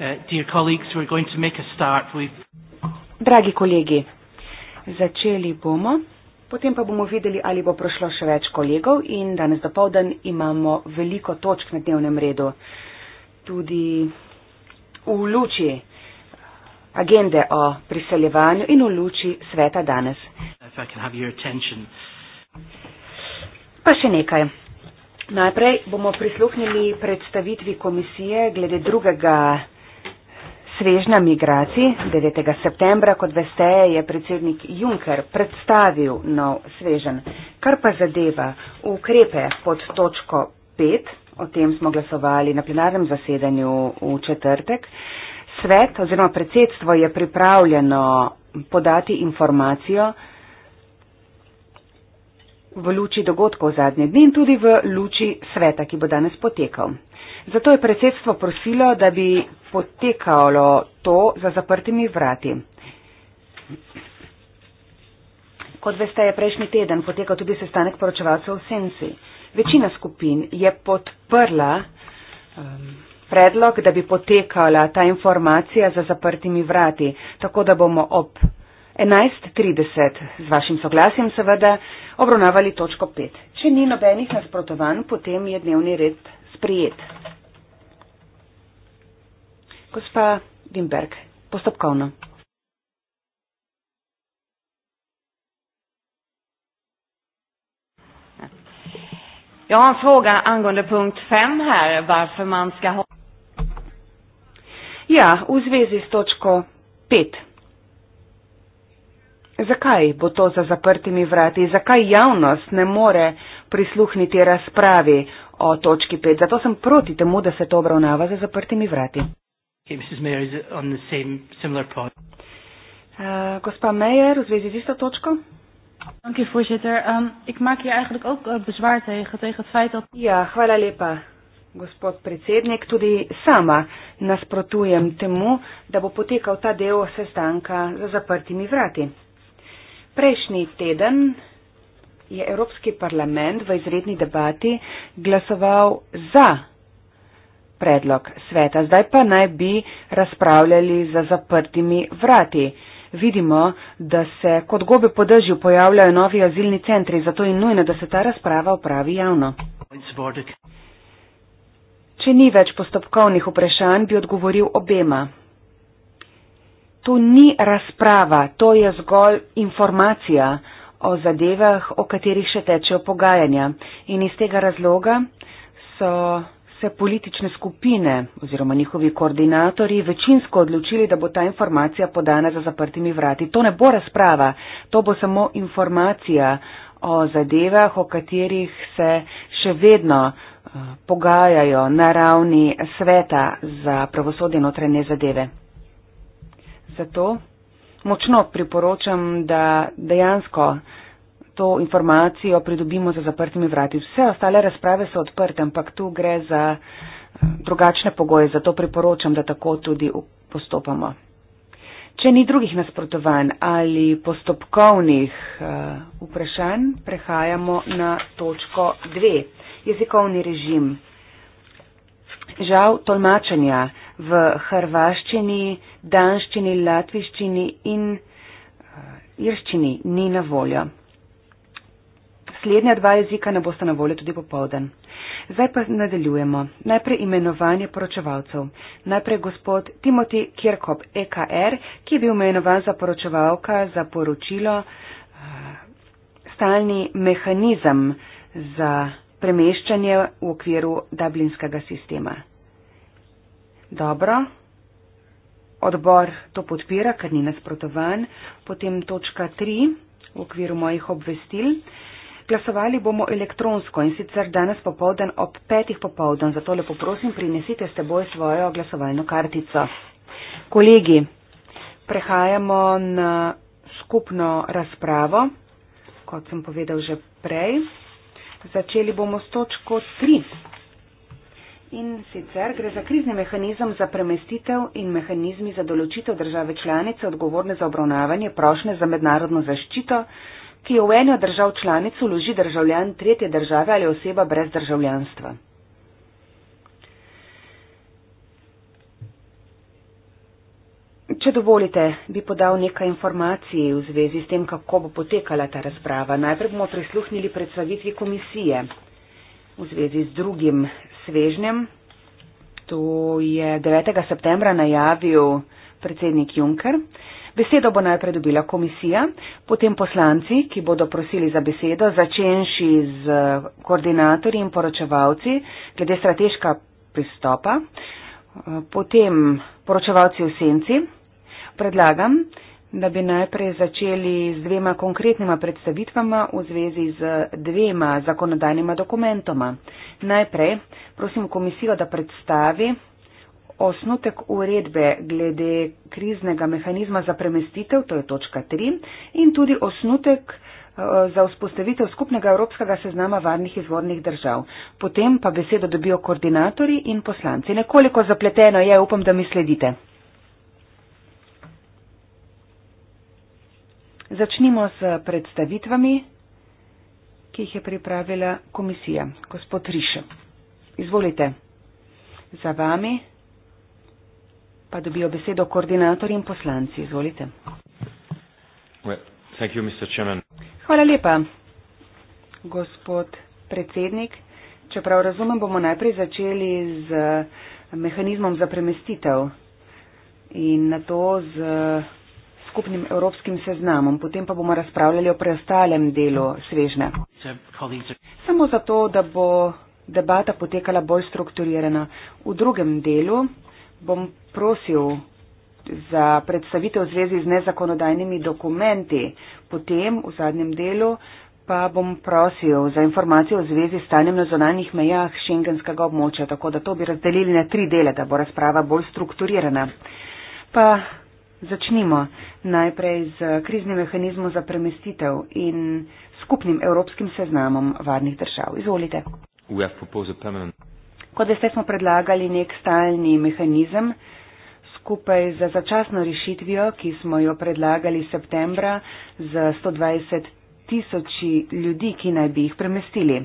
Uh, Dragi kolegi, začeli bomo, potem pa bomo videli, ali bo prišlo še več kolegov in danes dopovdan imamo veliko točk na dnevnem redu. Tudi v luči agende o priseljevanju in v luči sveta danes. Pa še nekaj. Najprej bomo prisluhnili predstavitvi komisije glede drugega svežna migracij. 9. septembra, kot veste, je predsednik Juncker predstavil nov svežen. Kar pa zadeva ukrepe pod točko 5, o tem smo glasovali na plenarnem zasedanju v četrtek, svet oziroma predsedstvo je pripravljeno podati informacijo v luči dogodkov zadnje dni in tudi v luči sveta, ki bo danes potekal. Zato je predsedstvo prosilo, da bi potekalo to za zaprtimi vrati. Kot veste, je prejšnji teden potekal tudi sestanek poročevalcev v Senci. Večina skupin je podprla um, predlog, da bi potekala ta informacija za zaprtimi vrati, tako da bomo ob 11.30 z vašim soglasjem seveda obravnavali točko 5. Če ni nobenih nasprotovanj, potem je dnevni red sprijet. Gospa Dimberg, postopkovno. Jag har en fråga angående punkt 5 här, varför man ska ha... Ja, uzvezis točko 5. Zakaj bo to za zaprtimi vrati? Zakaj javnost ne more prisluhniti razpravi o točki 5? Zato sem proti temu, da se to obravnava za zaprtimi vrati. Hey, Mrs. Mayer, is it on the same similar point? Uh, gospa Meijer, u weet is dat Totschko? Dank u, voorzitter. Um, ik maak hier eigenlijk ook uh, bezwaar tegen, tegen het feit dat... Ja, hvala lepa, gospod predsednik. Tudi sama nasprotujem temu, da bo potekal ta del sestanka za zaprtimi vrati. Prejšnji teden je Evropski parlament v izredni debati glasoval za predlog sveta. Zdaj pa naj bi razpravljali za zaprtimi vrati. Vidimo, da se kot gobe po dežju pojavljajo novi azilni centri, zato je nujno, da se ta razprava opravi javno. Če ni več postopkovnih vprašanj, bi odgovoril obema. To ni razprava, to je zgolj informacija o zadevah, o katerih še tečejo pogajanja. In iz tega razloga so se politične skupine oziroma njihovi koordinatori večinsko odločili, da bo ta informacija podana za zaprtimi vrati. To ne bo razprava, to bo samo informacija o zadevah, o katerih se še vedno eh, pogajajo na ravni sveta za pravosodje notranje zadeve. Zato močno priporočam, da dejansko to informacijo pridobimo za zaprtimi vrati. Vse ostale razprave so odprte, ampak tu gre za eh, drugačne pogoje, zato priporočam, da tako tudi postopamo. Če ni drugih nasprotovanj ali postopkovnih uh, vprašanj, prehajamo na točko dve. Jezikovni režim. Žal tolmačenja v hrvaščini, danščini, latviščini in eh, irščini ni na voljo. Slednja dva jezika ne bosta na voljo tudi popovdan. Zdaj pa nadaljujemo. Najprej imenovanje poročevalcev. Najprej gospod Timothy Kirkop, EKR, ki je bil imenovan za poročevalka za poročilo eh, stalni mehanizem za premeščanje v okviru dublinskega sistema. Dobro. Odbor to podpira, ker ni nasprotovan. Potem točka 3 v okviru mojih obvestil. Uh, Glasovali bomo elektronsko in sicer danes popovdan ob petih popovdan, zato lepo prosim, prinesite s teboj svojo glasovalno kartico. Kolegi, prehajamo na skupno razpravo, kot sem povedal že prej. Začeli bomo s točko 3. In sicer gre za krizni mehanizem za premestitev in mehanizmi za določitev države članice odgovorne za obravnavanje prošne za mednarodno zaščito ki jo v eno držav članico loži državljan tretje države ali oseba brez državljanstva. Če dovolite, bi podal nekaj informacij v zvezi s tem, kako bo potekala ta razprava. Najprej bomo prisluhnili predstavitvi komisije v zvezi z drugim svežnjem. To je 9. septembra najavil predsednik Juncker. Besedo bo najprej dobila komisija, potem poslanci, ki bodo prosili za besedo, začenši z eh, koordinatorji in poročevalci glede strateška pristopa, eh, potem poročevalci v senci. Predlagam, da bi najprej začeli z dvema konkretnima predstavitvama v zvezi z dvema zakonodajnima dokumentoma. Najprej prosim komisijo, da predstavi osnutek uredbe glede kriznega mehanizma za premestitev, to je točka 3, in tudi osnutek eh, za vzpostavitev skupnega evropskega seznama varnih izvornih držav. Potem pa besedo dobijo koordinatori in poslanci. Nekoliko zapleteno je, upam, da mi sledite. Začnimo s predstavitvami, ki jih je pripravila komisija. Gospod Riše, izvolite. Za vami Pa dobijo besedo koordinator in poslanci. Izvolite. Hvala lepa, gospod predsednik. Če prav razumem, bomo najprej začeli z mehanizmom za premestitev in na to z skupnim evropskim seznamom. Potem pa bomo razpravljali o preostalem delu svežne. Samo zato, da bo debata potekala bolj strukturirana. V drugem delu bom prosil za predstavitev v zvezi z nezakonodajnimi dokumenti, potem v zadnjem delu pa bom prosil za informacijo v zvezi s stanjem na zonalnih mejah šengenskega območja, tako da to bi razdelili na tri dele, da bo razprava bolj strukturirana. Pa začnimo najprej z kriznim mehanizmom za premestitev in skupnim evropskim seznamom varnih držav. Izvolite kot veste, smo predlagali nek stalni mehanizem skupaj za začasno rešitvijo, ki smo jo predlagali septembra z 120 tisoči ljudi, ki naj bi jih premestili.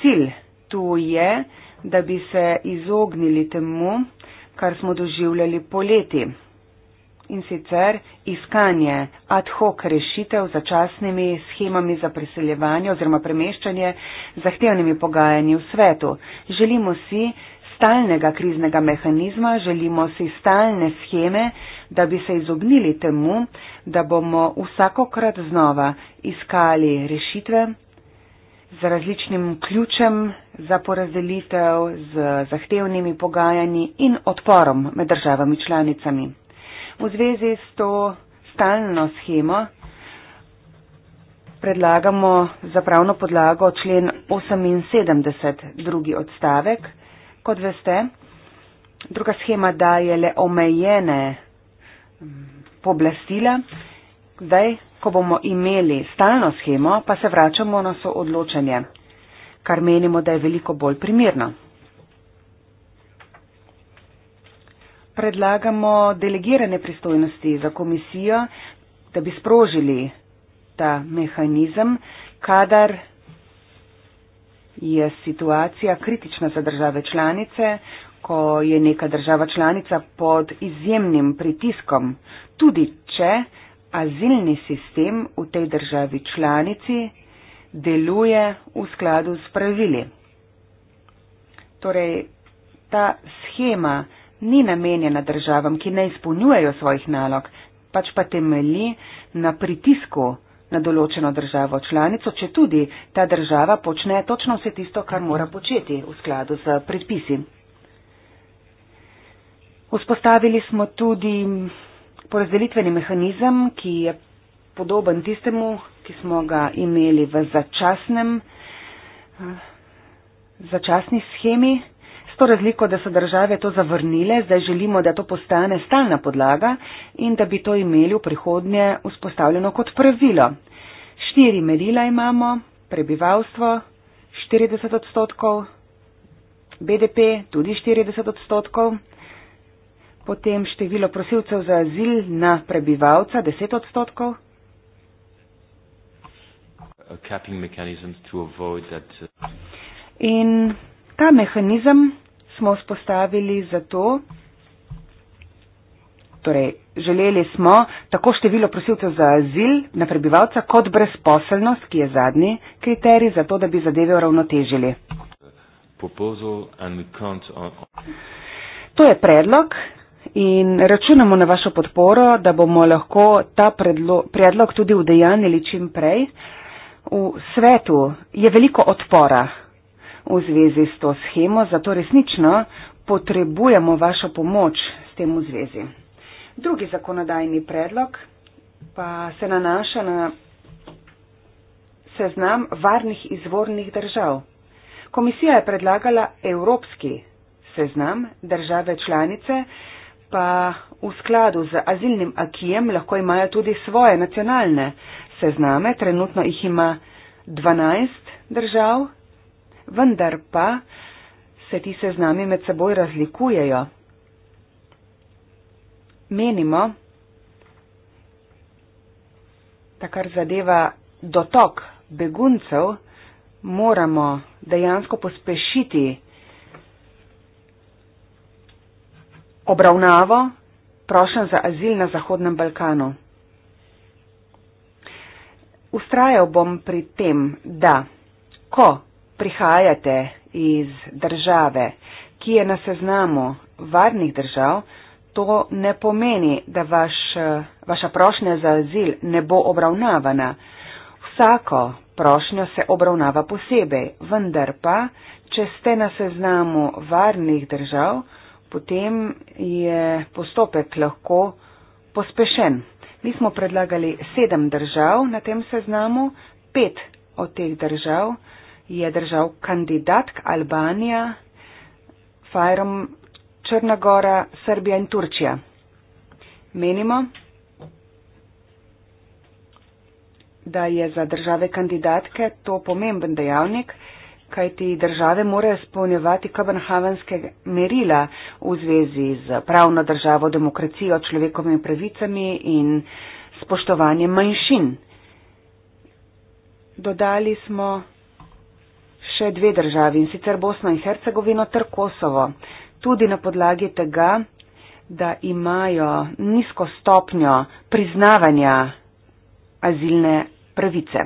Cilj tu je, da bi se izognili temu, kar smo doživljali poleti in sicer iskanje ad hoc rešitev z začasnimi schemami za preseljevanje oziroma premeščanje zahtevnimi pogajanji v svetu. Želimo si stalnega kriznega mehanizma, želimo si stalne scheme, da bi se izognili temu, da bomo vsakokrat znova iskali rešitve z različnim ključem za porazdelitev, z zahtevnimi pogajanji in odporom med državami članicami. V zvezi s to stalno schemo predlagamo za pravno podlago člen 78, drugi odstavek. Kot veste, druga schema daje le omejene poblastila. Zdaj, ko bomo imeli stalno schemo, pa se vračamo na soodločenje, kar menimo, da je veliko bolj primirno. predlagamo delegirane pristojnosti za komisijo, da bi sprožili ta mehanizem, kadar je situacija kritična za države članice, ko je neka država članica pod izjemnim pritiskom, tudi če azilni sistem v tej državi članici deluje v skladu s pravili. Torej, ta schema, ni namenjena državam, ki ne izpolnjujejo svojih nalog, pač pa temelji na pritisku na določeno državo članico, če tudi ta država počne točno vse tisto, kar mora početi v skladu z predpisi. Vzpostavili smo tudi porazdelitveni mehanizem, ki je podoben tistemu, ki smo ga imeli v začasnem, eh, začasni schemi to razliko, da so države to zavrnile, zdaj želimo, da to postane stalna podlaga in da bi to imeli v prihodnje vzpostavljeno kot pravilo. Štiri merila imamo, prebivalstvo 40 odstotkov, BDP tudi 40 odstotkov, potem število prosilcev za azil na prebivalca 10 odstotkov. Uh, uh, in ta mehanizem smo spostavili za to. Torej, želeli smo tako število prosilcev za azil na prebivalca kot brezposelnost, ki je zadnji kriterij za to, da bi zadeve uravnotežili. To je predlog in računamo na vašo podporo, da bomo lahko ta predlog tudi udejanili čim prej. V svetu je veliko odpora V zvezi s to schemo, zato resnično potrebujemo vašo pomoč s tem v zvezi. Drugi zakonodajni predlog pa se nanaša na seznam varnih izvornih držav. Komisija je predlagala evropski seznam, države članice pa v skladu z azilnim akijem lahko imajo tudi svoje nacionalne sezname. Trenutno jih ima 12 držav vendar pa se ti seznami med seboj razlikujejo. Menimo, da kar zadeva dotok beguncev, moramo dejansko pospešiti obravnavo prošen za azil na Zahodnem Balkanu. Ustrajal bom pri tem, da ko prihajate iz države, ki je na seznamu varnih držav, to ne pomeni, da vaš, vaša prošnja za azil ne bo obravnavana. Vsako prošnjo se obravnava posebej, vendar pa, če ste na seznamu varnih držav, potem je postopek lahko pospešen. Mi smo predlagali sedem držav na tem seznamu, pet od teh držav je držav kandidatk Albanija, Fajrom, Črna Gora, Srbija in Turčija. Menimo, da je za države kandidatke to pomemben dejavnik, kaj ti države morajo spolnjevati kopenhavenske merila v zvezi z pravno državo, demokracijo, človekovimi pravicami in spoštovanjem manjšin. Dodali smo še dve državi in sicer Bosno in Hercegovino ter Kosovo. Tudi na podlagi tega, da imajo nizko stopnjo priznavanja azilne pravice.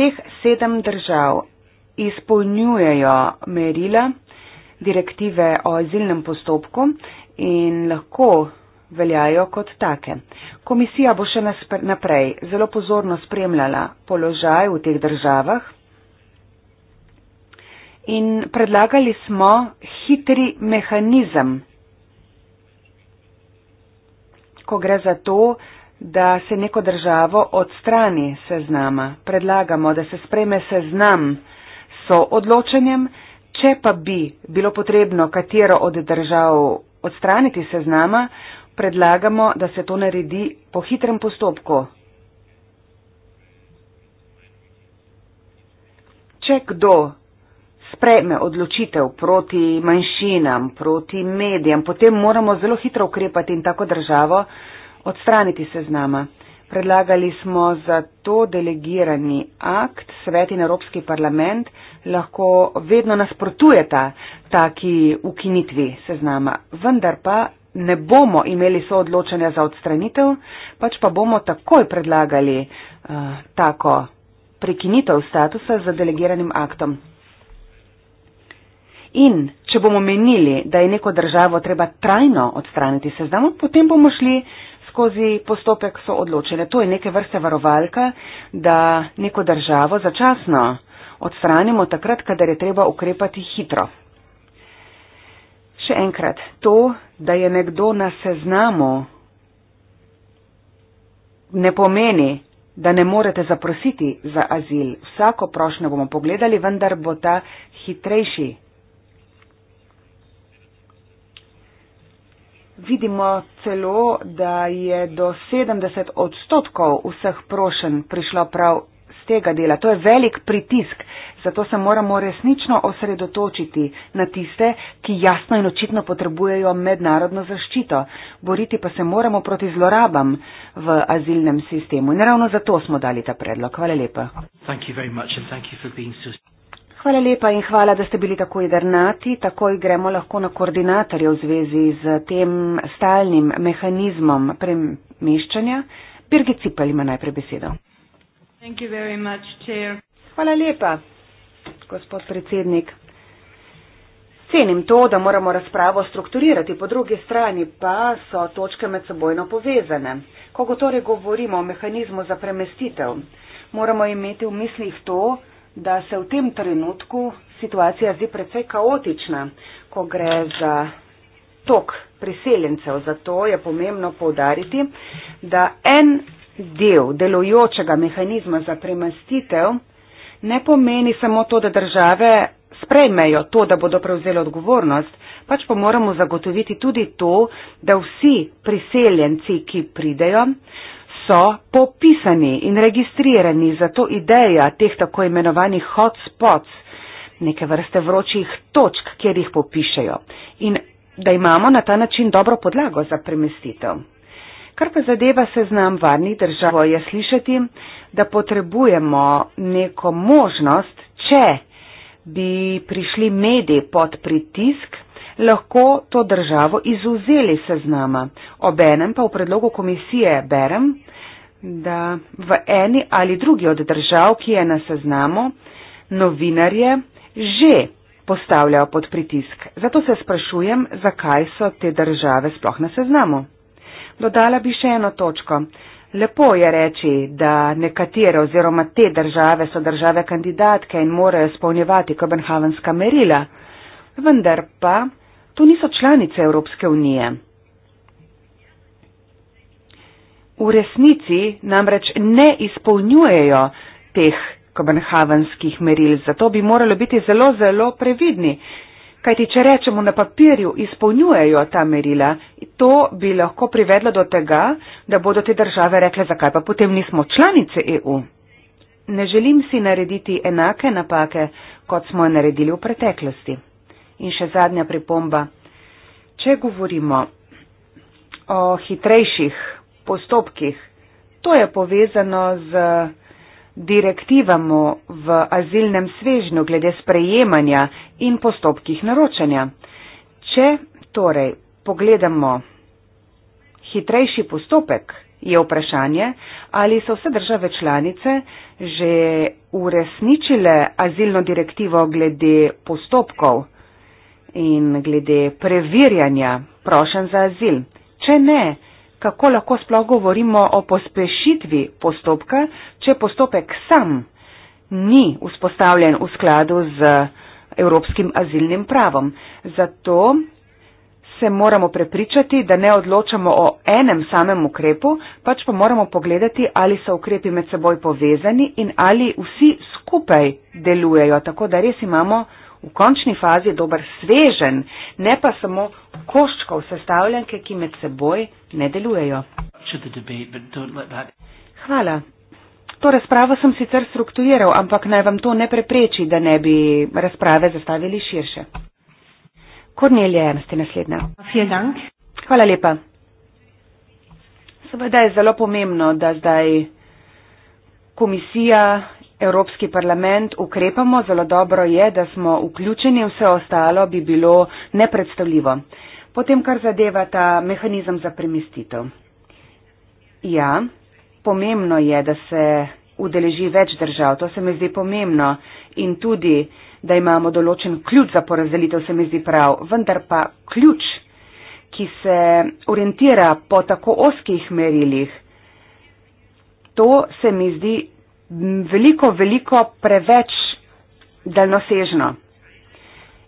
Teh sedem držav izpolnjujejo merila direktive o azilnem postopku in lahko veljajo kot take. Komisija bo še naprej zelo pozorno spremljala položaj v teh državah in predlagali smo hitri mehanizem, ko gre za to, da se neko državo odstrani seznama. Predlagamo, da se spreme seznam so odločenjem, če pa bi bilo potrebno katero od držav odstraniti seznama, predlagamo, da se to naredi po hitrem postopku. Če kdo sprejme odločitev proti manjšinam, proti medijem, potem moramo zelo hitro ukrepati in tako državo odstraniti se z nama. Predlagali smo za to delegirani akt, svet in Evropski parlament lahko vedno nasprotujeta taki ukinitvi seznama, vendar pa ne bomo imeli soodločanja za odstranitev, pač pa bomo takoj predlagali uh, tako prekinitev statusa za delegiranim aktom. In če bomo menili, da je neko državo treba trajno odstraniti seznamu, potem bomo šli skozi postopek so odločene. To je neke vrste varovalka, da neko državo začasno odstranimo takrat, kadar je treba ukrepati hitro. Še enkrat, to, da je nekdo na seznamu, ne pomeni, da ne morete zaprositi za azil. Vsako prošnjo bomo pogledali, vendar bo ta hitrejši vidimo celo, da je do 70 odstotkov vseh prošen prišlo prav z tega dela. To je velik pritisk, zato se moramo resnično osredotočiti na tiste, ki jasno in očitno potrebujejo mednarodno zaščito. Boriti pa se moramo proti zlorabam v azilnem sistemu. In ravno zato smo dali ta predlog. Hvala lepa. Hvala lepa. Hvala lepa in hvala, da ste bili tako jedrnati. Takoj gremo lahko na koordinatorje v zvezi z tem stalnim mehanizmom premeščanja. Birgit Cipel ima najprej besedo. Much, hvala lepa, gospod predsednik. Cenim to, da moramo razpravo strukturirati, po drugi strani pa so točke med sebojno povezane. Ko torej govorimo o mehanizmu za premestitev, moramo imeti v mislih to, da se v tem trenutku situacija zdi precej kaotična, ko gre za tok priseljencev. Zato je pomembno povdariti, da en del delujočega mehanizma za premestitev ne pomeni samo to, da države sprejmejo to, da bodo prevzeli odgovornost, pač pa moramo zagotoviti tudi to, da vsi priseljenci, ki pridejo, so popisani in registrirani, zato ideja teh tako imenovanih hotspots, neke vrste vročih točk, kjer jih popišejo in da imamo na ta način dobro podlago za premestitev. Kar pa zadeva se znam varnih držav, je slišati, da potrebujemo neko možnost, če bi prišli mediji pod pritisk, lahko to državo izuzeli seznama. Obenem pa v predlogu komisije berem, da v eni ali drugi od držav, ki je na seznamu, novinarje že postavljajo pod pritisk. Zato se sprašujem, zakaj so te države sploh na seznamu. Dodala bi še eno točko. Lepo je reči, da nekatere oziroma te države so države kandidatke in morajo spolnjevati kopenhavenska merila, vendar pa to niso članice Evropske unije v resnici namreč ne izpolnjujejo teh kobenhavenskih meril, zato bi morali biti zelo, zelo previdni. Kajti, če rečemo na papirju, izpolnjujejo ta merila, to bi lahko privedlo do tega, da bodo te države rekle, zakaj pa potem nismo članice EU. Ne želim si narediti enake napake, kot smo naredili v preteklosti. In še zadnja pripomba. Če govorimo o hitrejših postopkih. To je povezano z direktivamo v azilnem svežnju glede sprejemanja in postopkih naročanja. Če torej pogledamo hitrejši postopek, je vprašanje, ali so vse države članice že uresničile azilno direktivo glede postopkov in glede preverjanja prošen za azil. Če ne, kako lahko sploh govorimo o pospešitvi postopka, če postopek sam ni vzpostavljen v skladu z evropskim azilnim pravom. Zato se moramo prepričati, da ne odločamo o enem samem ukrepu, pač pa moramo pogledati, ali so ukrepi med seboj povezani in ali vsi skupaj delujejo, tako da res imamo v končni fazi dober svežen, ne pa samo koščkov sestavljanke, ki med seboj ne delujejo. Hvala. To razpravo sem sicer strukturiral, ampak naj vam to ne prepreči, da ne bi razprave zastavili širše. Kornelija, ste naslednja. Hvala lepa. Seveda je zelo pomembno, da zdaj komisija Evropski parlament ukrepamo, zelo dobro je, da smo vključeni, vse ostalo bi bilo nepredstavljivo. Potem, kar zadeva ta mehanizem za premestitev. Ja, pomembno je, da se udeleži več držav, to se mi zdi pomembno in tudi, da imamo določen ključ za porazdelitev, se mi zdi prav, vendar pa ključ, ki se orientira po tako oskih merilih, to se mi zdi veliko, veliko preveč daljnosežno.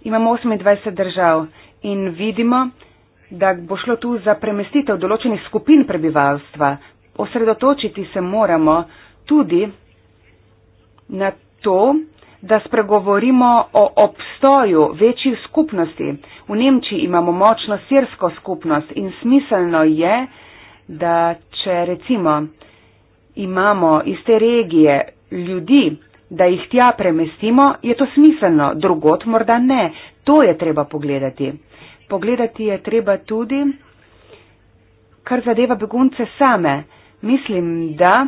Imamo 28 držav in vidimo, da bo šlo tu za premestitev določenih skupin prebivalstva. Osredotočiti se moramo tudi na to, da spregovorimo o obstoju večjih skupnosti. V Nemčiji imamo močno sirsko skupnost in smiselno je, da če recimo imamo iz te regije ljudi, da jih tja premestimo, je to smiselno, drugot morda ne. To je treba pogledati. Pogledati je treba tudi, kar zadeva begunce same. Mislim, da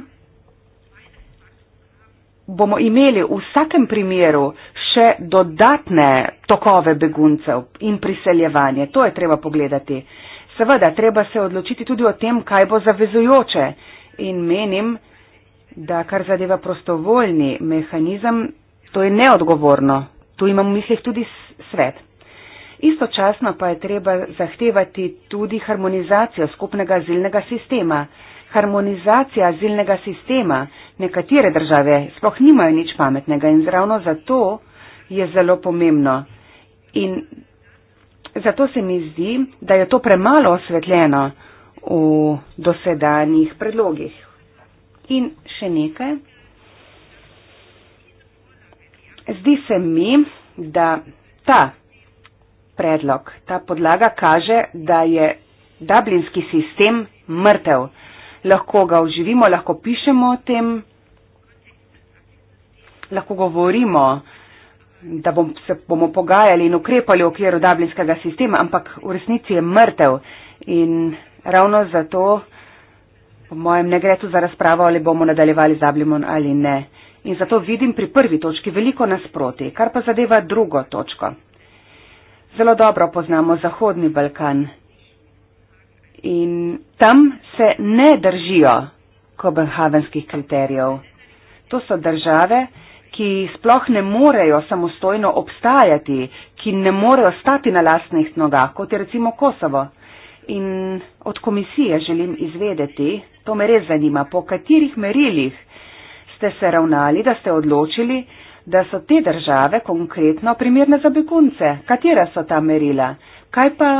bomo imeli v vsakem primeru še dodatne tokove beguncev in priseljevanje. To je treba pogledati. Seveda, treba se odločiti tudi o tem, kaj bo zavezujoče in menim, da kar zadeva prostovoljni mehanizem, to je neodgovorno. Tu imam v mislih tudi svet. Istočasno pa je treba zahtevati tudi harmonizacijo skupnega azilnega sistema. Harmonizacija azilnega sistema nekatere države sploh nimajo nič pametnega in ravno zato je zelo pomembno. In zato se mi zdi, da je to premalo osvetljeno v dosedanjih predlogih. In še nekaj. Zdi se mi, da ta predlog, ta podlaga kaže, da je dublinski sistem mrtev. Lahko ga oživimo, lahko pišemo o tem, lahko govorimo, da bom, se bomo pogajali in ukrepali v okviru dublinskega sistema, ampak v resnici je mrtev in ravno zato, po mojem, ne gre tu za razpravo, ali bomo nadaljevali z Ablimon ali ne. In zato vidim pri prvi točki veliko nasproti, kar pa zadeva drugo točko. Zelo dobro poznamo Zahodni Balkan in tam se ne držijo kobenhavenskih kriterijev. To so države, ki sploh ne morejo samostojno obstajati, ki ne morejo stati na lastnih nogah, kot je recimo Kosovo in od komisije želim izvedeti, to me res zanima, po katerih merilih ste se ravnali, da ste odločili, da so te države konkretno primerne za begunce. Katera so ta merila? Kaj pa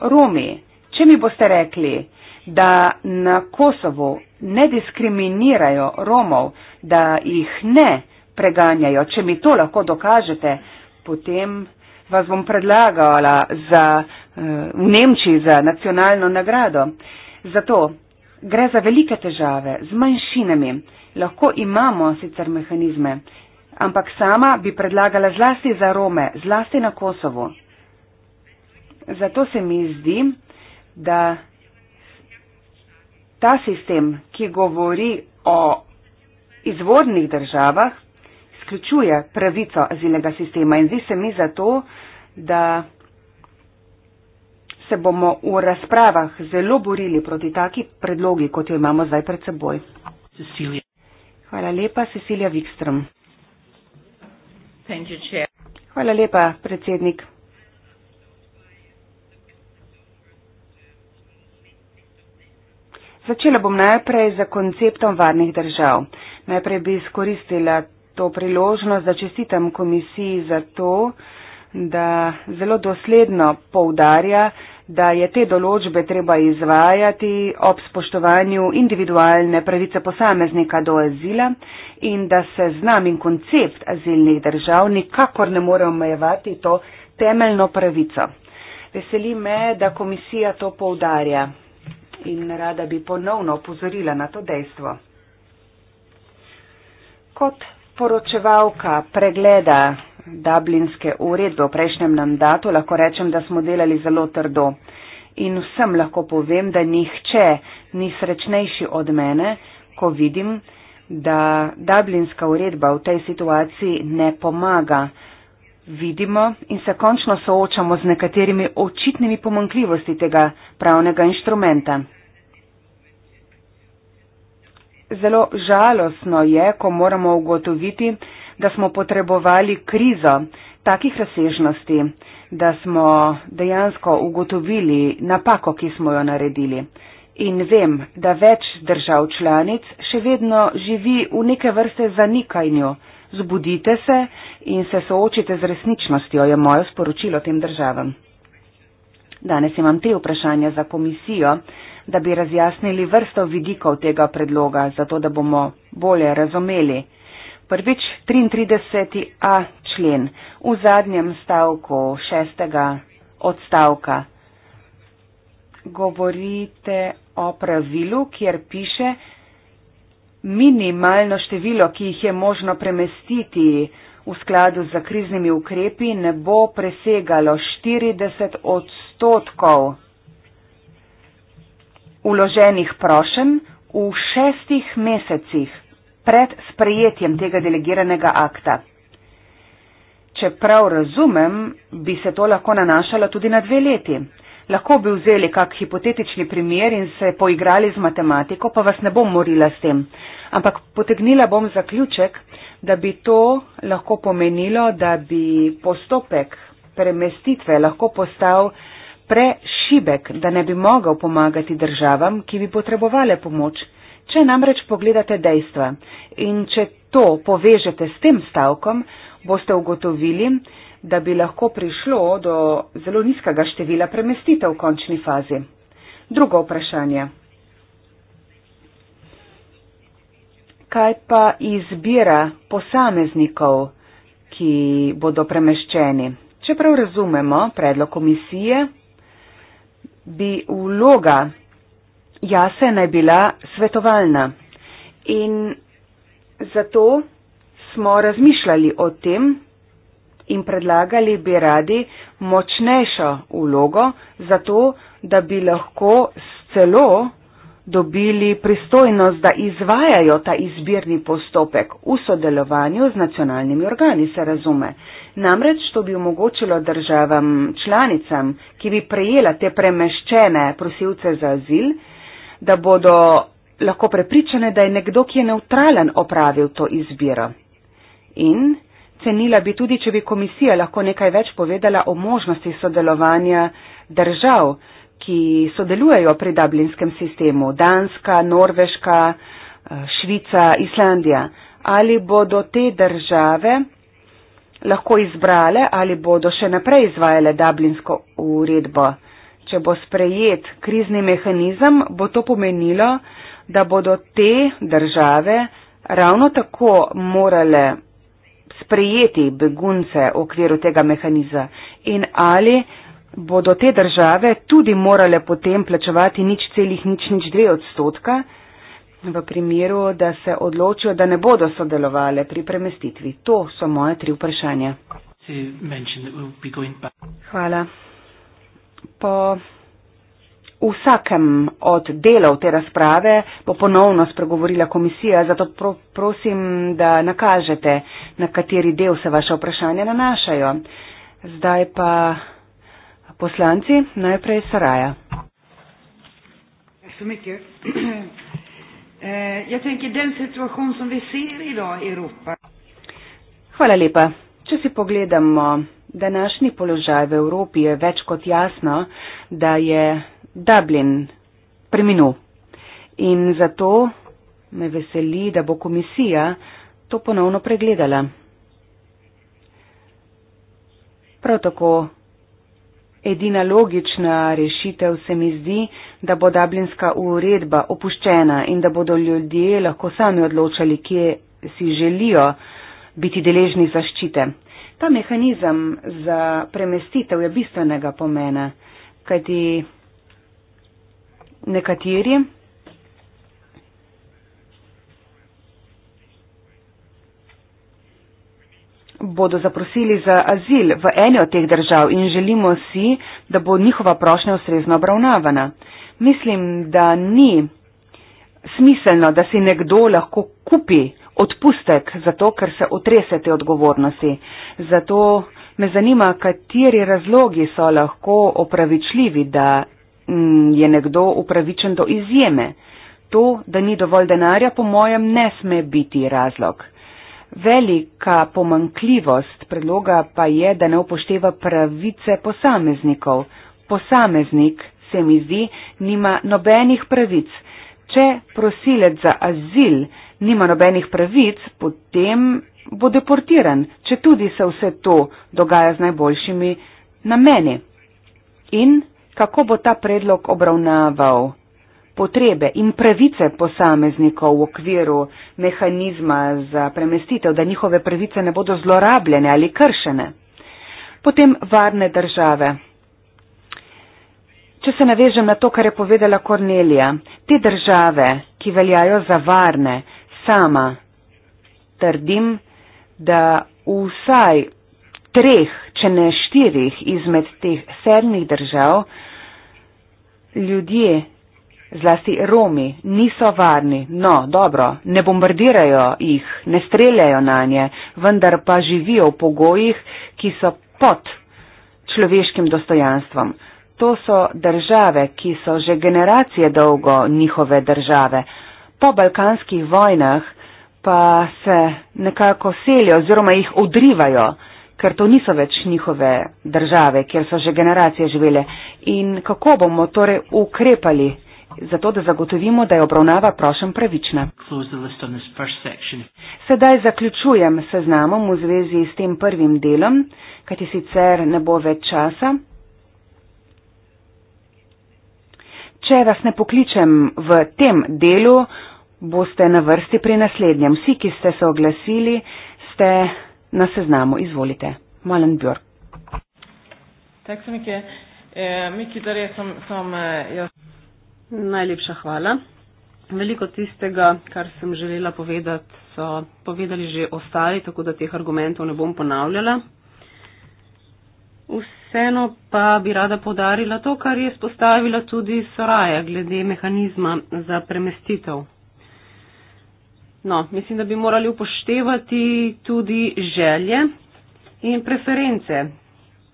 Romi? Če mi boste rekli, da na Kosovu ne diskriminirajo Romov, da jih ne preganjajo, če mi to lahko dokažete, potem vas bom predlagala za, eh, v Nemčiji za nacionalno nagrado. Zato gre za velike težave z manjšinami. Lahko imamo sicer mehanizme, ampak sama bi predlagala zlasti za Rome, zlasti na Kosovo. Zato se mi zdi, da ta sistem, ki govori o izvodnih državah, izključuje pravico azilnega sistema in zdi se mi zato, da se bomo v razpravah zelo borili proti taki predlogi, kot jo imamo zdaj pred seboj. Cecilia. Hvala lepa, Cecilija Wikström. Hvala lepa, predsednik. Začela bom najprej za konceptom varnih držav. Najprej bi izkoristila to priložnost, da čestitam komisiji za to, da zelo dosledno poudarja, da je te določbe treba izvajati ob spoštovanju individualne pravice posameznika do azila in da se znam in koncept azilnih držav nikakor ne more omejevati to temeljno pravico. Veseli me, da komisija to poudarja in rada bi ponovno upozorila na to dejstvo. Kot poročevalka pregleda Dublinske uredbe v prejšnjem mandatu, lahko rečem, da smo delali zelo trdo. In vsem lahko povem, da nihče ni srečnejši od mene, ko vidim, da Dublinska uredba v tej situaciji ne pomaga. Vidimo in se končno soočamo z nekaterimi očitnimi pomankljivosti tega pravnega inštrumenta zelo žalostno je, ko moramo ugotoviti, da smo potrebovali krizo takih razsežnosti, da smo dejansko ugotovili napako, ki smo jo naredili. In vem, da več držav članic še vedno živi v neke vrste zanikanju. Zbudite se in se soočite z resničnostjo, je moje sporočilo tem državam. Danes imam te vprašanja za komisijo da bi razjasnili vrsto vidikov tega predloga, zato da bomo bolje razumeli. Prvič 33a člen v zadnjem stavku šestega odstavka. Govorite o pravilu, kjer piše minimalno število, ki jih je možno premestiti v skladu z kriznimi ukrepi, ne bo presegalo 40 odstotkov uloženih prošen v šestih mesecih pred sprejetjem tega delegiranega akta. Če prav razumem, bi se to lahko nanašalo tudi na dve leti. Lahko bi vzeli kak hipotetični primer in se poigrali z matematiko, pa vas ne bom morila s tem. Ampak potegnila bom zaključek, da bi to lahko pomenilo, da bi postopek premestitve lahko postal prešibek, da ne bi mogel pomagati državam, ki bi potrebovale pomoč. Če namreč pogledate dejstva in če to povežete s tem stavkom, boste ugotovili, da bi lahko prišlo do zelo nizkega števila premestitev v končni fazi. Drugo vprašanje. Kaj pa izbira posameznikov, ki bodo premeščeni? Čeprav razumemo predlog komisije, bi vloga jase naj bila svetovalna. In zato smo razmišljali o tem in predlagali bi radi močnejšo vlogo, zato da bi lahko celo dobili pristojnost, da izvajajo ta izbirni postopek v sodelovanju z nacionalnimi organi, se razume. Namreč to bi omogočilo državam članicam, ki bi prejela te premeščene prosilce za azil, da bodo lahko prepričane, da je nekdo, ki je neutralen, opravil to izbiro. In cenila bi tudi, če bi komisija lahko nekaj več povedala o možnosti sodelovanja držav, ki sodelujejo pri dublinskem sistemu, Danska, Norveška, eh, Švica, Islandija, ali bodo te države lahko izbrale ali bodo še naprej izvajale dublinsko uredbo. Če bo sprejet krizni mehanizem, bo to pomenilo, da bodo te države ravno tako morale sprejeti begunce v okviru tega mehanizma in ali bodo te države tudi morale potem plačevati nič celih nič nič dve odstotka, v primeru, da se odločijo, da ne bodo sodelovali pri premestitvi. To so moje tri vprašanja. Hvala. Po vsakem od delov te razprave bo ponovno spregovorila komisija, zato pro, prosim, da nakažete, na kateri del se vaše vprašanja nanašajo. Zdaj pa. Poslanci najprej Saraja. Tack så mycket. Eh, jag tänker den situation som vi ser idag i Europa. Hvala lepa. Če si pogledamo današnji položaj v Evropi, je več kot jasno, da je Dublin preminul. In zato me veseli, da bo komisija to ponovno pregledala. Prav tako Edina logična rešitev se mi zdi, da bo dublinska uredba opuščena in da bodo ljudje lahko sami odločali, kje si želijo biti deležni zaščite. Ta mehanizem za premestitev je bistvenega pomena, kajti nekateri bodo zaprosili za azil v eni od teh držav in želimo si, da bo njihova prošnja ustrezno obravnavana. Mislim, da ni smiselno, da si nekdo lahko kupi odpustek zato, ker se otrese te odgovornosti. Zato me zanima, kateri razlogi so lahko opravičljivi, da mm, je nekdo upravičen do izjeme. To, da ni dovolj denarja, po mojem, ne sme biti razlog. Velika pomankljivost predloga pa je, da ne upošteva pravice posameznikov. Posameznik, se mi zdi, nima nobenih pravic. Če prosilec za azil nima nobenih pravic, potem bo deportiran, če tudi se vse to dogaja z najboljšimi nameni. In kako bo ta predlog obravnaval? potrebe in pravice posameznikov v okviru mehanizma za premestitev, da njihove pravice ne bodo zlorabljene ali kršene. Potem varne države. Če se navežem na to, kar je povedala Kornelija, te države, ki veljajo za varne, sama trdim, da vsaj treh, če ne štirih izmed teh sedmih držav ljudje zlasti Romi, niso varni. No, dobro, ne bombardirajo jih, ne streljajo na nje, vendar pa živijo v pogojih, ki so pod človeškim dostojanstvom. To so države, ki so že generacije dolgo njihove države. Po balkanskih vojnah pa se nekako selijo oziroma jih odrivajo, ker to niso več njihove države, kjer so že generacije živele. In kako bomo torej ukrepali zato da zagotovimo, da je obravnava prošen pravična. Sedaj zaključujem seznamom v zvezi s tem prvim delom, kajti sicer ne bo več časa. Če vas ne pokličem v tem delu, boste na vrsti pri naslednjem. Vsi, ki ste se oglasili, ste na seznamu. Izvolite. Malen Björk. Tak se mi je, eh, Miki, da res sem eh, jaz. Najlepša hvala. Veliko tistega, kar sem želela povedati, so povedali že ostali, tako da teh argumentov ne bom ponavljala. Vseeno pa bi rada podarila to, kar je spostavila tudi Soraja glede mehanizma za premestitev. No, mislim, da bi morali upoštevati tudi želje in preference.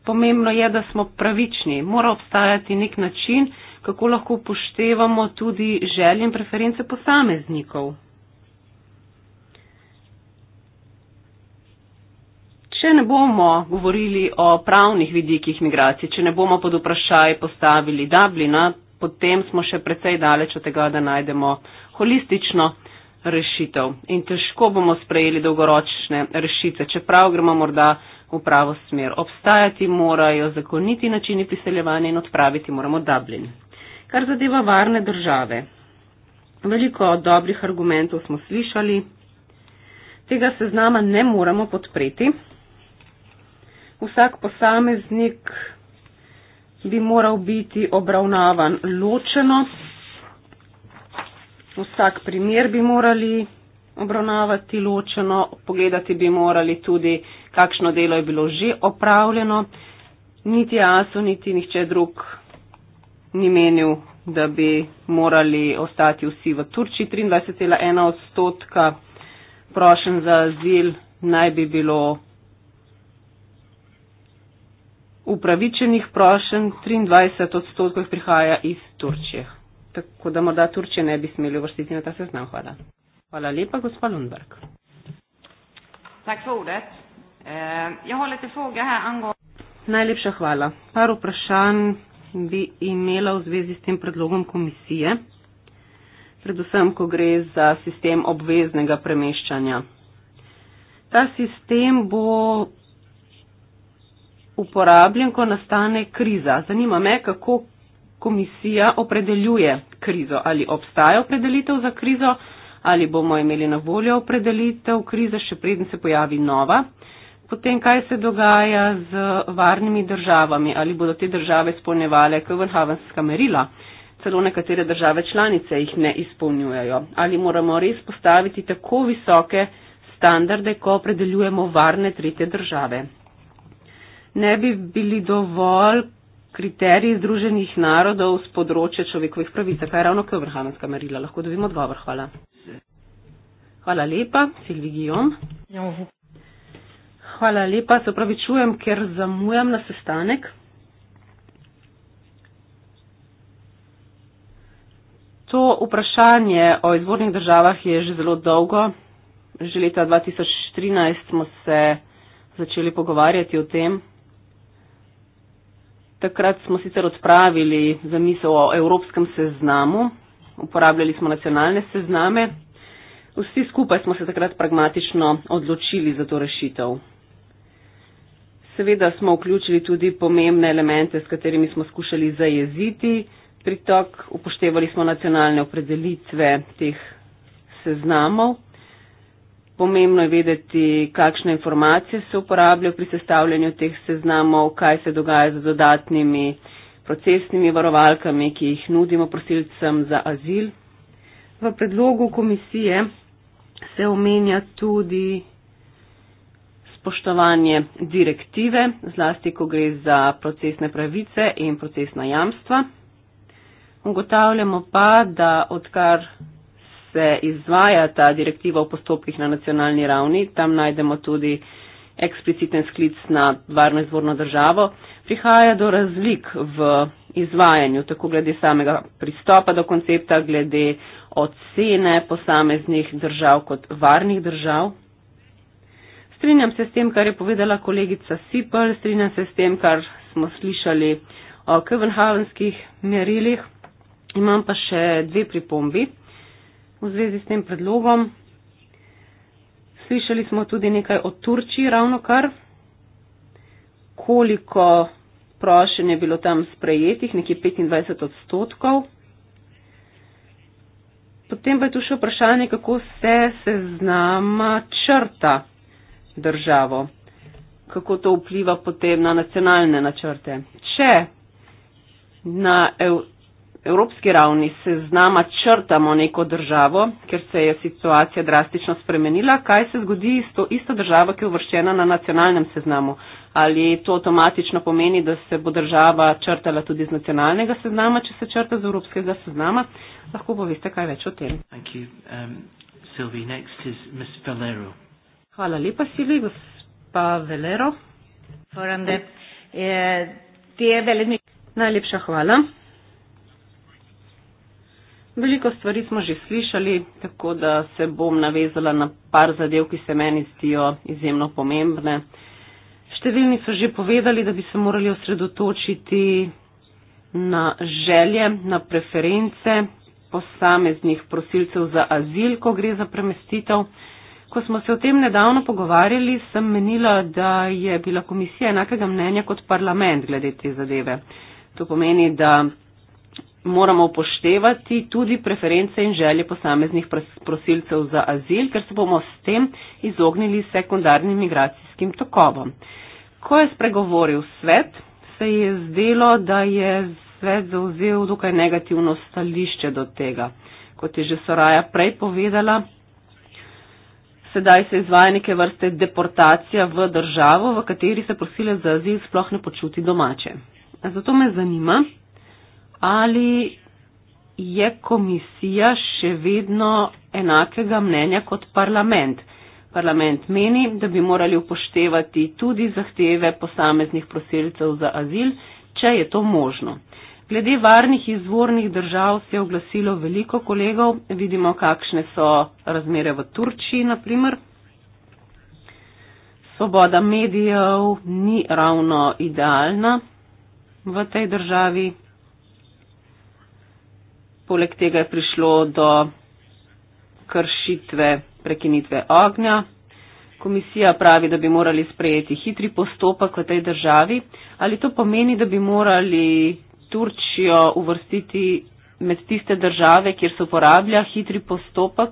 Pomembno je, da smo pravični. Mora obstajati nek način, kako lahko upoštevamo tudi želje in preference posameznikov. Če ne bomo govorili o pravnih vidikih migracij, če ne bomo pod vprašaj postavili Dublina, potem smo še precej daleč od tega, da najdemo holistično rešitev in težko bomo sprejeli dolgoročne rešitve, čeprav gremo morda v pravo smer. Obstajati morajo zakoniti načini priseljevanja in odpraviti moramo Dublin kar zadeva varne države. Veliko dobrih argumentov smo slišali. Tega seznama ne moramo podpreti. Vsak posameznik bi moral biti obravnavan ločeno. Vsak primer bi morali obravnavati ločeno. Pogledati bi morali tudi, kakšno delo je bilo že opravljeno. Niti jaz, niti nihče drug ni menil, da bi morali ostati vsi v Turčiji. 23,1 odstotka prošen za azil naj bi bilo upravičenih prošen, 23 odstotkov jih prihaja iz Turčije. Tako da morda Turčije ne bi smeli vrstiti na ta seznam. Hvala. Hvala lepa, gospa Lundberg. Eh, Najlepša hvala. Par vprašanj bi imela v zvezi s tem predlogom komisije, predvsem, ko gre za sistem obveznega premeščanja. Ta sistem bo uporabljen, ko nastane kriza. Zanima me, kako komisija opredeljuje krizo. Ali obstaja opredelitev za krizo, ali bomo imeli na voljo opredelitev krize, še preden se pojavi nova potem kaj se dogaja z varnimi državami, ali bodo te države spolnevale Kovenhavenska merila, celo nekatere države članice jih ne izpolnjujejo, ali moramo res postaviti tako visoke standarde, ko opredeljujemo varne tretje države. Ne bi bili dovolj kriteriji združenih narodov z področja človekovih pravic, kaj je ravno Kovenhavenska merila, lahko dobimo odgovor, hvala. Hvala lepa, Silvi Guillaume hvala lepa, se pravi čujem, ker zamujam na sestanek. To vprašanje o izvornih državah je že zelo dolgo. Že leta 2013 smo se začeli pogovarjati o tem. Takrat smo sicer odpravili zamisel o evropskem seznamu, uporabljali smo nacionalne sezname. Vsi skupaj smo se takrat pragmatično odločili za to rešitev seveda smo vključili tudi pomembne elemente, s katerimi smo skušali zajeziti pritok, upoštevali smo nacionalne opredelitve teh seznamov. Pomembno je vedeti, kakšne informacije se uporabljajo pri sestavljanju teh seznamov, kaj se dogaja z dodatnimi procesnimi varovalkami, ki jih nudimo prosilcem za azil. V predlogu komisije se omenja tudi spoštovanje direktive, zlasti, ko gre za procesne pravice in procesna jamstva. Ugotavljamo pa, da odkar se izvaja ta direktiva v postopkih na nacionalni ravni, tam najdemo tudi ekspliciten sklic na varno izvorno državo, prihaja do razlik v izvajanju, tako glede samega pristopa do koncepta, glede ocene posameznih držav kot varnih držav Strinjam se s tem, kar je povedala kolegica Sipel, strinjam se s tem, kar smo slišali o Kevenhavenskih merilih. Imam pa še dve pripombi v zvezi s tem predlogom. Slišali smo tudi nekaj o Turčiji ravno kar, koliko prošen je bilo tam sprejetih, nekje 25 odstotkov. Potem pa je tu še vprašanje, kako se seznama črta državo. Kako to vpliva potem na nacionalne načrte? Če na ev evropski ravni se z nama črtamo neko državo, ker se je situacija drastično spremenila, kaj se zgodi s to isto državo, ki je uvrščena na nacionalnem seznamu? Ali to avtomatično pomeni, da se bo država črtala tudi z nacionalnega seznama, če se črta z evropskega seznama? Lahko poveste kaj več o tem. Hvala. Um, Silvi, naslednja je gospa Valero. Hvala lepa, Silvi. Gospa Velero. Forande, te velenje. Najlepša hvala. Veliko stvari smo že slišali, tako da se bom navezala na par zadev, ki se meni zdijo izjemno pomembne. Številni so že povedali, da bi se morali osredotočiti na želje, na preference posameznih prosilcev za azil, ko gre za premestitev. Ko smo se o tem nedavno pogovarjali, sem menila, da je bila komisija enakega mnenja kot parlament glede te zadeve. To pomeni, da moramo upoštevati tudi preference in želje posameznih prosilcev za azil, ker se bomo s tem izognili sekundarnim migracijskim tokovom. Ko je spregovoril svet, se je zdelo, da je svet zauzel dokaj negativno stališče do tega. Kot je že Soraja prej povedala, sedaj se izvaja neke vrste deportacija v državo, v kateri se prosilec za azil sploh ne počuti domače. Zato me zanima, ali je komisija še vedno enakega mnenja kot parlament. Parlament meni, da bi morali upoštevati tudi zahteve posameznih prosilcev za azil, če je to možno. Uh, Glede varnih izvornih držav se je oglasilo veliko kolegov. Vidimo, kakšne so razmere v Turčiji, naprimer. Svoboda medijev ni ravno idealna v tej državi. Poleg tega je prišlo do kršitve prekinitve ognja. Komisija pravi, da bi morali sprejeti hitri postopek v tej državi. Ali to pomeni, da bi morali Turčijo uvrstiti med tiste države, kjer se uporablja hitri postopek?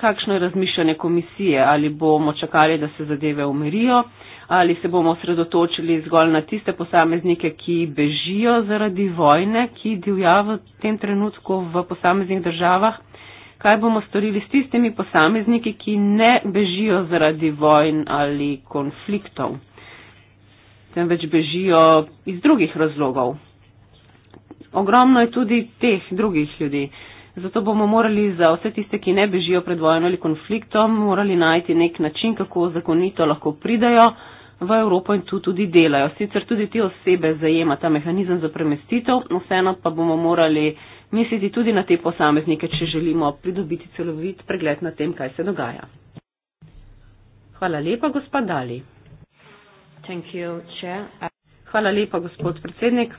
Kakšno je razmišljanje komisije? Ali bomo čakali, da se zadeve umirijo, ali se bomo osredotočili zgolj na tiste posameznike, ki bežijo zaradi vojne, ki divja v tem trenutku v posameznih državah? Kaj bomo storili s tistimi posamezniki, ki ne bežijo zaradi vojn ali konfliktov? temveč bežijo iz drugih razlogov. Ogromno je tudi teh drugih ljudi. Zato bomo morali za vse tiste, ki ne bežijo pred vojno ali konfliktom, morali najti nek način, kako zakonito lahko pridajo v Evropo in tu tudi delajo. Sicer tudi te osebe zajema ta mehanizem za premestitev, vseeno pa bomo morali misliti tudi na te posameznike, če želimo pridobiti celovit pregled na tem, kaj se dogaja. Hvala lepa, gospod Dali. Thank you, Chair. Hvala lepa, gospod predsednik.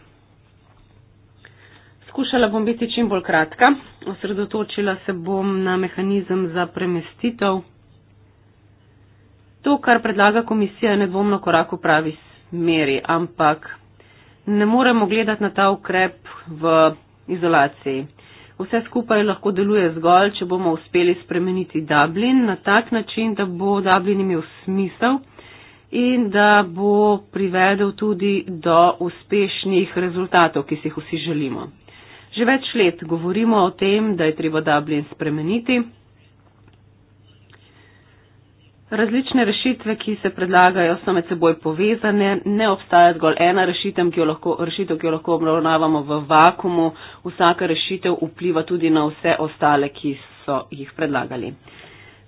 Skušala bom biti čim bolj kratka. Osredotočila se bom na mehanizem za premestitev. To, kar predlaga komisija, je nedvomno korak v pravi smeri, ampak ne moremo gledati na ta ukrep v izolaciji. Vse skupaj lahko deluje zgolj, če bomo uspeli spremeniti Dublin na tak način, da bo Dublin imel smisel in da bo privedel tudi do uspešnih rezultatov, ki si jih vsi želimo. Že več let govorimo o tem, da je treba Dublin spremeniti. Različne rešitve, ki se predlagajo, so med seboj povezane. Ne obstaja zgolj ena rešitev, ki jo lahko, rešitev, ki jo lahko obravnavamo v vakumu. Vsaka rešitev vpliva tudi na vse ostale, ki so jih predlagali.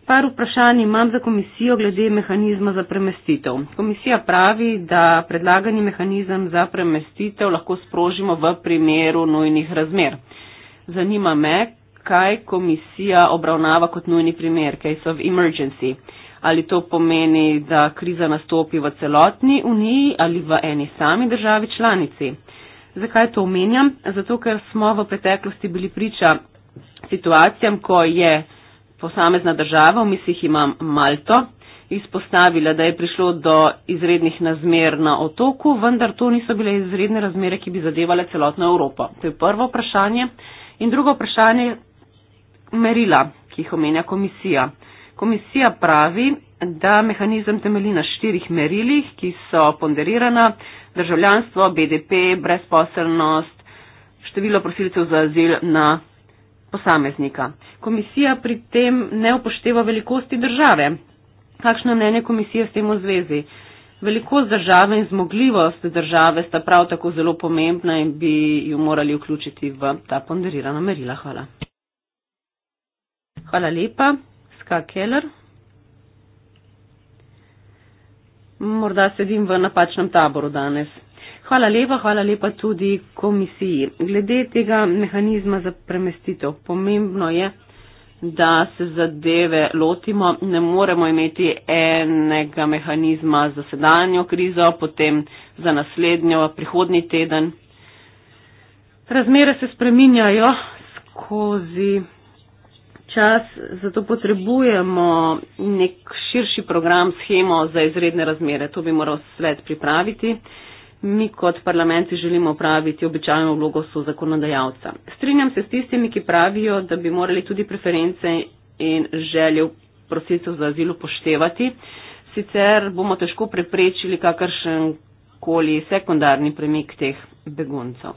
Par vprašanj imam za komisijo glede mehanizma za premestitev. Komisija pravi, da predlagani mehanizem za premestitev lahko sprožimo v primeru nujnih razmer. Zanima me, kaj komisija obravnava kot nujni primer, case of emergency. Ali to pomeni, da kriza nastopi v celotni uniji ali v eni sami državi članici? Zakaj to omenjam? Zato, ker smo v preteklosti bili priča situacijam, ko je posamezna država, v mislih imam Malto, izpostavila, da je prišlo do izrednih razmer na otoku, vendar to niso bile izredne razmere, ki bi zadevale celotno Evropo. To je prvo vprašanje. In drugo vprašanje je merila, ki jih omenja komisija. Komisija pravi, da mehanizem temelji na štirih merilih, ki so ponderirana državljanstvo, BDP, brezposelnost, število prosilcev za azil na posameznika. Komisija pri tem ne upošteva velikosti države. Kakšno mnenje komisije s tem v zvezi? Velikost države in zmogljivost države sta prav tako zelo pomembna in bi jo morali vključiti v ta ponderirana merila. Hvala. Hvala lepa. Ska Keller. Morda sedim v napačnem taboru danes. Hvala lepa, hvala lepa tudi komisiji. Glede tega mehanizma za premestitev, pomembno je, da se zadeve lotimo. Ne moremo imeti enega mehanizma za sedanjo krizo, potem za naslednjo, prihodni teden. Razmere se spreminjajo skozi čas, zato potrebujemo nek širši program, schemo za izredne razmere. To bi moral svet pripraviti mi kot parlamenti želimo praviti običajno vlogo so zakonodajalca. Strinjam se s tistimi, ki pravijo, da bi morali tudi preference in želje prosilcev za azil upoštevati, sicer bomo težko preprečili kakršen koli sekundarni premik teh beguncev.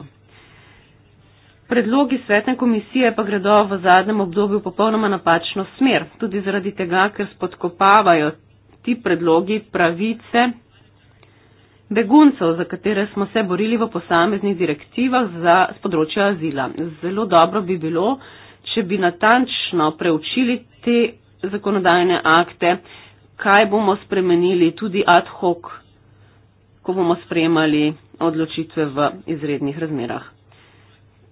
Predlogi svetne komisije pa gredo v zadnjem obdobju popolnoma napačno smer, tudi zaradi tega, ker spodkopavajo ti predlogi pravice beguncev, za katere smo se borili v posameznih direktivah za spodročja azila. Zelo dobro bi bilo, če bi natančno preučili te zakonodajne akte, kaj bomo spremenili tudi ad hoc, ko bomo spremali odločitve v izrednih razmerah.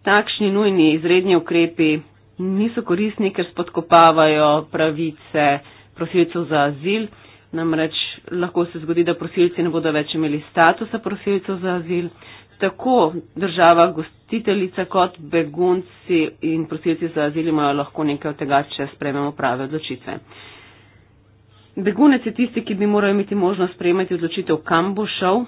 Takšni nujni izredni ukrepi niso koristni, ker spodkopavajo pravice prosilcev za azil, namreč lahko se zgodi, da prosilci ne bodo več imeli statusa prosilcev za azil. Tako država, gostiteljica kot begunci in prosilci za azil imajo lahko nekaj od tega, če sprememo prave odločitve. Begunec je tisti, ki bi moral imeti možnost sprejemati odločitev, kam bo šel.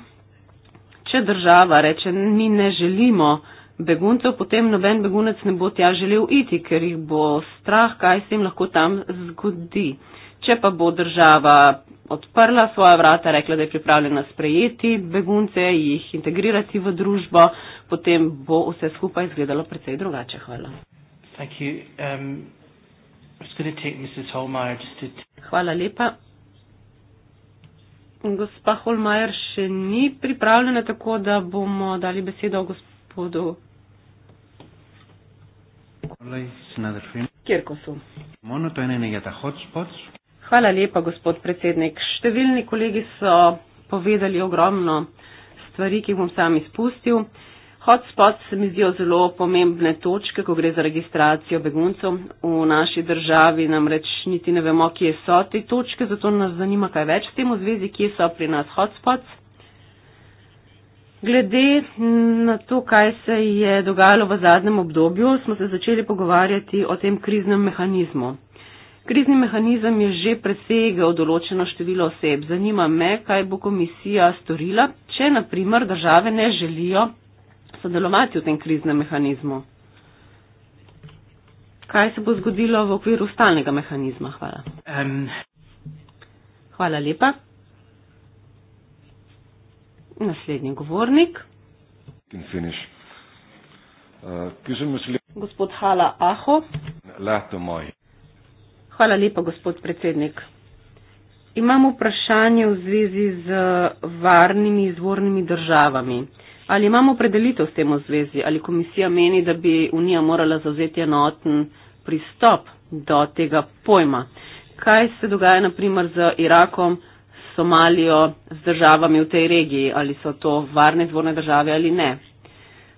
Če država reče, mi ne želimo beguncev, potem noben begunec ne bo tja želel iti, ker jih bo strah, kaj se jim lahko tam zgodi. Uh, Če pa bo država odprla svoja vrata, rekla, da je pripravljena sprejeti begunce, jih integrirati v družbo, potem bo vse skupaj izgledalo precej drugače. Hvala. Um, Hvala lepa. Gospa Holmajer še ni pripravljena, tako da bomo dali besedo gospodu. Kjerko so. Hvala lepa, gospod predsednik. Številni kolegi so povedali ogromno stvari, ki jih bom sam izpustil. Hotspot se mi zdijo zelo pomembne točke, ko gre za registracijo beguncev. V naši državi namreč niti ne vemo, kje so te točke, zato nas zanima kaj več s tem v zvezi, kje so pri nas hotspots. Glede na to, kaj se je dogajalo v zadnjem obdobju, smo se začeli pogovarjati o tem kriznem mehanizmu. Krizni mehanizem je že presegel določeno število oseb. Zanima me, kaj bo komisija storila, če naprimer države ne želijo sodelovati v tem kriznem mehanizmu. Kaj se bo zgodilo v okviru stalnega mehanizma? Hvala. Um. Hvala lepa. Naslednji govornik. In finish. Uh, Gospod Hala Aho. Lato moj. Hvala lepa, gospod predsednik. Imam vprašanje v zvezi z varnimi izvornimi državami. Ali imamo predelitev s tem v zvezi? Ali komisija meni, da bi Unija morala zauzeti enoten pristop do tega pojma? Kaj se dogaja naprimer z Irakom, Somalijo, z državami v tej regiji? Ali so to varne izvorne države ali ne?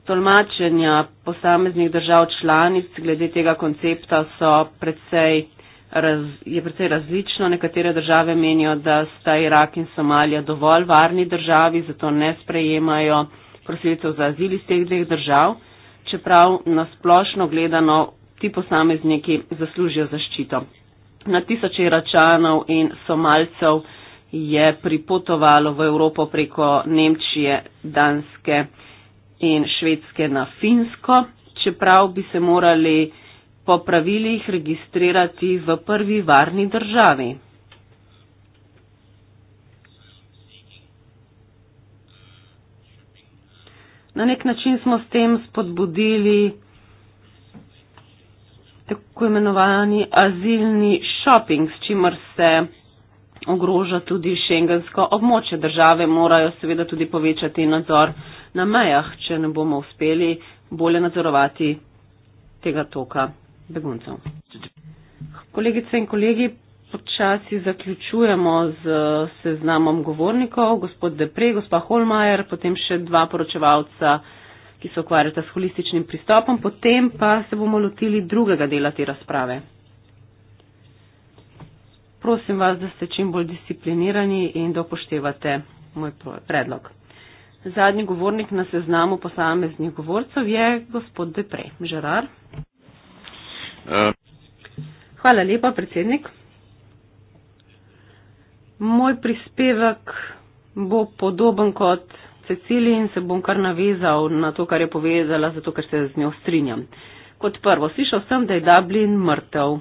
Tolmačenja posameznih držav članic glede tega koncepta so predvsej raz, je precej različno. Nekatere države menijo, da sta Irak in Somalija dovolj varni državi, zato ne sprejemajo prosilcev za azil iz teh dveh držav, čeprav nasplošno gledano ti posamezniki zaslužijo zaščito. Na tisoče Iračanov in Somalcev je pripotovalo v Evropo preko Nemčije, Danske in Švedske na Finsko, čeprav bi se morali po pravilih registrirati v prvi varni državi. Na nek način smo s tem spodbudili tako imenovani azilni shopping, s čimer se ogroža tudi šengensko območje. Države morajo seveda tudi povečati nadzor na mejah, če ne bomo uspeli bolje nadzorovati tega toka beguncev. Kolegice in kolegi, počasi zaključujemo z seznamom govornikov, gospod Depre, gospa Holmajer, potem še dva poročevalca, ki se ukvarjata s holističnim pristopom, potem pa se bomo lotili drugega dela te razprave. Prosim vas, da ste čim bolj disciplinirani in da upoštevate moj predlog. Zadnji govornik na seznamu posameznih govorcev je gospod Depre, Žerar. Hvala lepa, predsednik. Moj prispevek bo podoben kot Cecili in se bom kar navezal na to, kar je povedala, zato ker se z njo strinjam. Kot prvo, slišal sem, da je Dublin mrtev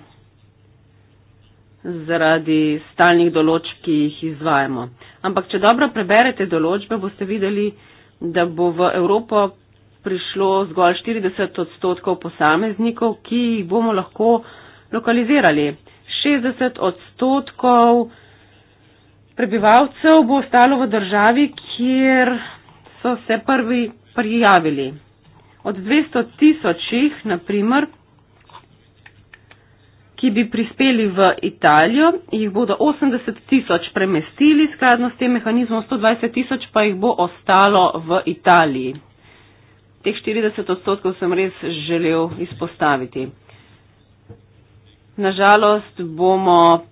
zaradi stalnih določb, ki jih izvajamo. Ampak, če dobro preberete določbe, boste videli, da bo v Evropo prišlo zgolj 40 odstotkov posameznikov, ki jih bomo lahko lokalizirali. 60 odstotkov prebivalcev bo ostalo v državi, kjer so se prvi prijavili. Od 200 tisočih, naprimer, ki bi prispeli v Italijo, jih bodo 80 tisoč premestili skladno s tem mehanizmom, 120 tisoč pa jih bo ostalo v Italiji teh 40 odstotkov sem res želel izpostaviti. Nažalost bomo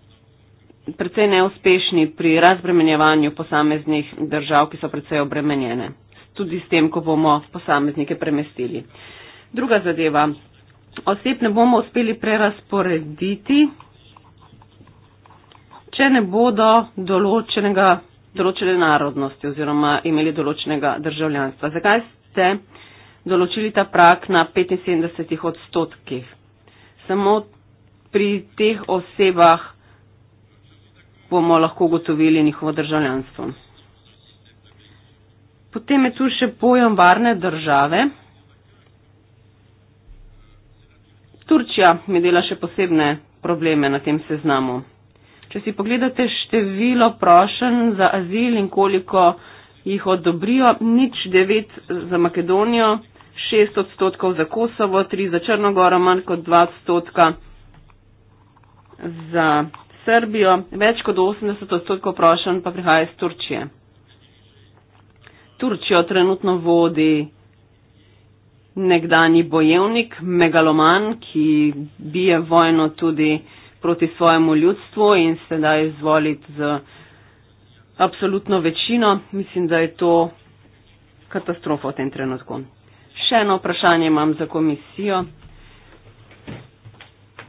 predvsej neuspešni pri razbremenjevanju posameznih držav, ki so predvsej obremenjene, tudi s tem, ko bomo posameznike premestili. Druga zadeva. Oseb ne bomo uspeli prerasporediti, če ne bodo določenega, določene narodnosti oziroma imeli določenega državljanstva. Zakaj ste določili ta prak na 75 odstotkih. Samo pri teh osebah bomo lahko ugotovili njihovo državljanstvo. Potem je tu še pojem varne države. Turčija mi dela še posebne probleme na tem seznamu. Če si pogledate število prošen za azil in koliko jih odobrijo, nič devet za Makedonijo, 6 odstotkov za Kosovo, 3 za Črnogoro, manj kot 2 odstotka za Srbijo, več kot 80 odstotkov prošen pa prihaja iz Turčije. Turčijo trenutno vodi nekdani bojevnik, megaloman, ki bije vojno tudi proti svojemu ljudstvu in se da izvoliti z absolutno večino. Mislim, da je to katastrofa v tem trenutku. Še eno vprašanje imam za komisijo.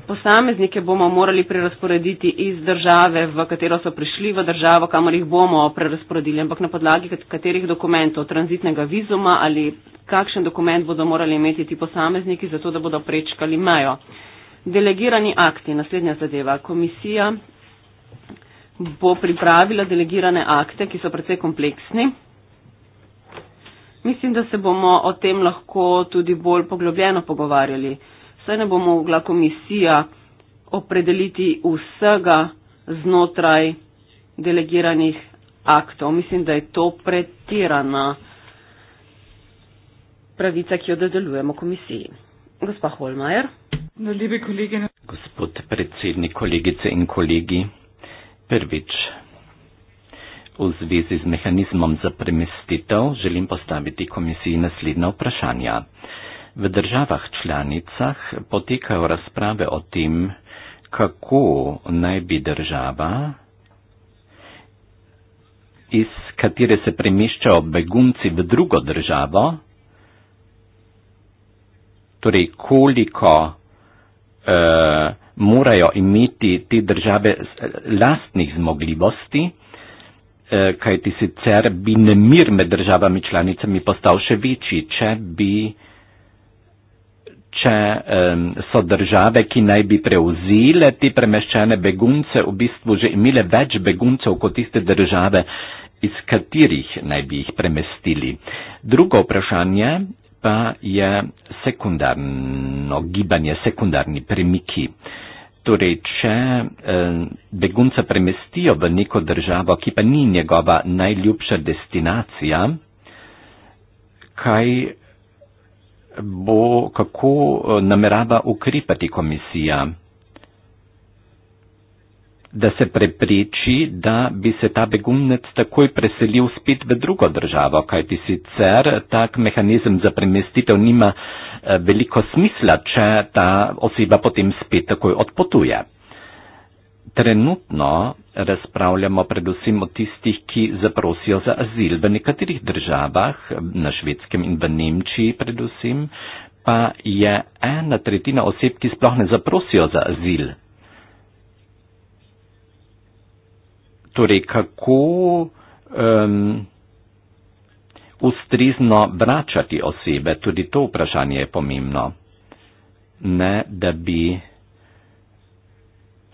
Posameznike bomo morali prerasporediti iz države, v katero so prišli, v državo, kamor jih bomo prerasporedili, ampak na podlagi katerih dokumentov, tranzitnega vizuma ali kakšen dokument bodo morali imeti ti posamezniki, zato da bodo prečkali mejo. Delegirani akti, naslednja zadeva. Komisija bo pripravila delegirane akte, ki so predvsej kompleksni. Mislim, da se bomo o tem lahko tudi bolj poglobljeno pogovarjali. Saj ne bo mogla komisija opredeliti vsega znotraj delegiranih aktov. Mislim, da je to pretirana pravica, ki jo dodelujemo komisiji. Gospa Holmajer. No, Gospod predsednik, kolegice in kolegi. Prvič, V zvezi z mehanizmom za premestitev želim postaviti komisiji naslednja vprašanja. V državah članicah potekajo razprave o tem, kako naj bi država, iz katere se premeščajo begunci v drugo državo, torej koliko uh, morajo imeti te države eh, lastnih zmogljivosti, Eh, kajti sicer bi nemir med državami članicami postal še večji, če bi če um, so države, ki naj bi prevzile te premeščene begunce, v bistvu že imele več beguncev kot tiste države, iz katerih naj bi jih premestili. Drugo vprašanje pa je sekundarno gibanje, sekundarni premiki. Uh, Torej, če eh, begunca premestijo v neko državo, ki pa ni njegova najljubša destinacija, kaj bo, kako eh, namerava ukrepati komisija? da se prepriči, da bi se ta begunec takoj preselil spet v drugo državo, kajti sicer tak mehanizem za premestitev nima eh, veliko smisla, če ta oseba potem spet takoj odpotuje. Trenutno razpravljamo predvsem o tistih, ki zaprosijo za azil v nekaterih državah, na švedskem in v Nemčiji predvsem, pa je ena tretjina oseb, ki sploh ne zaprosijo za azil torej kako um, ustrezno vračati osebe, tudi to vprašanje je pomembno. Ne, da bi.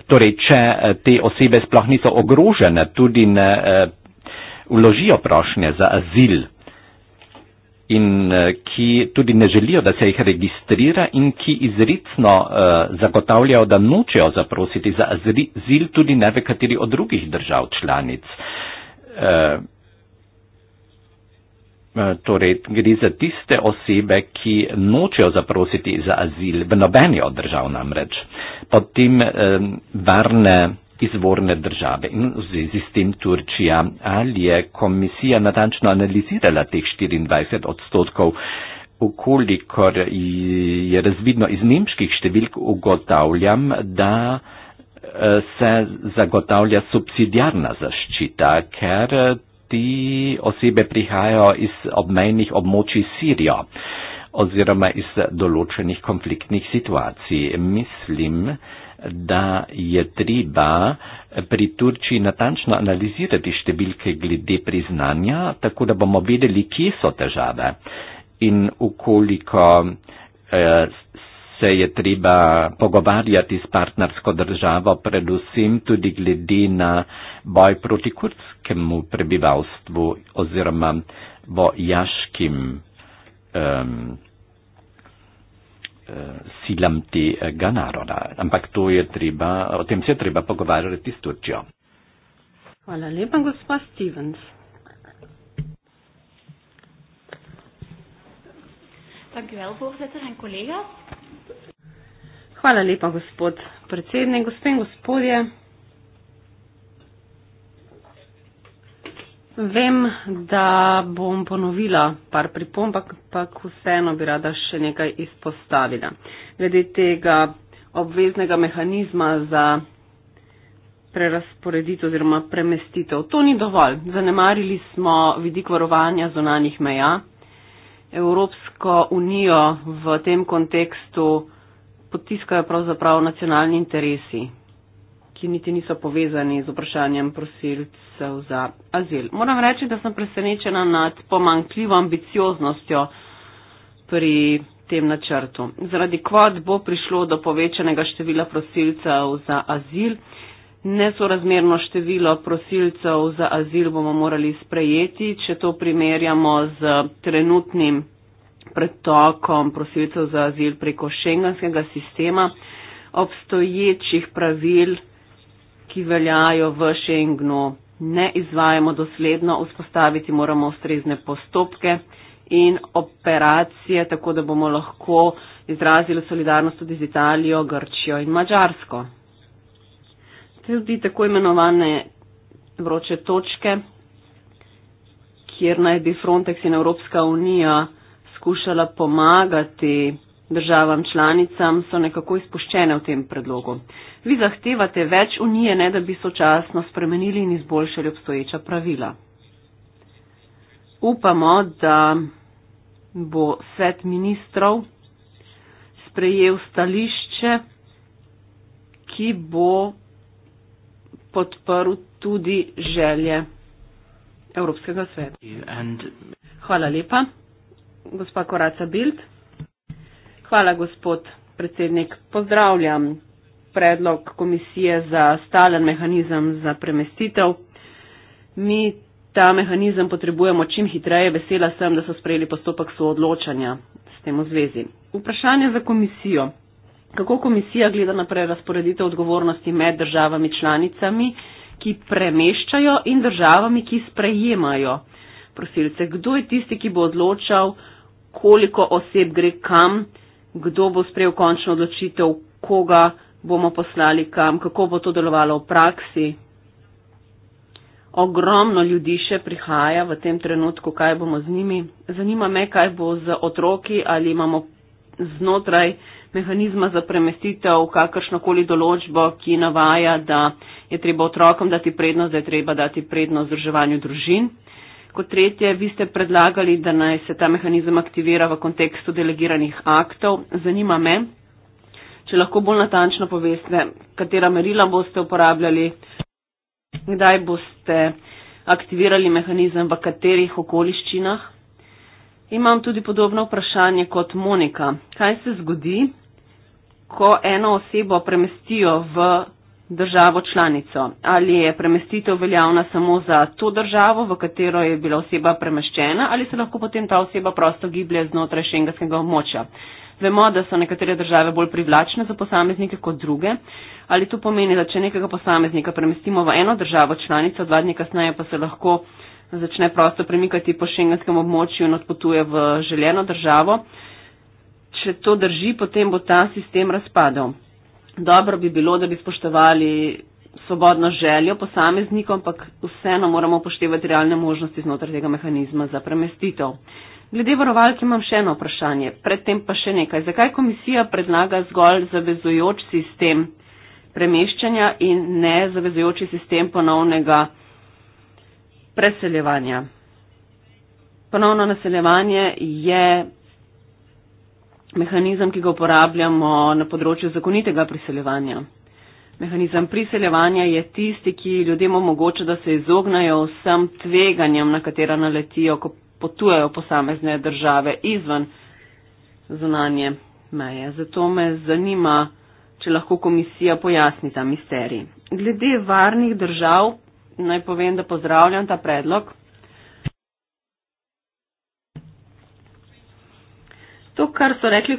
Torej, če eh, te osebe sploh niso ogrožene, tudi ne uh, vložijo prošnje za azil, in uh, ki tudi ne želijo, da se jih registrira in ki izrecno uh, zagotavljajo, da nočejo zaprositi za azil tudi ne v kateri od drugih držav članic. Uh, Torej, gre za tiste osebe, ki nočejo zaprositi za azil v nobeni od držav namreč. Potem eh, varne izvorne države in v zvezi s tem Turčija. Ali je komisija natančno analizirala teh 24 odstotkov? Okolikor je razvidno iz nemških številk, ugotavljam, da eh, se zagotavlja subsidijarna zaščita, ker ti osebe prihajajo iz obmejnih območij Sirijo oziroma iz določenih konfliktnih situacij. Mislim, da je treba pri Turčiji natančno analizirati številke glede priznanja, tako da bomo vedeli, kje so težave. In ukoliko eh, se je treba pogovarjati s partnersko državo, predvsem tudi glede na boj proti kurdskemu prebivalstvu oziroma vojaškim um, Eh, silamti eh, ga naroda. Ampak to je treba, o tem se je treba pogovarjati s Turčjo. Hvala lepa, gospod Stevens. Hvala lepa, gospod predsednik, gospe in gospodje. Vem, da bom ponovila par pripomb, ampak vseeno bi rada še nekaj izpostavila. Glede tega obveznega mehanizma za prerasporeditev oziroma premestitev. To ni dovolj. Zanemarili smo vidik varovanja zonanih meja. Evropsko unijo v tem kontekstu potiskajo pravzaprav nacionalni interesi, ki niti niso povezani z vprašanjem prosilcev za azil. Moram reči, da sem presenečena nad pomankljivo ambicioznostjo pri tem načrtu. Zaradi kvot bo prišlo do povečanega števila prosilcev za azil. Nesorazmerno število prosilcev za azil bomo morali sprejeti, če to primerjamo z trenutnim pretokom prosilcev za azil preko šengenskega sistema. Obstoječih pravil ki veljajo v Schengnu, ne izvajamo dosledno, vzpostaviti moramo ustrezne postopke in operacije, tako da bomo lahko izrazili solidarnost tudi z Italijo, Grčijo in Mačarsko. Tudi tako imenovane vroče točke, kjer naj bi Frontex in Evropska unija skušala pomagati državam članicam so nekako izpuščene v tem predlogu. Vi zahtevate več unije, ne da bi sočasno spremenili in izboljšali obstoječa pravila. Upamo, da bo svet ministrov sprejel stališče, ki bo podprl tudi želje Evropskega sveta. Hvala lepa. Gospa Koraca Bild. Hvala, gospod predsednik. Pozdravljam predlog komisije za stalen mehanizem za premestitev. Mi ta mehanizem potrebujemo čim hitreje. Vesela sem, da so sprejeli postopek soodločanja s tem v zvezi. Vprašanje za komisijo. Kako komisija gleda na prerasporeditev odgovornosti med državami članicami, ki premeščajo in državami, ki sprejemajo prosilce? Kdo je tisti, ki bo odločal, koliko oseb gre kam? kdo bo sprejel končno odločitev, koga bomo poslali kam, kako bo to delovalo v praksi. Ogromno ljudi še prihaja v tem trenutku, kaj bomo z njimi. Zanima me, kaj bo z otroki, ali imamo znotraj mehanizma za premestitev kakršnokoli določbo, ki navaja, da je treba otrokom dati prednost, da je treba dati prednost združevanju družin. Kot tretje, vi ste predlagali, da naj se ta mehanizem aktivira v kontekstu delegiranih aktov. Zanima me, če lahko bolj natančno poveste, katera merila boste uporabljali, kdaj boste aktivirali mehanizem, v katerih okoliščinah. Imam tudi podobno vprašanje kot Monika. Kaj se zgodi, ko eno osebo premestijo v državo članico. Ali je premestitev veljavna samo za to državo, v katero je bila oseba premeščena, ali se lahko potem ta oseba prosto giblje znotraj šengenskega območja. Vemo, da so nekatere države bolj privlačne za posameznike kot druge. Ali to pomeni, da če nekega posameznika premestimo v eno državo članico, dva dni kasneje pa se lahko začne prosto premikati po šengenskem območju in odpotuje v željeno državo. Če to drži, potem bo ta sistem razpadel dobro bi bilo, da bi spoštovali svobodno željo posameznikom, ampak vseeno moramo poštevati realne možnosti znotraj tega mehanizma za premestitev. Glede varovalke imam še eno vprašanje, predtem pa še nekaj. Zakaj komisija predlaga zgolj zavezujoč sistem premeščanja in ne zavezujoči sistem ponovnega preseljevanja? Ponovno naseljevanje je mehanizem, ki ga uporabljamo na področju zakonitega priseljevanja. Mehanizem priseljevanja je tisti, ki ljudem omogoča, da se izognajo vsem tveganjem, na katera naletijo, ko potujejo posamezne države izven zunanje meje. Zato me zanima, če lahko komisija pojasni ta misterij. Glede varnih držav, naj povem, da pozdravljam ta predlog. To, kar so rekli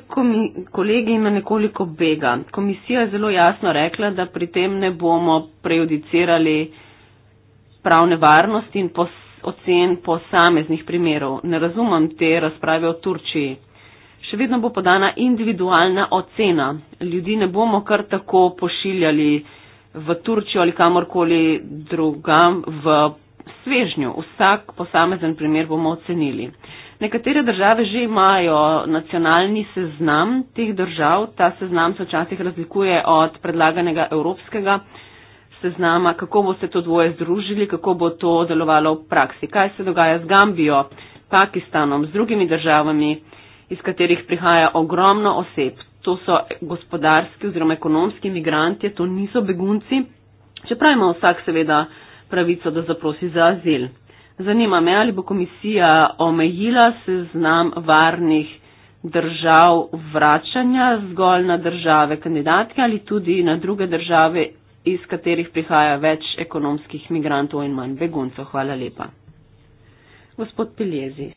kolegi, ima nekoliko bega. Komisija je zelo jasno rekla, da pri tem ne bomo prejudicirali pravne varnosti in pos ocen posameznih primerov. Ne razumem te razprave o Turčiji. Še vedno bo podana individualna ocena. Ljudi ne bomo kar tako pošiljali v Turčijo ali kamorkoli drugam v svežnju. Vsak posamezen primer bomo ocenili. Nekatere države že imajo nacionalni seznam teh držav. Ta seznam se včasih razlikuje od predlaganega evropskega seznama, kako boste to dvoje združili, kako bo to delovalo v praksi, kaj se dogaja z Gambijo, Pakistanom, z drugimi državami, iz katerih prihaja ogromno oseb. To so gospodarski oziroma ekonomski imigranti, to niso begunci, čeprav ima vsak seveda pravico, da zaprosi za azil. Zanima me, ali bo komisija omejila seznam varnih držav vračanja zgolj na države kandidatke ali tudi na druge države, iz katerih prihaja več ekonomskih migrantov in manj beguncev. Hvala lepa. Gospod Piljezi.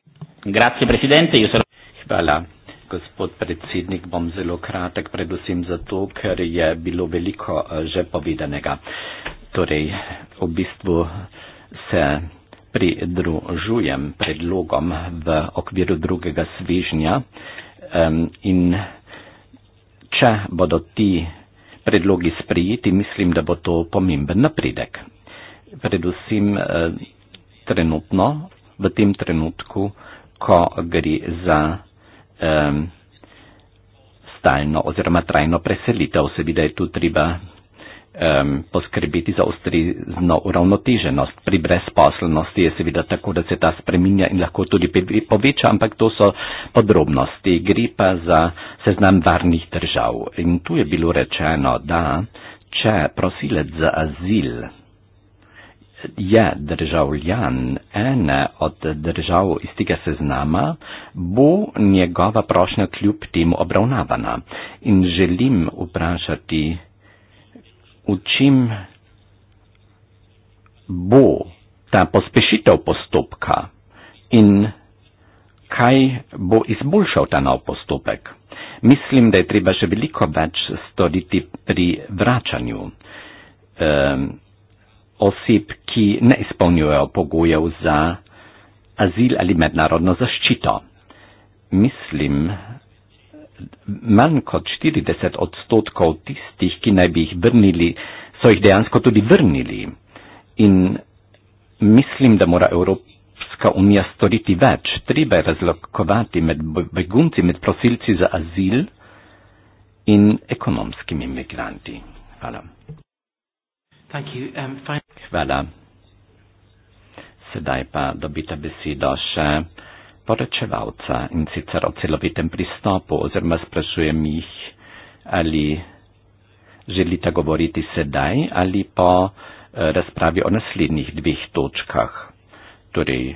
Hvala. Gospod predsednik, bom zelo kratek, predvsem zato, ker je bilo veliko eh, že povedanega. Torej, v bistvu se pridružujem predlogom v okviru drugega svežnja um, in če bodo ti predlogi sprijeti, mislim, da bo to pomemben napredek. Predvsem uh, trenutno, v tem trenutku, ko gre za um, stalno oziroma trajno preselitev, seveda je tu treba um, poskrbeti za ustrezno uravnoteženost. Pri brezposelnosti je seveda tako, da se ta spreminja in lahko tudi poveča, ampak to so podrobnosti. Gre pa za seznam varnih držav. In tu je bilo rečeno, da če prosilec za azil je državljan ene od držav iz tega seznama, bo njegova prošnja kljub temu obravnavana. In želim vprašati, v čim bo ta pospešitev postopka in kaj bo izboljšal ta nov postopek. Mislim, da je treba še veliko več storiti pri vračanju um, oseb, ki ne izpolnjujejo pogojev za azil ali mednarodno zaščito. Mislim, manj kot 40 odstotkov tistih, ki naj bi jih vrnili, so jih dejansko tudi vrnili. In mislim, da mora Evropska unija storiti več. Treba je razlokovati med begunci, med prosilci za azil in ekonomskimi imigranti. Hvala. Um, Hvala. Sedaj pa dobite besedo še poročevalca in sicer o celovitem pristopu, oziroma sprašujem jih, ali želite govoriti sedaj ali po eh, razpravi o naslednjih dveh točkah. Torej,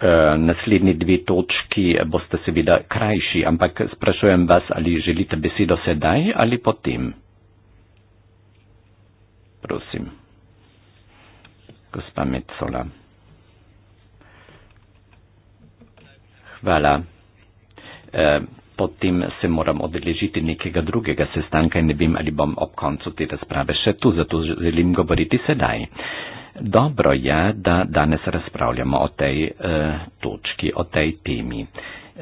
eh, naslednji dve točki boste seveda krajši, ampak sprašujem vas, ali želite besedo sedaj ali potem. Prosim. Gospa Metzola. hvala. E, potem se moram odeležiti nekega drugega sestanka in ne vem, ali bom ob koncu te razprave še tu, zato želim govoriti sedaj. Dobro je, da danes razpravljamo o tej e, točki, o tej temi.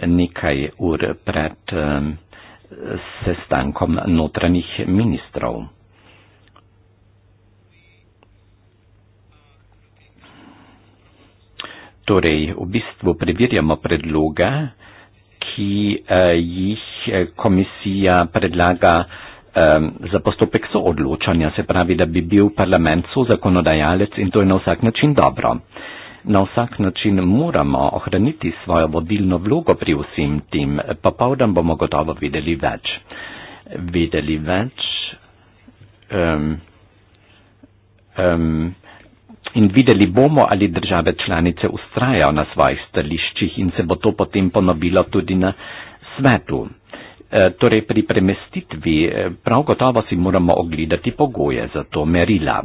Nekaj ur pred e, sestankom notranjih ministrov. Torej, v bistvu preverjamo predloge, ki eh, jih eh, komisija predlaga eh, za postopek soodločanja, se pravi, da bi bil parlament sozakonodajalec in to je na vsak način dobro. Na vsak način moramo ohraniti svojo vodilno vlogo pri vsem tem. Popovdan bomo gotovo videli več. Videli več. Um, um, In videli bomo, ali države članice ustrajajo na svojih stališčih in se bo to potem ponovilo tudi na svetu. E, torej pri premestitvi e, prav gotovo si moramo ogledati pogoje za to merila,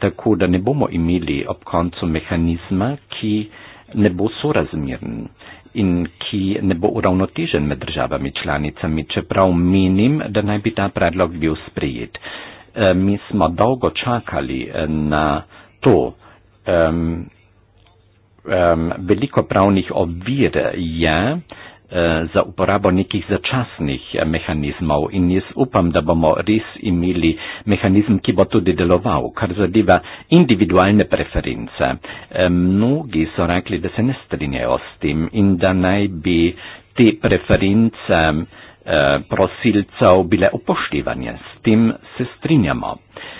tako da ne bomo imeli ob koncu mehanizma, ki ne bo sorazmeren in ki ne bo uravnotežen med državami članicami, čeprav menim, da naj bi ta predlog bil sprejet. E, mi smo dolgo čakali na to, um, um, veliko pravnih ovir je uh, za uporabo nekih začasnih eh, mehanizmov in jaz upam, da bomo res imeli mehanizem, ki bo tudi deloval, kar zadeva individualne preference. Um, mnogi so rekli, da se ne strinjajo s tem in da naj bi te preference uh, prosilcev bile upoštevanje. S tem se strinjamo. Uh,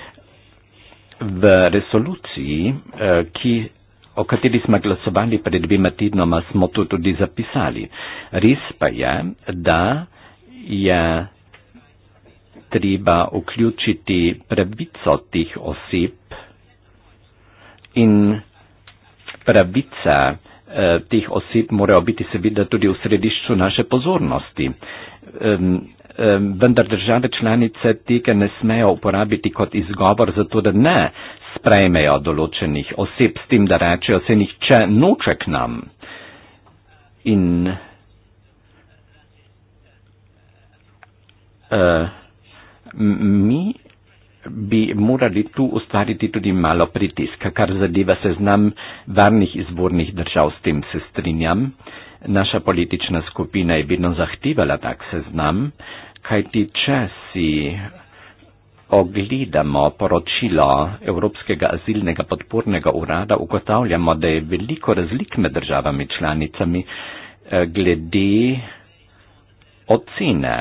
v resoluciji, eh, ki, o kateri smo glasovali pred dvima tednoma, smo to tudi zapisali. Res pa je, da je treba vključiti pravico teh oseb in pravice eh, teh oseb morajo biti seveda tudi v središču naše pozornosti vendar države članice tega ne smejo uporabiti kot izgovor za to, da ne sprejmejo določenih oseb s tem, da rečejo se nihče noče k nam. In uh, mi bi morali tu ustvariti tudi malo pritiska, kar zadeva seznam varnih izvornih držav, s tem se strinjam. Naša politična skupina je vedno zahtevala tak seznam, uh, kaj ti če si ogledamo poročilo Evropskega azilnega podpornega urada, ugotavljamo, da je veliko razlik med državami članicami eh, glede ocene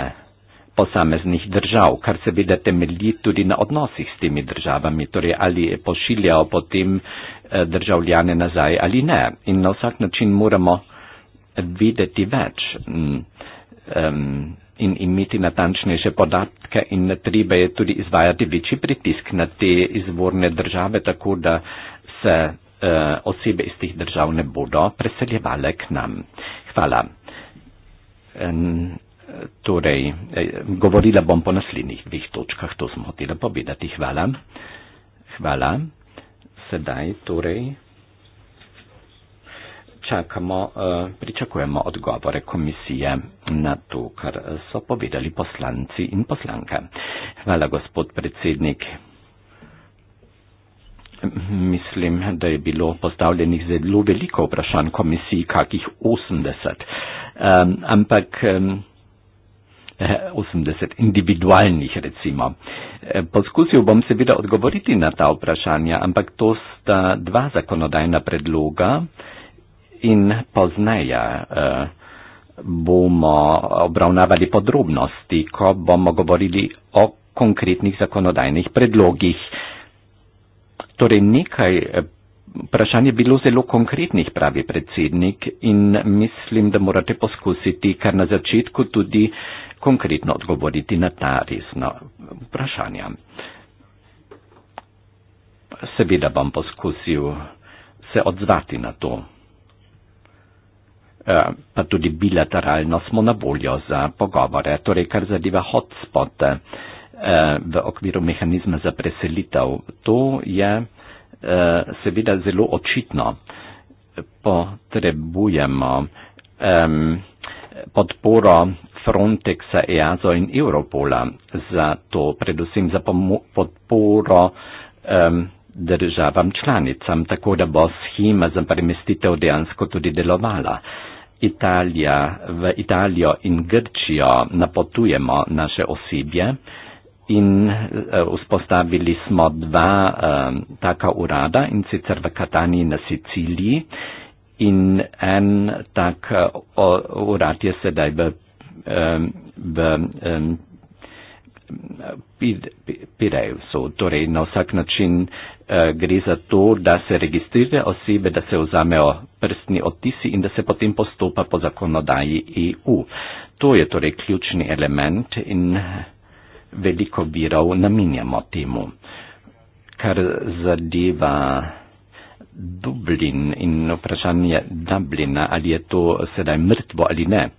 posameznih držav, kar seveda temelji tudi na odnosih s temi državami, torej ali pošiljajo potem eh, državljane nazaj ali ne. In na vsak način moramo videti več. Um, in imeti natančnejše podatke in treba je tudi izvajati večji pritisk na te izvorne države, tako da se eh, osebe iz teh držav ne bodo preseljevale k nam. Hvala. En, torej, eh, govorila bom po naslednjih dveh točkah, to smo hoteli povedati. Hvala. Hvala. Sedaj torej čakamo, eh, pričakujemo odgovore komisije na to, kar so povedali poslanci in poslanke. Hvala, gospod predsednik. Mislim, da je bilo postavljenih zelo veliko vprašanj komisiji, kakih 80, um, ampak um, 80 eh, individualnih recimo. Eh, poskusil bom seveda odgovoriti na ta vprašanja, ampak to sta dva zakonodajna predloga, in pozneje eh, bomo obravnavali podrobnosti, ko bomo govorili o konkretnih zakonodajnih predlogih. Torej nekaj eh, vprašanj je bilo zelo konkretnih, pravi predsednik, in mislim, da morate poskusiti kar na začetku tudi konkretno odgovoriti na ta resna vprašanja. Seveda bom poskusil se odzvati na to. Eh, pa tudi bilateralno smo na voljo za pogovore, torej kar zadeva hotspot eh, v okviru mehanizma za preselitev. To je eh, seveda zelo očitno. Potrebujemo podporo Frontexa, EASO in Europola za to, predvsem za podporo državam članicam, tako da bo schema za premestitev dejansko tudi delovala. Italija, v Italijo in Grčijo napotujemo naše osebje in eh, vzpostavili smo dva uh, taka urada in sicer v Kataniji na Siciliji in en tak uh, urad je sedaj v, um, v um, Pirejusu, torej na vsak način Eh, gre za to, da se registrirajo osebe, da se vzamejo prstni odtisi in da se potem postopa po zakonodaji EU. To je torej ključni element in veliko virov namenjamo temu. Kar zadeva Dublin in vprašanje Dublina, ali je to sedaj mrtvo ali ne.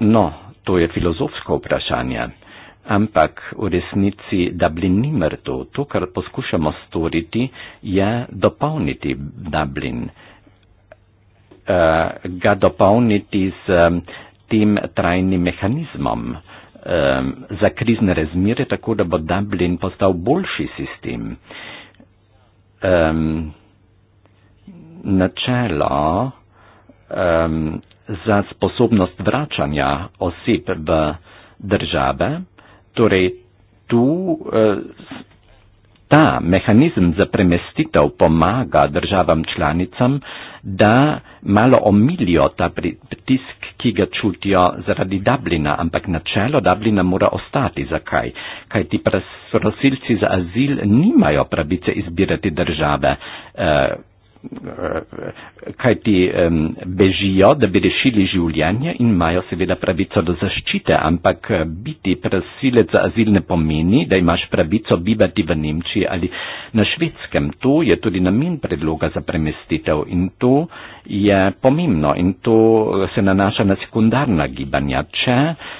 No, to je filozofsko vprašanje ampak v resnici, da Dublin ni mrtev, to, kar poskušamo storiti, je dopolniti Dublin, uh, ga dopolniti z um, eh, tem trajnim mehanizmom um, za krizne razmire, tako da bo Dublin postal boljši sistem. Um, načelo um, za sposobnost vračanja oseb v države, Torej, tu eh, ta mehanizem za premestitev pomaga državam članicam, da malo omilijo ta pritisk, ki ga čutijo zaradi Dublina, ampak načelo Dublina mora ostati. Zakaj? Kaj ti prosilci za azil nimajo pravice izbirati države, eh, kaj ti um, bežijo, da bi rešili življenje in imajo seveda pravico do zaščite, ampak eh, biti prosilec za azil ne pomeni, da imaš pravico bivati v Nemčiji ali na švedskem. To je tudi namen predloga za premestitev in to je pomembno in to se nanaša na sekundarna gibanja. Če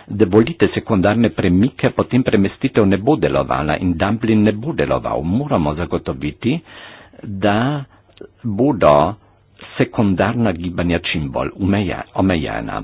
dovolite sekundarne premike, potem premestitev ne bo delovala in Dublin ne bo deloval. Moramo zagotoviti, da bodo sekundarna gibanja čim bolj omejena.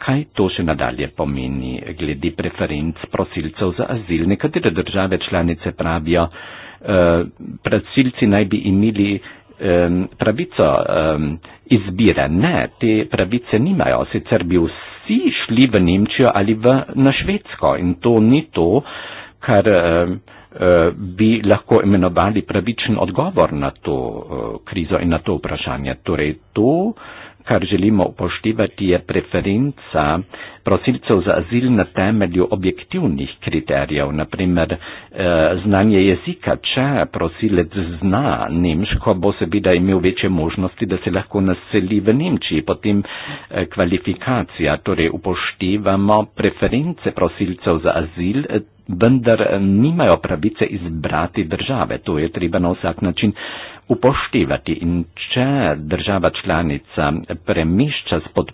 Kaj to še nadalje pomeni glede preferenc prosilcev za azil? Nekatere države članice pravijo, eh, prosilci naj bi imeli eh, pravico eh, izbire. Ne, te pravice nimajo, sicer bi vsi šli v Nemčijo ali v, na Švedsko in to ni to, kar. Eh, Eh, bi lahko imenovali pravičen odgovor na to eh, krizo in na to vprašanje. Torej, to, kar želimo upoštevati, je preferenca prosilcev za azil na temelju objektivnih kriterijev, naprimer eh, znanje jezika. Če prosilec zna nemško, bo seveda imel večje možnosti, da se lahko naseli v Nemčiji. Potem eh, kvalifikacija, torej upoštevamo preference prosilcev za azil eh, vendar nimajo pravice izbrati države. To je treba na vsak način upoštevati in če država članica premešča spod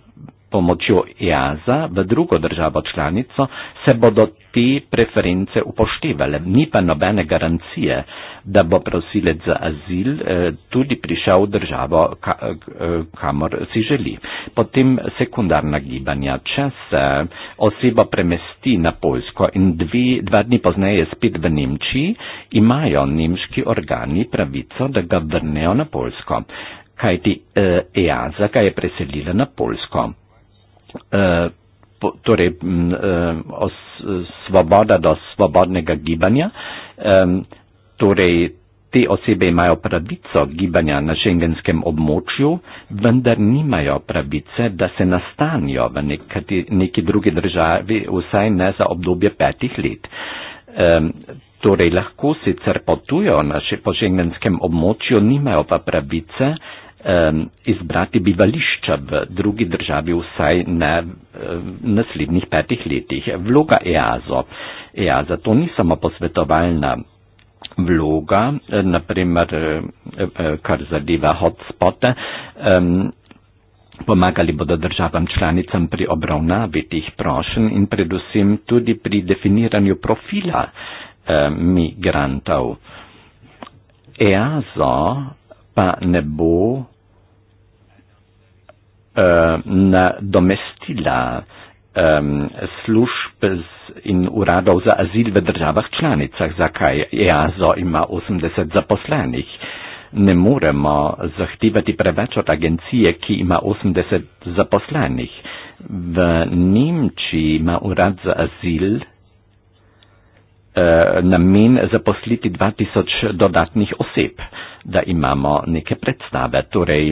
pomočjo EASA v drugo državo članico, se bodo te preference upoštevale. Ni pa nobene garancije, da bo prosilec za azil eh, tudi prišel v državo, eh, kamor si želi. Potem sekundarna gibanja. Če se eh, oseba premesti na Poljsko in dve, dva dni pozneje spet v Nemčiji, imajo nemški organi pravico, da ga vrnejo na Poljsko. Kaj ti EASA, e kaj je preselila na Poljsko? Eh, po, torej, m, o, svoboda do svobodnega gibanja. Um, torej, te osebe imajo pravico gibanja na šengenskem območju, vendar nimajo pravice, da se nastanijo v nekati, neki drugi državi, vsaj ne za obdobje petih let. Um, torej, lahko sicer potujo na še, po šengenskem območju, nimajo pa pravice, izbrati bivališča v drugi državi vsaj na naslednjih petih letih. Vloga EASO. EASA to ni samo posvetovalna vloga, naprimer, kar zadeva hotspote. Pomagali bodo državam članicam pri obravnavi teh prošen in predvsem tudi pri definiranju profila migrantov. EASO pa ne bo Eh, nadomestila um, služb z, in uradov za azil v državah članicah, zakaj EASO ima 80 zaposlenih. Ne moremo zahtevati preveč od agencije, ki ima 80 zaposlenih. V Nemčiji ima urad za azil eh, namen zaposliti 2000 dodatnih oseb, da imamo neke predstave. Torej,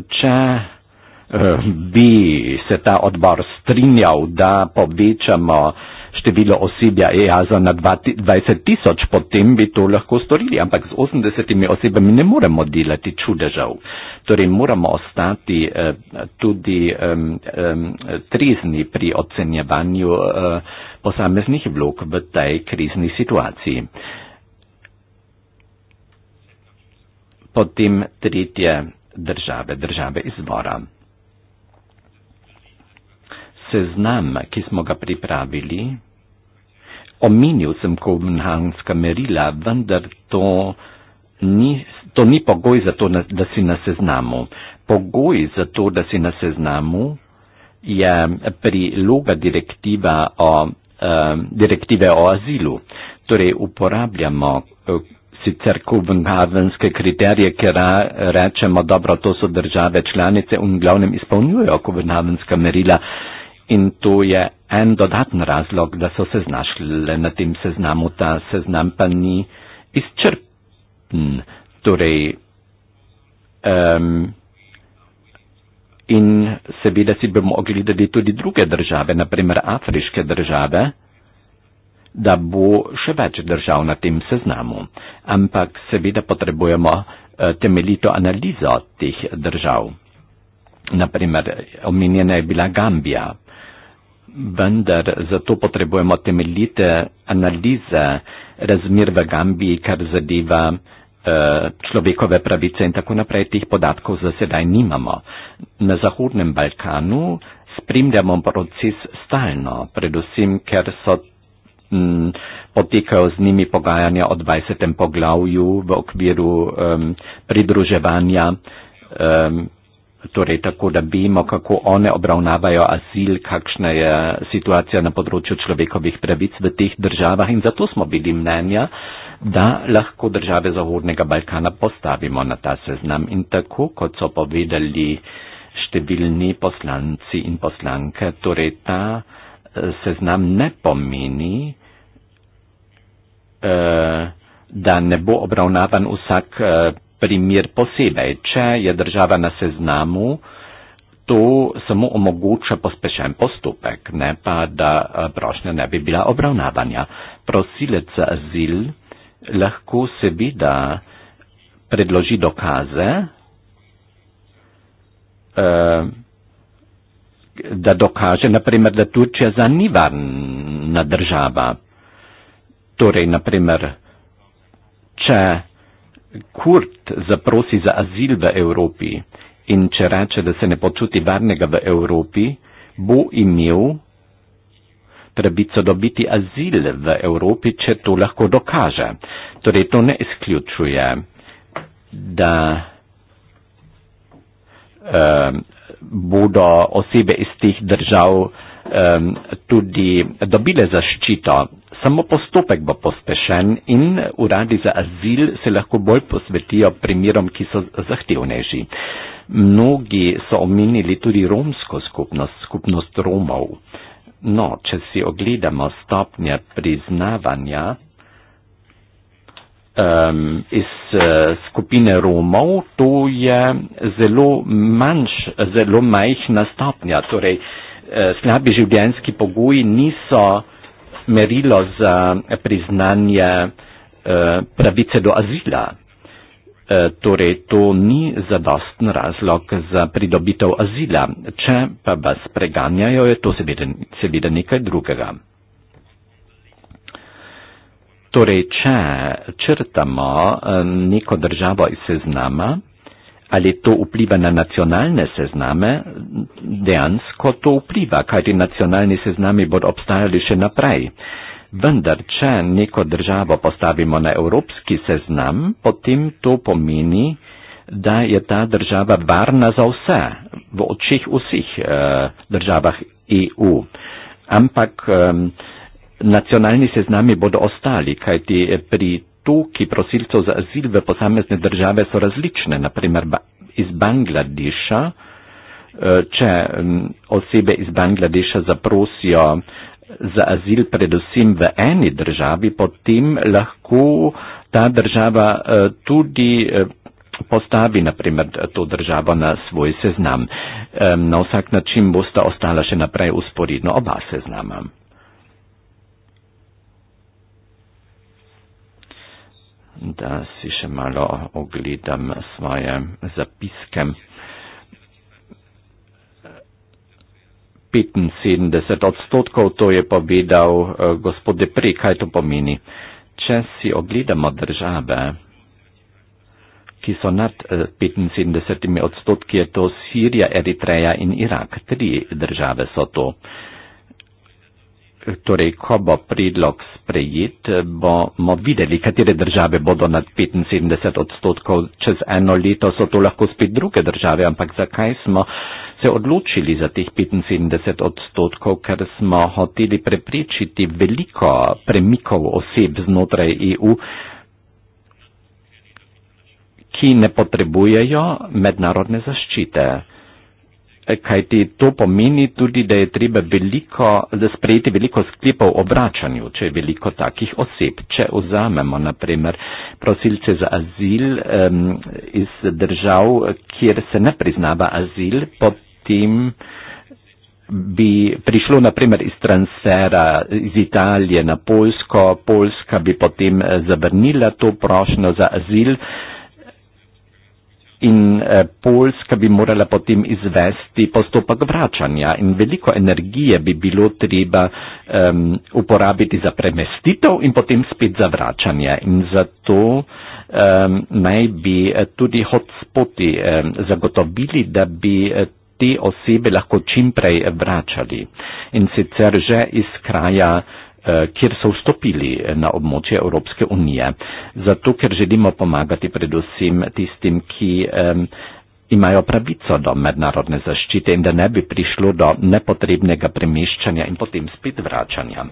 če eh, bi se ta odbor strinjal, da povečamo število osebja EASA na 20 tisoč, potem bi to lahko storili, ampak z 80 osebami ne moremo delati čudežev. Torej moramo ostati eh, tudi trezni pri ocenjevanju eh, posameznih vlog v tej krizni situaciji. Potem tretje države, države izvora. Seznam, ki smo ga pripravili, omenil sem kovnhanska merila, vendar to ni, to ni pogoj za to, da si na seznamu. Pogoj za to, da si na seznamu, je priloga direktive o, eh, direktive o azilu. Torej, uporabljamo eh, sicer kubenhavenske kriterije, ker rečemo, dobro, to so države članice in glavnem izpolnjujejo kubenhavenska merila. In to je en dodaten razlog, da so se znašli na tem seznamu. Ta seznam pa ni izčrpen. Torej, um, in seveda si bomo ogledali tudi druge države, naprimer afriške države da bo še več držav na tem seznamu. Ampak seveda potrebujemo eh, temeljito analizo teh držav. Naprimer, omenjena je bila Gambija, vendar zato potrebujemo temeljite analize razmir v Gambiji, kar zadeva eh, človekove pravice in tako naprej. Teh podatkov za sedaj nimamo. Na Zahodnem Balkanu spremljamo proces stalno, predvsem, ker so m, potekajo z njimi pogajanja o 20. poglavju v okviru um, pridruževanja, um, torej tako, da vemo, kako one obravnavajo azil, kakšna je situacija na področju človekovih pravic v teh državah in zato smo bili mnenja, da lahko države Zahodnega Balkana postavimo na ta seznam in tako, kot so povedali številni poslanci in poslanke, torej ta eh, seznam ne pomeni, Eh, da ne bo obravnavan vsak eh, primer posebej. Če je država na seznamu, to samo omogoča pospešen postopek, ne pa da eh, prošnja ne bi bila obravnavanja. Prosilec za azil lahko seveda predloži dokaze, da dokaže, naprimer, da Turčija zanivarna država Torej, naprimer, če Kurt zaprosi za azil v Evropi in če reče, da se ne počuti varnega v Evropi, bo imel trebico dobiti azil v Evropi, če to lahko dokaže. Torej, to ne izključuje, da eh, bodo osebe iz teh držav eh, Ehm, tudi dobile zaščito. Samo postopek bo pospešen in uradi za azil se lahko bolj posvetijo primerom, ki so zahtevnejši. Mnogi so omenili tudi romsko skupnost, skupnost Romov. No, če si ogledamo stopnje priznavanja um, iz uh, skupine Romov, to je zelo, manjš, zelo majhna stopnja. Torej, uh, Eh, slabi življenjski pogoji niso merilo za eh, priznanje eh, pravice do azila. Torej, to ni zadosten razlog za pridobitev azila. Če pa vas preganjajo, je to seveda, seveda nekaj drugega. Torej, če črtamo neko državo iz seznama, ali to vpliva na nacionalne sezname, dejansko to vpliva, kajti nacionalni seznami bodo obstajali še naprej. Vendar, če neko državo postavimo na evropski seznam, potem to pomeni, da je ta država varna za vse, v očih vseh eh, državah EU. Ampak eh, nacionalni seznami bodo ostali, kajti pri toki prosilcev za azil v posamezne države so različne, naprimer iz Bangladeša, eh, če osebe iz Bangladeša zaprosijo za azil predvsem v eni državi, potem lahko ta država eh, tudi eh, postavi, naprimer, to državo na svoj seznam. Na vsak način bosta ostala še naprej usporedno oba seznama. da si še malo ogledam svoje zapiske. 75 odstotkov to je povedal eh, gospod Depri, kaj to pomeni. Če si ogledamo države, ki so nad 75 eh, odstotki, je to Sirija, Eritreja in Irak. Tri države so to torej, ko bo predlog sprejet, bomo videli, katere države bodo nad 75 odstotkov čez eno leto, so to lahko spet druge države, ampak zakaj smo se odločili za teh 75 odstotkov, ker smo hoteli preprečiti veliko premikov oseb znotraj EU, ki ne potrebujejo mednarodne zaščite. Eh, kajti to pomeni tudi, da je treba veliko, da sprejeti veliko sklepov o vračanju, če je veliko takih oseb. Če vzamemo, na primer, prosilce za azil um, iz držav, kjer se ne priznava azil, potem bi prišlo, na primer, iz transfera iz Italije na Poljsko, Poljska bi potem eh, zavrnila to prošnjo za azil. Um, in eh, Poljska bi morala potem izvesti postopek vračanja in veliko energije bi bilo treba um, uporabiti za premestitev in potem spet za vračanje. In zato um, naj bi eh, tudi hotspoti um, zagotovili, da bi eh, te osebe lahko čimprej vračali. In sicer že iz kraja Eh, kjer so vstopili na območje Evropske unije. Zato, ker želimo pomagati predvsem tistim, ki imajo pravico do mednarodne zaščite in da ne bi prišlo do nepotrebnega premeščanja in potem spet vračanja.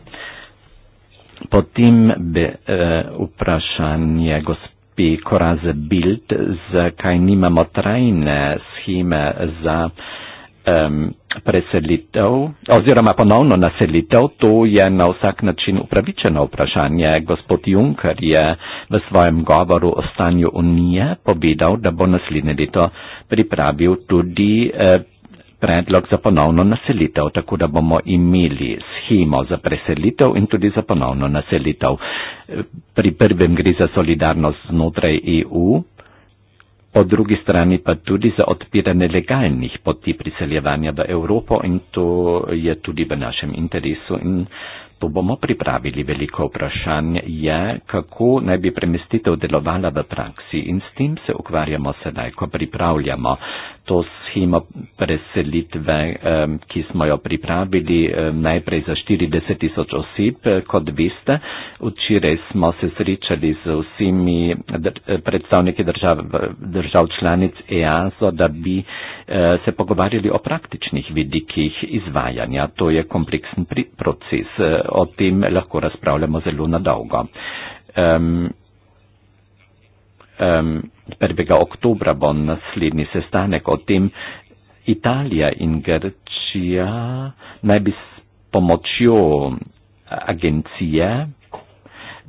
Potem bi eh, vprašanje gospe Koraze Bild, zakaj nimamo trajne scheme za eh, um, preselitev oziroma ponovno naselitev, to je na vsak način upravičeno vprašanje. Gospod Juncker je v svojem govoru o stanju Unije povedal, da bo naslednje leto pripravil tudi uh, predlog za ponovno naselitev, tako da bomo imeli schemo za preselitev in tudi za ponovno naselitev. Pri prvem gre za solidarnost znotraj EU, Po drugi strani pa tudi za odpiranje legalnih poti priseljevanja v Evropo in to je tudi v našem interesu in to bomo pripravili. Veliko vprašanje je, kako naj bi premestitev delovala v praksi in s tem se ukvarjamo sedaj, ko pripravljamo to schemo preselitve, ki smo jo pripravili najprej za 40 tisoč oseb, kot veste. Včeraj smo se srečali z vsemi predstavniki držav, držav članic EASO, da bi e, se pogovarjali o praktičnih vidikih izvajanja. To je kompleksen proces. E, o tem lahko razpravljamo zelo nadolgo. 1. Ehm, oktobra bo naslednji sestanek o tem. Italija in Grčija naj bi s pomočjo eh, agencije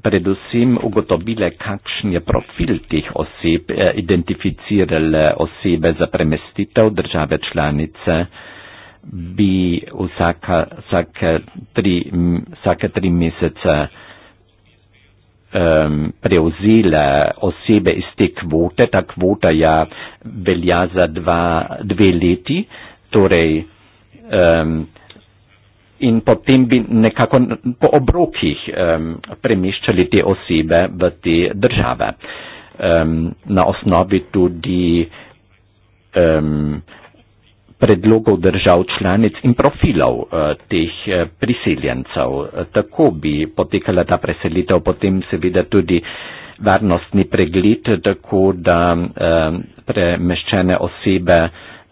predvsem ugotovile, kakšen je profil teh oseb, eh, identificirale osebe za premestitev države članice, bi vsaka, vsake, tri, vsake tri mesece um, prevzele osebe iz te kvote, ta kvota ja velja za dva, dve leti, torej um, in potem bi nekako po obrokih um, premeščali te osebe v te države. Um, na osnovi tudi um, predlogov držav članic in profilov uh, teh uh, priseljencev. Uh, tako bi potekala ta preselitev, potem seveda tudi varnostni pregled, tako da uh, premeščene osebe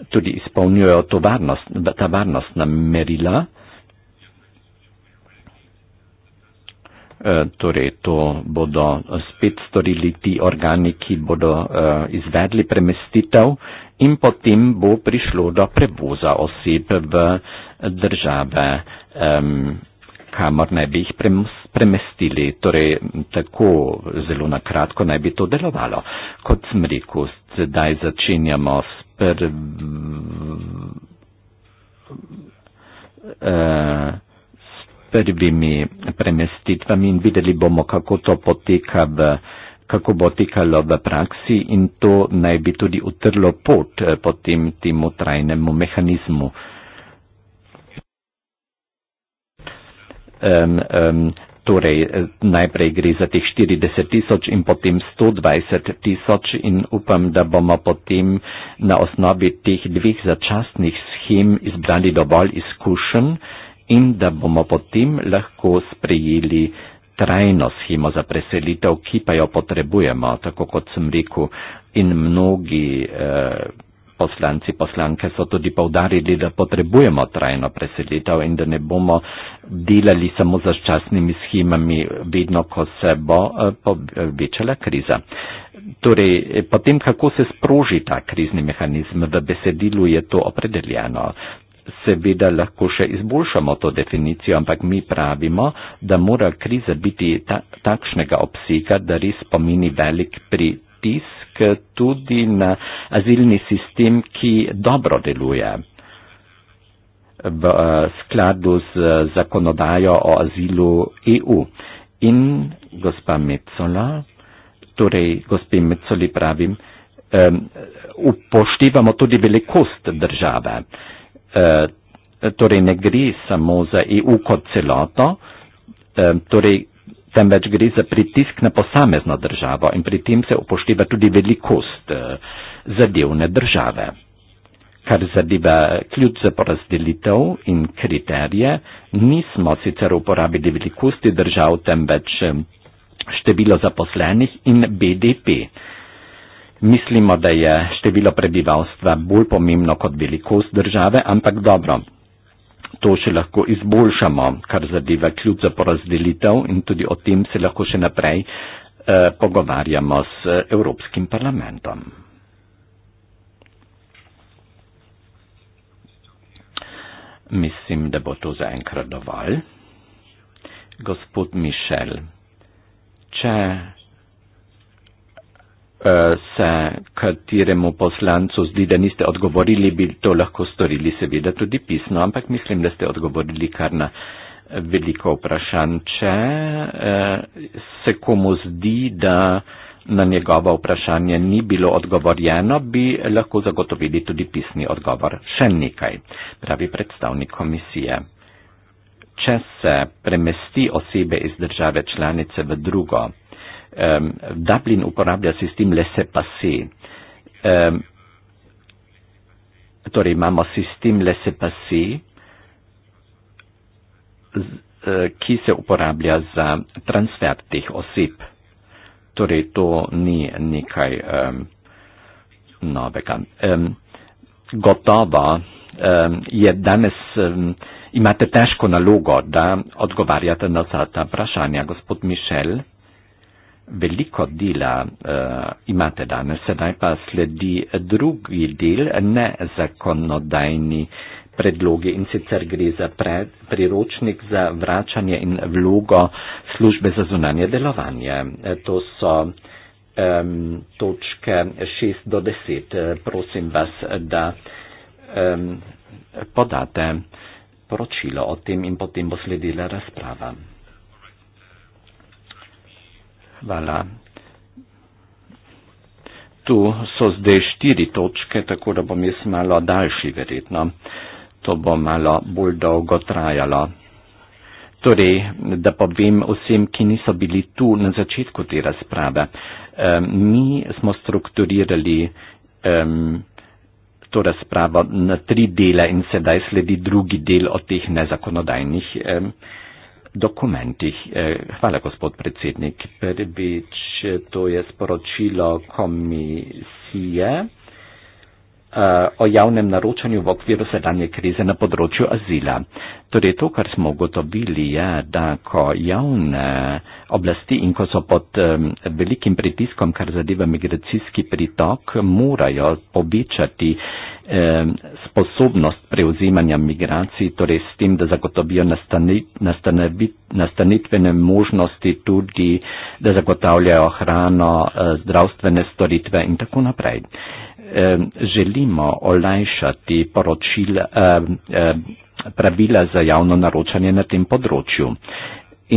tudi izpolnjujejo varnost, ta varnostna merila. Torej, to bodo spet storili ti organi, ki bodo uh, izvedli premestitev in potem bo prišlo do prevoza oseb v države, um, kamor naj bi jih premestili. Torej, tako zelo na kratko naj bi to delovalo. Kot sem rekel, sedaj začenjamo e, s prvimi premestitvami in videli bomo, kako to poteka v kako bo tekalo v praksi in to naj bi tudi utrlo pot eh, potem temu trajnemu mehanizmu. Um, um, torej, eh, najprej gre za teh 40 tisoč in potem 120 tisoč in upam, da bomo potem na osnovi teh dveh začasnih schem izbrali dovolj izkušenj in da bomo potem lahko sprejeli trajno schemo za preselitev, ki pa jo potrebujemo, tako kot sem rekel, in mnogi eh, poslanci, poslanke so tudi povdarili, da potrebujemo trajno preselitev in da ne bomo delali samo z začasnimi schemami, vedno, ko se bo eh, povečala kriza. Torej, eh, potem, kako se sproži ta krizni mehanizem, v besedilu je to opredeljeno seveda lahko še izboljšamo to definicijo, ampak mi pravimo, da mora kriza biti ta, takšnega obsega, da res pomeni velik pritisk tudi na azilni sistem, ki dobro deluje. V eh, skladu z eh, zakonodajo o azilu EU. In gospa Mecola, torej gospe Mecoli pravim, um, upoštevamo tudi velikost države. Uh, Eh, torej ne gre samo za EU kot celoto, eh, torej temveč gre za pritisk na posamezno državo in pri tem se upošteva tudi velikost eh, zadevne države. Kar zadeva ključ za porazdelitev in kriterije, nismo sicer uporabili velikosti držav, temveč število zaposlenih in BDP. Mislimo, da je število prebivalstva bolj pomembno kot velikost države, ampak dobro. To še lahko izboljšamo, kar zadeva kljub za porazdelitev in tudi o tem se lahko še naprej eh, pogovarjamo s eh, Evropskim parlamentom. Mislim, da bo to zaenkrat dovolj. Gospod Mišel, če Eh, se kateremu poslancu zdi, da niste odgovorili, bi to lahko storili seveda tudi pisno, ampak mislim, da ste odgovorili kar na veliko vprašanj. Če eh, se komu zdi, da na njegovo vprašanje ni bilo odgovorjeno, bi lahko zagotovili tudi pisni odgovor. Še nekaj, pravi predstavnik komisije. Če se premesti osebe iz države članice v drugo, eh, Dublin uporablja sistem lese pase. Eh, torej imamo sistem lese pase, eh, ki se uporablja za transfer teh oseb. Torej to ni nekaj eh, novega. Eh, gotovo eh, je danes. Eh, Imate težko nalogo, da odgovarjate na vsa ta vprašanja, gospod Mišel veliko dela uh, imate danes, sedaj pa sledi drugi del, ne zakonodajni predloge in sicer gre za pred, priročnik za vračanje in vlogo službe za zunanje delovanje. Eh, to so um, točke 6 do 10. Eh, prosim vas, da um, podate poročilo o tem in potem bo sledila razprava. Hvala. Tu so zdaj štiri točke, tako da bom jaz malo daljši, verjetno. To bo malo bolj dolgo trajalo. Torej, da povem vsem, ki niso bili tu na začetku te razprave. Um, mi smo strukturirali um, to razpravo na tri dele in sedaj sledi drugi del o teh nezakonodajnih. Um, dokumentih. Eh, hvala, gospod predsednik. Prvič, eh, to je sporočilo komisije eh, o javnem naročanju v okviru sedanje krize na področju azila. Torej, to, kar smo ugotovili, je, da ko javne oblasti in ko so pod velikim pritiskom, kar zadeva migracijski pritok, morajo povečati sposobnost prevzemanja migracij, torej s tem, da zagotovijo nastanitvene možnosti tudi, da zagotavljajo hrano, e, zdravstvene storitve in tako naprej. Želimo olajšati poročila pravila za javno naročanje na tem področju.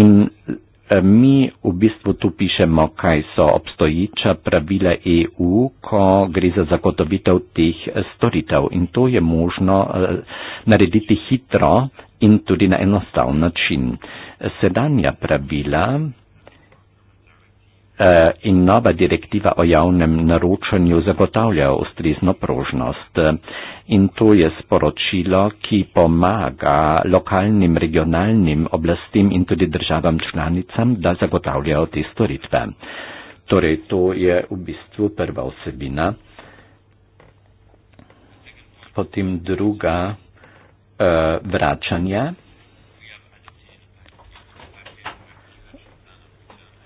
In eh, mi v bistvu tu pišemo, kaj so obstoječa pravila EU, ko gre za zagotovitev teh eh, storitev. In to je možno eh, narediti hitro in tudi na enostavn način. Sedanja pravila Eh, in nova direktiva o javnem naročanju zagotavlja ustrezno prožnost. Eh, in to je sporočilo, ki pomaga lokalnim, regionalnim oblastim in tudi državam članicam, da zagotavljajo te storitve. Torej, to je v bistvu prva osebina. Potem druga, eh, vračanje.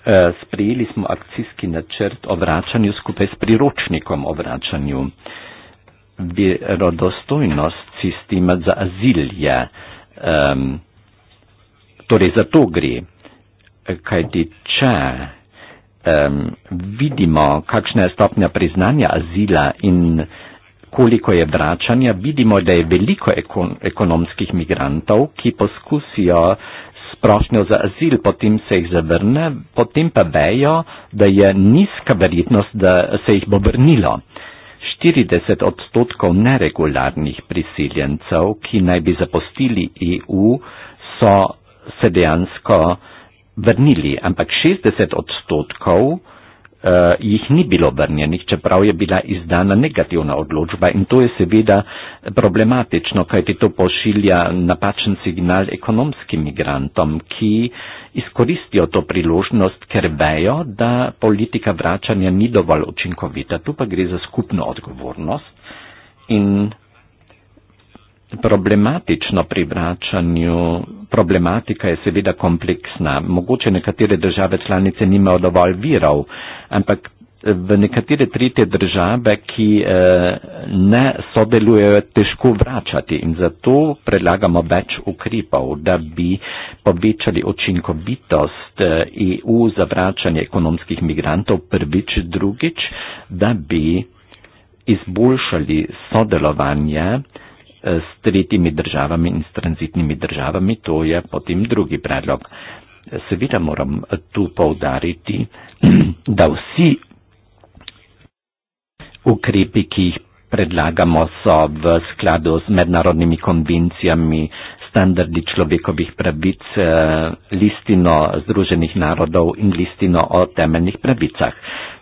Eh, sprejeli smo akcijski načrt o vračanju skupaj s priročnikom o vračanju. Verodostojnost sistema za azil je, um, torej za to gre, kajti če um, vidimo, kakšna je stopnja priznanja azila in koliko je vračanja, vidimo, da je veliko ekon ekonomskih migrantov, ki poskusijo uh, prošnjo za azil, potem se jih zavrne, potem pa vejo, da je nizka verjetnost, da se jih bo vrnilo. 40 odstotkov neregularnih priseljencev, ki naj bi zapustili EU, so se dejansko vrnili, ampak 60 odstotkov Eh, jih ni bilo vrnjenih, čeprav je bila izdana negativna odločba in to je seveda problematično, kajti to pošilja napačen signal ekonomskim migrantom, ki izkoristijo to priložnost, ker vejo, da politika vračanja ni dovolj učinkovita. Tu pa gre za skupno odgovornost in problematično pri vračanju, problematika je seveda kompleksna. Mogoče nekatere države članice nimajo dovolj virov, ampak v nekatere tretje države, ki eh, ne sodelujejo, je težko vračati in zato predlagamo več ukrepov, da bi povečali očinkovitost EU eh, e za vračanje ekonomskih migrantov prvič, drugič, da bi izboljšali sodelovanje, Eh, s tretjimi državami in s tranzitnimi državami, to je potem drugi predlog. Seveda moram eh, tu povdariti, da vsi ukrepi, ki jih predlagamo, so v skladu s mednarodnimi konvencijami, standardi človekovih pravic, eh, listino Združenih narodov in listino o temeljnih pravicah.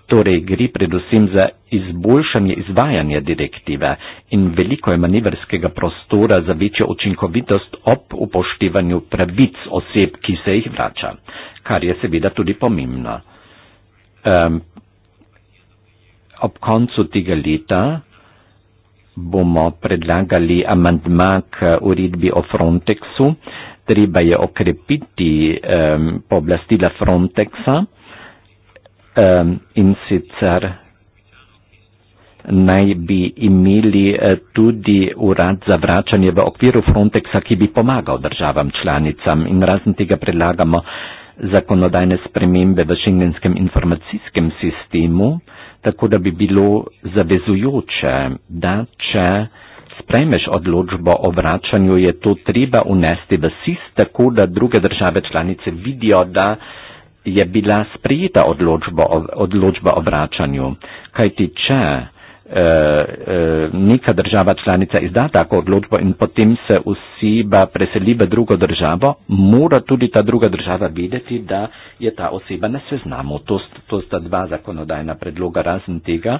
Torej gre predvsem za izboljšanje izvajanja direktive in veliko je manevrskega prostora za večjo učinkovitost ob upoštevanju pravic oseb, ki se jih vrača, kar je seveda tudi pomembno. Um, ob koncu tega leta bomo predlagali amandma k uredbi o Frontexu. Treba je okrepiti um, pooblastila Frontexa in sicer naj bi imeli e, tudi urad za vračanje v okviru Frontexa, ki bi pomagal državam članicam in razen tega predlagamo zakonodajne spremembe v šengenskem informacijskem sistemu, tako da bi bilo zavezujoče, da če sprejmeš odločbo o vračanju, je to treba unesti v SIS, tako da druge države članice vidijo, da je bila sprijeta odločba o vračanju, kajti če eh, eh, neka država članica izda tako odločbo in potem se oseba preseli v drugo državo, mora tudi ta druga država vedeti, da je ta oseba na seznamu. To, to sta dva zakonodajna predloga. Razen tega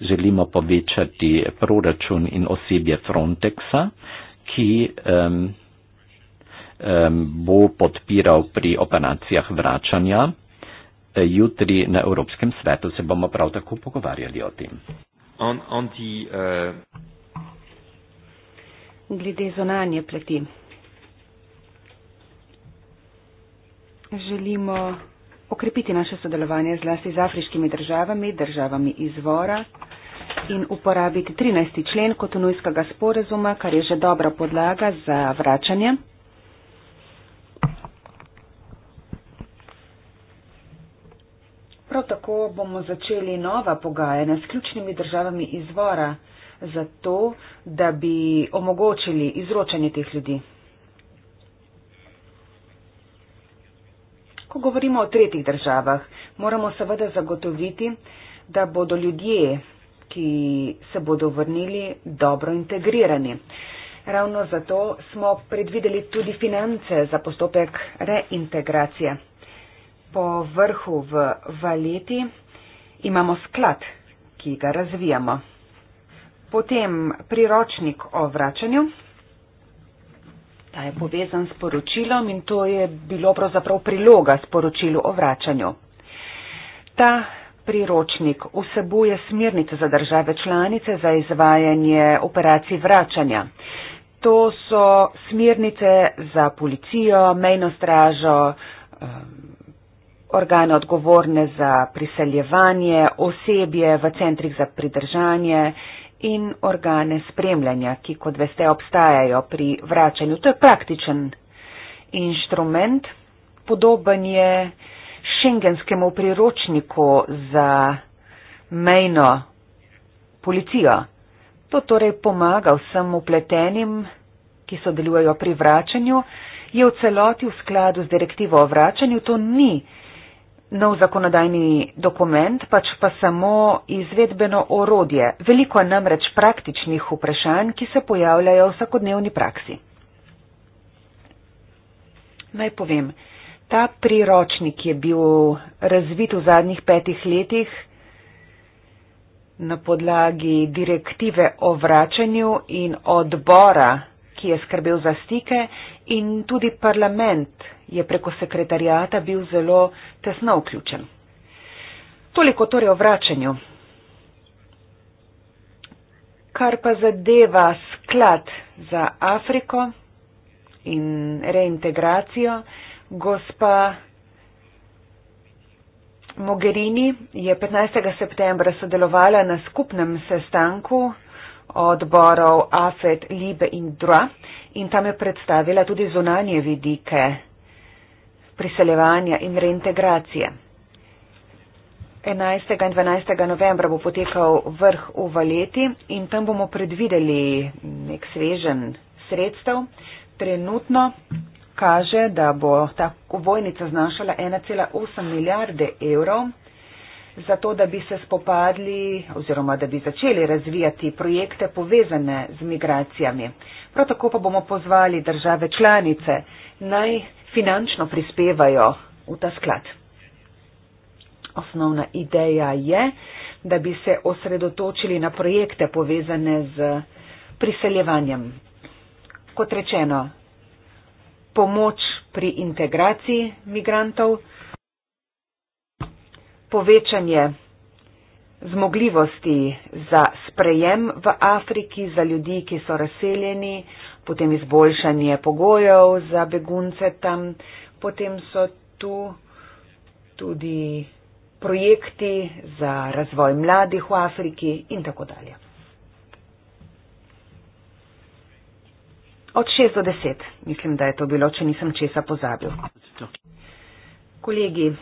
želimo povečati proračun in osebje Frontexa, ki um, bo podpiral pri operacijah vračanja. E, jutri na Evropskem svetu se bomo prav tako pogovarjali o tem. On, on ti, uh... Glede zonanje pleti. Želimo okrepiti naše sodelovanje zlasti z afriškimi državami, državami izvora in uporabiti 13. člen kotonujskega sporezuma, kar je že dobra podlaga za vračanje. Prav tako bomo začeli nova pogajanja s ključnimi državami izvora, zato da bi omogočili izročanje teh ljudi. Ko govorimo o tretjih državah, moramo seveda zagotoviti, da bodo ljudje, ki se bodo vrnili, dobro integrirani. Ravno zato smo predvideli tudi finance za postopek reintegracije po vrhu v valeti imamo sklad, ki ga razvijamo. Potem priročnik o vračanju. Ta je povezan s poročilom in to je bilo pravzaprav priloga sporočilu o vračanju. Ta priročnik vsebuje smernice za države članice za izvajanje operacij vračanja. To so smernice za policijo, mejno stražo, organe odgovorne za priseljevanje, osebje v centrih za pridržanje in organe spremljanja, ki, kot veste, obstajajo pri vračanju. To je praktičen inštrument, podoben je šengenskemu priročniku za mejno policijo. To torej pomaga vsem upletenim, ki sodelujejo pri vračanju, je v celoti v skladu z direktivo o vračanju, to ni nov zakonodajni dokument, pač pa samo izvedbeno orodje. Veliko je namreč praktičnih vprašanj, ki se pojavljajo v vsakodnevni praksi. Naj povem, ta priročnik je bil razvit v zadnjih petih letih na podlagi direktive o vračanju in odbora, ki je skrbel za stike in tudi parlament je preko sekretarijata bil zelo tesno vključen. Toliko torej o vračanju. Kar pa zadeva sklad za Afriko in reintegracijo, gospa Mogherini je 15. septembra sodelovala na skupnem sestanku odborov AFED, LIBE in DRAP in tam je predstavila tudi zunanje vidike priseljevanja in reintegracije. 11. in 12. novembra bo potekal vrh v Valeti in tam bomo predvideli nek svežen sredstev. Trenutno kaže, da bo ta vojnica znašala 1,8 milijarde evrov zato da bi se spopadli oziroma da bi začeli razvijati projekte povezane z migracijami. Prav tako pa bomo pozvali države članice naj finančno prispevajo v ta sklad. Osnovna ideja je, da bi se osredotočili na projekte povezane z priseljevanjem. Kot rečeno, pomoč pri integraciji migrantov, povečanje zmogljivosti za sprejem v Afriki za ljudi, ki so razseljeni, potem izboljšanje pogojev za begunce tam, potem so tu tudi projekti za razvoj mladih v Afriki in tako dalje. Od 6 do 10, mislim, da je to bilo, če nisem česa pozabil. Kolegi,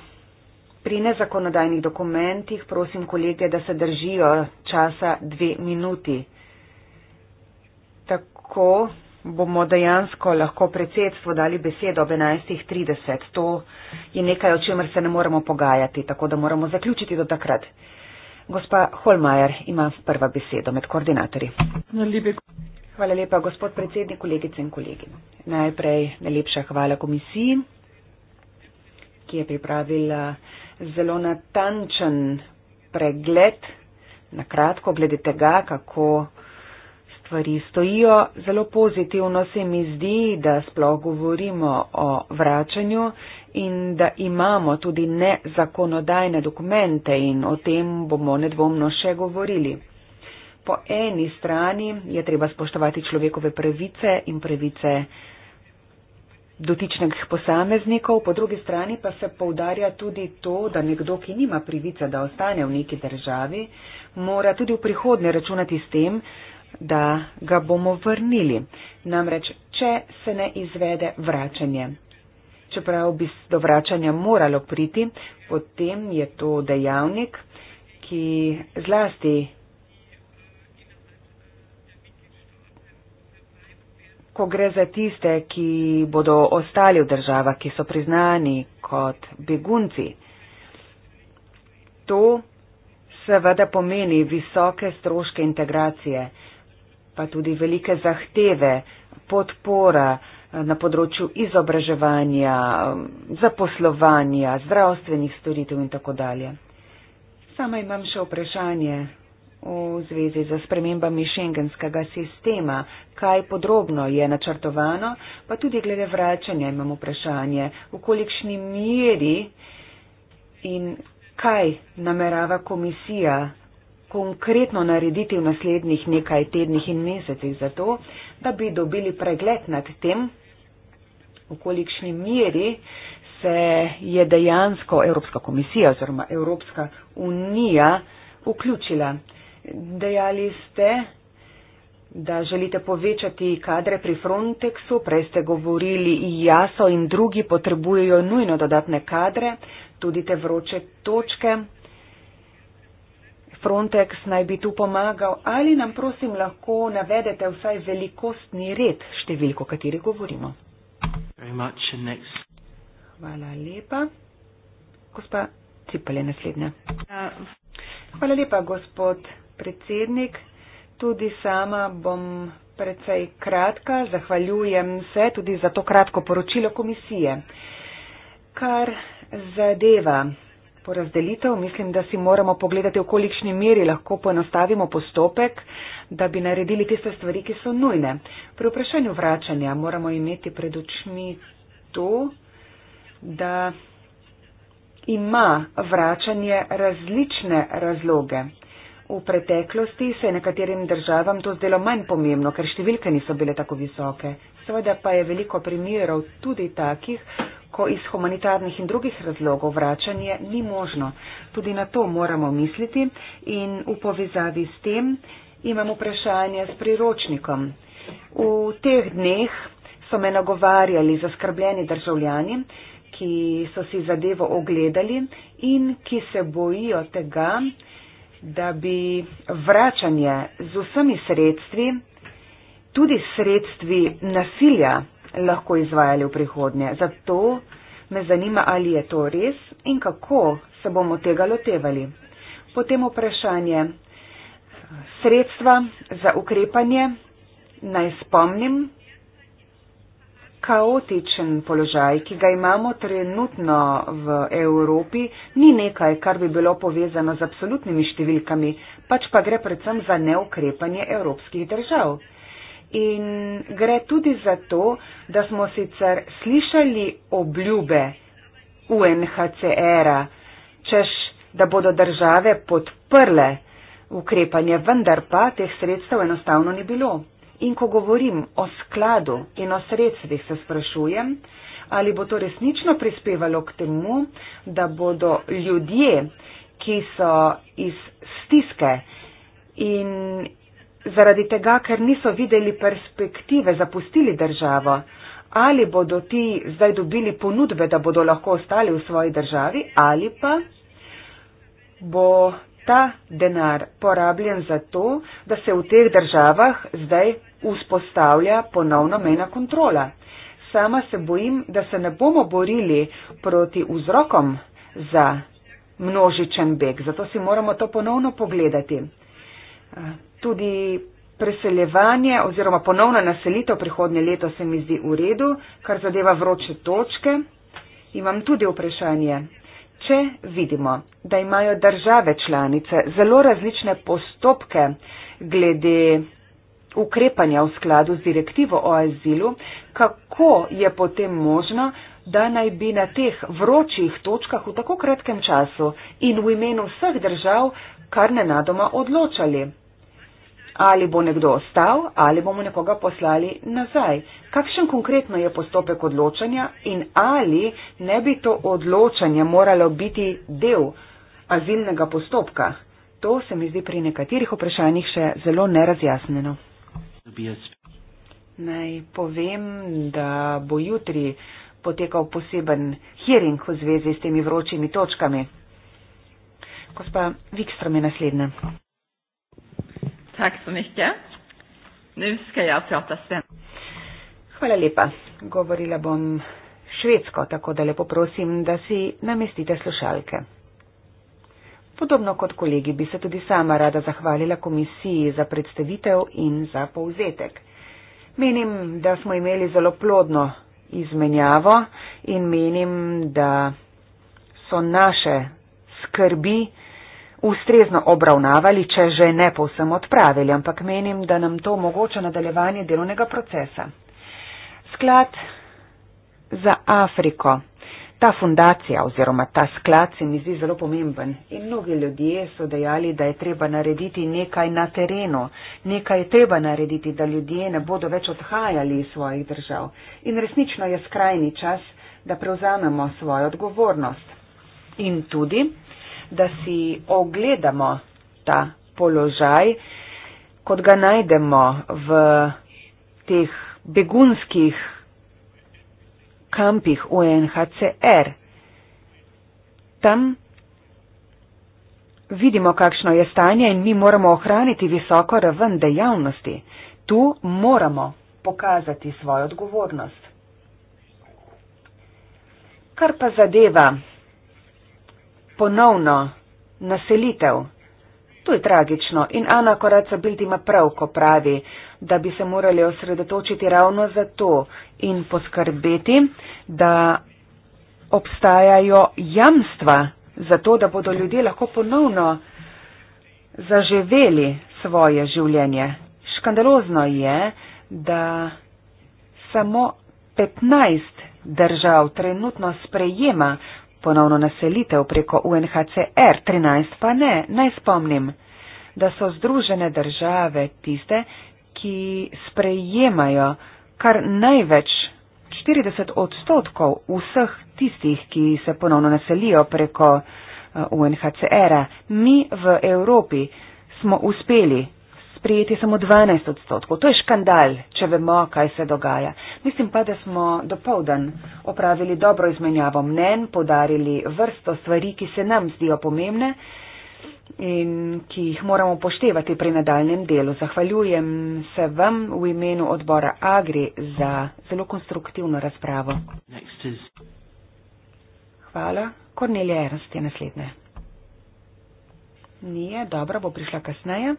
Pri nezakonodajnih dokumentih prosim kolege, da se držijo časa dve minuti. Tako bomo dejansko lahko predsedstvo dali besedo ob 11.30. To je nekaj, o čemer se ne moremo pogajati, tako da moramo zaključiti do takrat. Gospa Holmajer ima prva besedo med koordinatorji. Hvala lepa, gospod predsednik, kolegice in kolegi. Najprej najlepša hvala komisiji, ki je pripravila zelo natančen pregled, na kratko glede tega, kako stvari stojijo. Zelo pozitivno se mi zdi, da sploh govorimo o vračanju in da imamo tudi nezakonodajne dokumente in o tem bomo nedvomno še govorili. Po eni strani je treba spoštovati človekove pravice in pravice dotičnih posameznikov, po drugi strani pa se poudarja tudi to, da nekdo, ki nima privice, da ostane v neki državi, mora tudi v prihodnje računati s tem, da ga bomo vrnili. Namreč, če se ne izvede vračanje, čeprav bi do vračanja moralo priti, potem je to dejavnik, ki zlasti ko gre za tiste, ki bodo ostali v državah, ki so priznani kot begunci. To seveda pomeni visoke stroške integracije, pa tudi velike zahteve, podpora eh, na področju izobraževanja, zaposlovanja, zdravstvenih storitev in tako dalje. Sama imam še vprašanje v zvezi za spremembami šengenskega sistema, kaj podrobno je načrtovano, pa tudi glede vračanja imamo vprašanje, v kolikšni meri in kaj namerava komisija konkretno narediti v naslednjih nekaj tednih in mesecih za to, da bi dobili pregled nad tem, v kolikšni meri se je dejansko Evropska komisija oziroma Evropska unija vključila. Dejali ste, da želite povečati kadre pri Frontexu, prej ste govorili, jaso in drugi potrebujejo nujno dodatne kadre, tudi te vroče točke. Frontex naj bi tu pomagal. Ali nam prosim lahko navedete vsaj velikostni red številko, kateri govorimo? Hvala lepa. Gospa Cipel je naslednja. Hvala lepa, gospod predsednik. Tudi sama bom precej kratka. Zahvaljujem se tudi za to kratko poročilo komisije. Kar zadeva porazdelitev, mislim, da si moramo pogledati, v kolikšni meri lahko poenostavimo postopek, da bi naredili tiste stvari, ki so nujne. Pri vprašanju vračanja moramo imeti pred očmi to, da ima vračanje različne razloge. V preteklosti se je nekaterim državam to zdelo manj pomembno, ker številke niso bile tako visoke. Seveda pa je veliko primerov tudi takih, ko iz humanitarnih in drugih razlogov vračanje ni možno. Tudi na to moramo misliti in v povezavi s tem imamo vprašanje s priročnikom. V teh dneh so me nagovarjali zaskrbljeni državljani, ki so si zadevo ogledali in ki se bojijo tega, da bi vračanje z vsemi sredstvi, tudi sredstvi nasilja, lahko izvajali v prihodnje. Zato me zanima, ali je to res in kako se bomo tega lotevali. Potem vprašanje. Eh, sredstva za ukrepanje, naj spomnim, kaotičen položaj, ki ga imamo trenutno v Evropi, ni nekaj, kar bi bilo povezano z absolutnimi številkami, pač pa gre predvsem za neukrepanje evropskih držav. In gre tudi za to, da smo sicer slišali obljube UNHCR-a, češ, da bodo države podprle ukrepanje, vendar pa teh sredstev enostavno ni bilo. In ko govorim o skladu in o sredstvih, se sprašujem, ali bo to resnično prispevalo k temu, da bodo ljudje, ki so iz stiske in zaradi tega, ker niso videli perspektive, zapustili državo, ali bodo ti zdaj dobili ponudbe, da bodo lahko ostali v svoji državi, ali pa bo ta denar porabljen za to, da se v teh državah zdaj vzpostavlja ponovno mejna kontrola. Sama se bojim, da se ne bomo borili proti vzrokom za množičen beg, zato si moramo to ponovno pogledati. Eh, tudi preseljevanje oziroma ponovna naselitev prihodnje leto se mi zdi v redu, kar zadeva vroče točke. Imam tudi vprašanje. Če vidimo, da imajo države članice zelo različne postopke glede ukrepanja v skladu z direktivo o azilu, kako je potem možno, da naj bi na teh vročih točkah v tako kratkem času in v imenu vseh držav kar nenadoma odločali. Ali bo nekdo ostal ali bomo nekoga poslali nazaj. Kakšen konkretno je postopek odločanja in ali ne bi to odločanje moralo biti del azilnega postopka? To se mi zdi pri nekaterih vprašanjih še zelo nerazjasneno. Tobias. Naj povem, da bo jutri potekal poseben hearing v zvezi s temi vročimi točkami. Gospa Vikstrom je naslednja. Ja. Hvala lepa. Govorila bom švedsko, tako da lepo prosim, da si namestite slušalke. Podobno kot kolegi bi se tudi sama rada zahvalila komisiji za predstavitev in za povzetek. Menim, da smo imeli zelo plodno izmenjavo in menim, da so naše skrbi ustrezno obravnavali, če že ne povsem odpravili, ampak menim, da nam to omogoča nadaljevanje delovnega procesa. Sklad za Afriko ta fundacija oziroma ta sklad se mi zdi zelo pomemben. In mnogi ljudje so dejali, da je treba narediti nekaj na terenu, nekaj je treba narediti, da ljudje ne bodo več odhajali iz svojih držav. In resnično je skrajni čas, da prevzamemo svojo odgovornost. In tudi, da si ogledamo ta položaj, kot ga najdemo v teh begunskih kampih UNHCR. Tam vidimo, kakšno je stanje in mi moramo ohraniti visoko raven dejavnosti. Tu moramo pokazati svojo odgovornost. Kar pa zadeva ponovno naselitev, tu je tragično in Ana Koraca Bild ima prav, ko pravi, da bi se morali osredotočiti ravno za to in poskrbeti, da obstajajo jamstva za to, da bodo ljudje lahko ponovno zaživeli svoje življenje. Škandalozno je, da samo 15 držav trenutno sprejema ponovno naselitev preko UNHCR, 13 pa ne. Naj spomnim, da so združene države tiste, ki sprejemajo kar največ 40 odstotkov vseh tistih, ki se ponovno naselijo preko eh, UNHCR-a. Mi v Evropi smo uspeli sprejeti samo 12 odstotkov. To je škandal, če vemo, kaj se dogaja. Mislim pa, da smo do povdan opravili dobro izmenjavo mnen, podarili vrsto stvari, ki se nam zdijo pomembne in ki jih moramo poštevati pri nadaljem delu. Zahvaljujem se vam v imenu odbora Agri za zelo konstruktivno razpravo. Hvala. Kornelija Ernst je naslednja. Nije, dobro, bo prišla kasneje.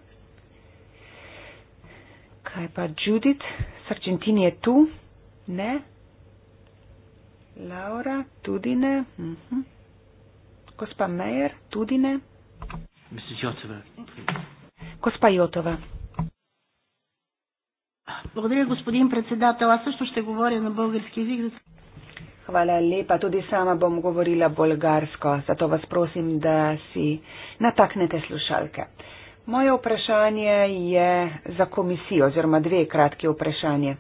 Kaj pa Judith, Sargentin je tu? Ne. Laura, tudi ne. Uh mhm. -huh. Gospa Meyer, tudi ne. Mrs. Jotova, please. Gospa Jotova. Благодаря, господин председател. Аз също ще говоря на български язик. Hvala lepa, tudi sama bom govorila bolgarsko, zato vas prosim, da si nataknete slušalke. Moje vprašanje je za komisijo oziroma dve kratke vprašanje.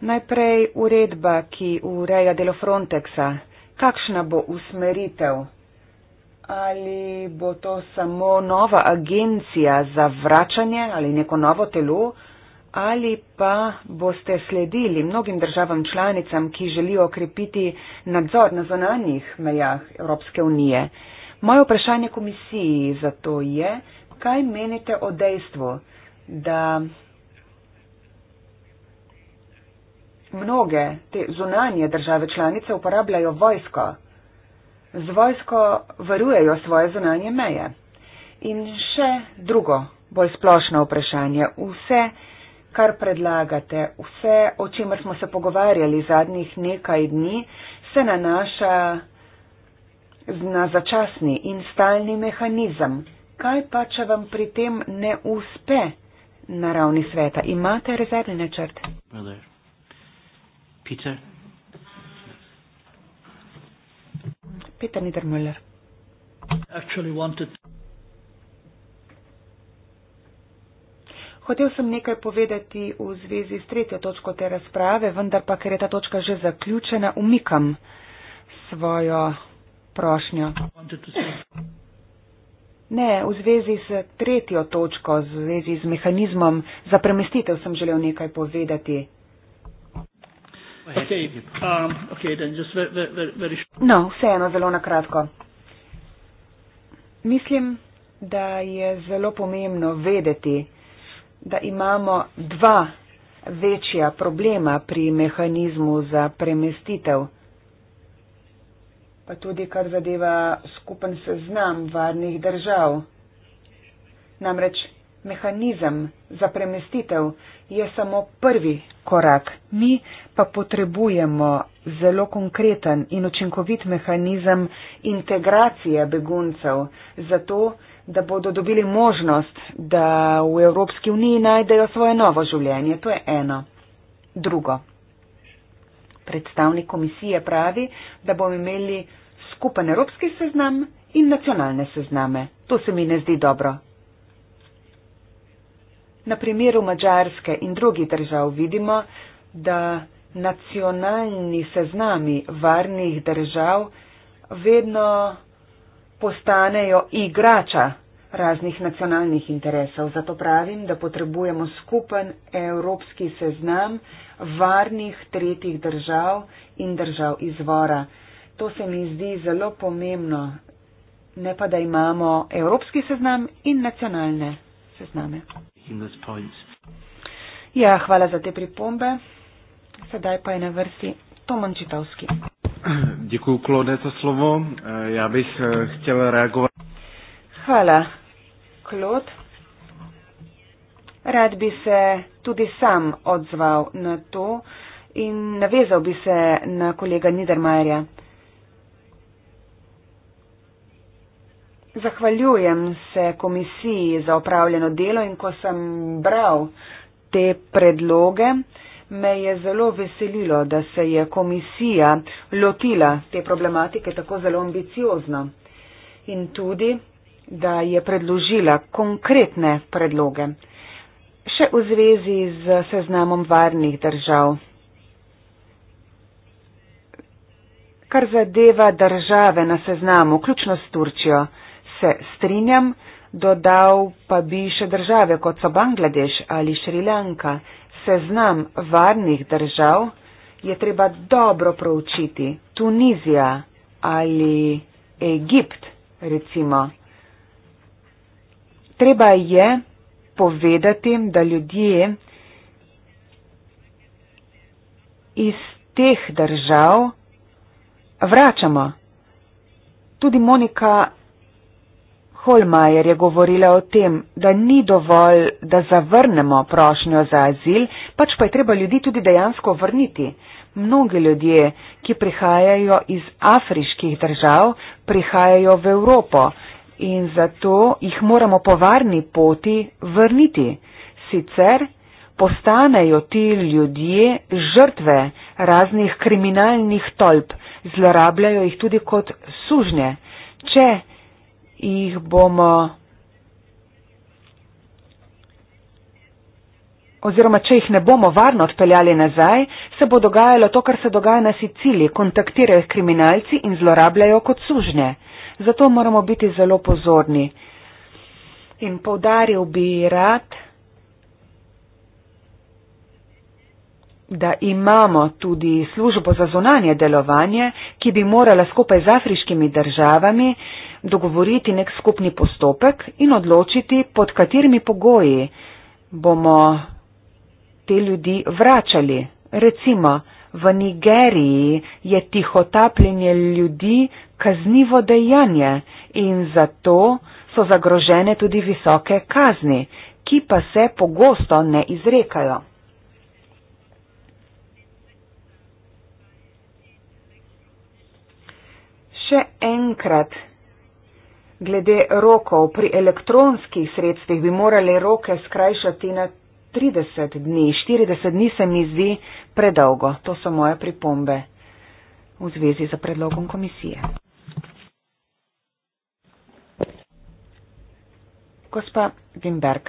Najprej uredba, ki ureja delo Frontexa. Kakšna bo usmeritev ali bo to samo nova agencija za vračanje ali neko novo telo, ali pa boste sledili mnogim državam članicam, ki želijo okrepiti nadzor na zonanjih mejah Evropske unije. Moje vprašanje komisiji zato je, kaj menite o dejstvu, da mnoge te zunanje države članice uporabljajo vojsko z vojsko varujejo svoje zunanje meje. In še drugo, bolj splošno vprašanje. Vse, kar predlagate, vse, o čemer smo se pogovarjali zadnjih nekaj dni, se nanaša na začasni in stalni mehanizem. Kaj pa, če vam pri tem ne uspe na ravni sveta? Imate rezervni načrt? Peter. Peter Niedermüller. Hotel sem nekaj povedati v zvezi s tretjo točko te razprave, vendar pa, ker je ta točka že zaključena, umikam svojo prošnjo. Ne, v zvezi s tretjo točko, v zvezi z mehanizmom za premestitev sem želel nekaj povedati. Okay. Um, okay, then just very, very, very no, vseeno zelo na kratko. Mislim, da je zelo pomembno vedeti, da imamo dva večja problema pri mehanizmu za premestitev, pa tudi kar zadeva skupen seznam varnih držav. Namreč mehanizem za premestitev je samo prvi korak. Mi pa potrebujemo zelo konkreten in učinkovit mehanizem integracije beguncev za to, da bodo dobili možnost, da v Evropski uniji najdejo svoje novo življenje. To je eno. Drugo. Predstavnik komisije pravi, da bomo imeli skupen evropski seznam in nacionalne sezname. To se mi ne zdi dobro. Na primeru Mačarske in drugih držav vidimo, da nacionalni seznami varnih držav vedno postanejo igrača raznih nacionalnih interesov. Zato pravim, da potrebujemo skupen evropski seznam varnih tretjih držav in držav izvora. To se mi zdi zelo pomembno, ne pa da imamo evropski seznam in nacionalne sezname. Ja, hvala za te pripombe. Sedaj pa je na vrsti Tomon Čitovski. Děkuji, Klode, za slovo. Eh, já bych eh, chtěl reagovat. Hvala, Klod. Rad bi se tudi sam odzval na to in navezal bi se na kolega Niedermayerja. Zahvaljujem se komisiji za opravljeno delo in ko sem bral te predloge, me je zelo veselilo, da se je komisija lotila te problematike tako zelo ambiciozno in tudi, da je predložila konkretne predloge. Še v zvezi z seznamom varnih držav. Kar zadeva države na seznamu, ključno s Turčijo, se strinjam, dodal pa bi še države, kot so Bangladeš ali Šrilanka. Seznam varnih držav je treba dobro proučiti. Tunizija ali Egipt, recimo. Treba je povedati, da ljudje iz teh držav vračamo. Tudi Monika Holmajer je govorila o tem, da ni dovolj, da zavrnemo prošnjo za azil, pač pa je treba ljudi tudi dejansko vrniti. Mnogi ljudje, ki prihajajo iz afriških držav, prihajajo v Evropo in zato jih moramo po varni poti vrniti. Sicer postanejo ti ljudje žrtve raznih kriminalnih tolp, zlorabljajo jih tudi kot sužnje. Če jih bomo. Oziroma, če jih ne bomo varno odpeljali nazaj, se bo dogajalo to, kar se dogaja na Siciliji, kontaktirajo jih kriminalci in zlorabljajo kot sužnje. Zato moramo biti zelo pozorni. In povdaril bi rad, da imamo tudi službo za zunanje delovanje, ki bi morala skupaj z afriškimi državami. Uh, dogovoriti nek skupni postopek in odločiti, pod katerimi pogoji bomo te ljudi vračali. Recimo, v Nigeriji je tihotapljenje ljudi kaznivo dejanje in zato so zagrožene tudi visoke kazni, ki pa se pogosto ne izrekajo. Še enkrat Glede rokov pri elektronskih sredstvih bi morali roke skrajšati na 30 dni. 40 dni se mi zdi predolgo. To so moje pripombe v zvezi z predlogom komisije. Gospa Wimberg.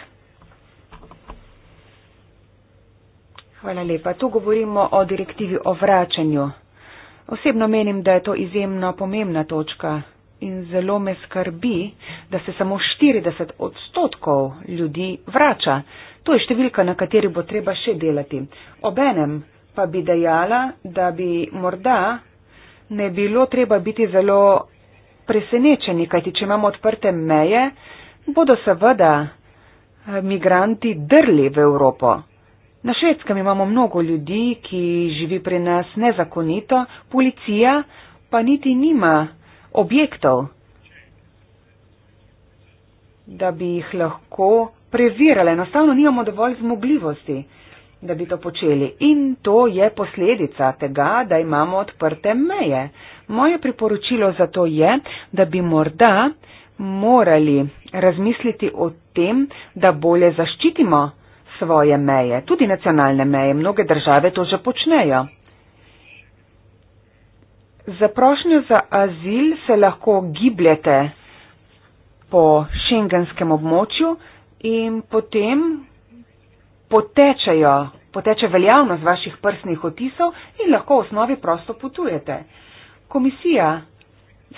Hvala lepa. Tu govorimo o direktivi o vračanju. Osebno menim, da je to izjemno pomembna točka in zelo me skrbi, da se samo 40 odstotkov ljudi vrača. To je številka, na kateri bo treba še delati. Obenem pa bi dejala, da bi morda ne bilo treba biti zelo presenečeni, kajti če imamo odprte meje, bodo seveda eh, migranti drli v Evropo. Na Švedskem imamo mnogo ljudi, ki živi pri nas nezakonito, policija pa niti nima objektov, da bi jih lahko prezirali. Enostavno nimamo dovolj zmogljivosti, da bi to počeli. In to je posledica tega, da imamo odprte meje. Moje priporočilo za to je, da bi morda morali razmisliti o tem, da bolje zaščitimo svoje meje, tudi nacionalne meje. Mnoge države to že počnejo. Za prošnjo za azil se lahko gibljete po šengenskem območju in potem potečejo, poteče veljavnost vaših prstnih otisov in lahko v osnovi prosto potujete. Komisija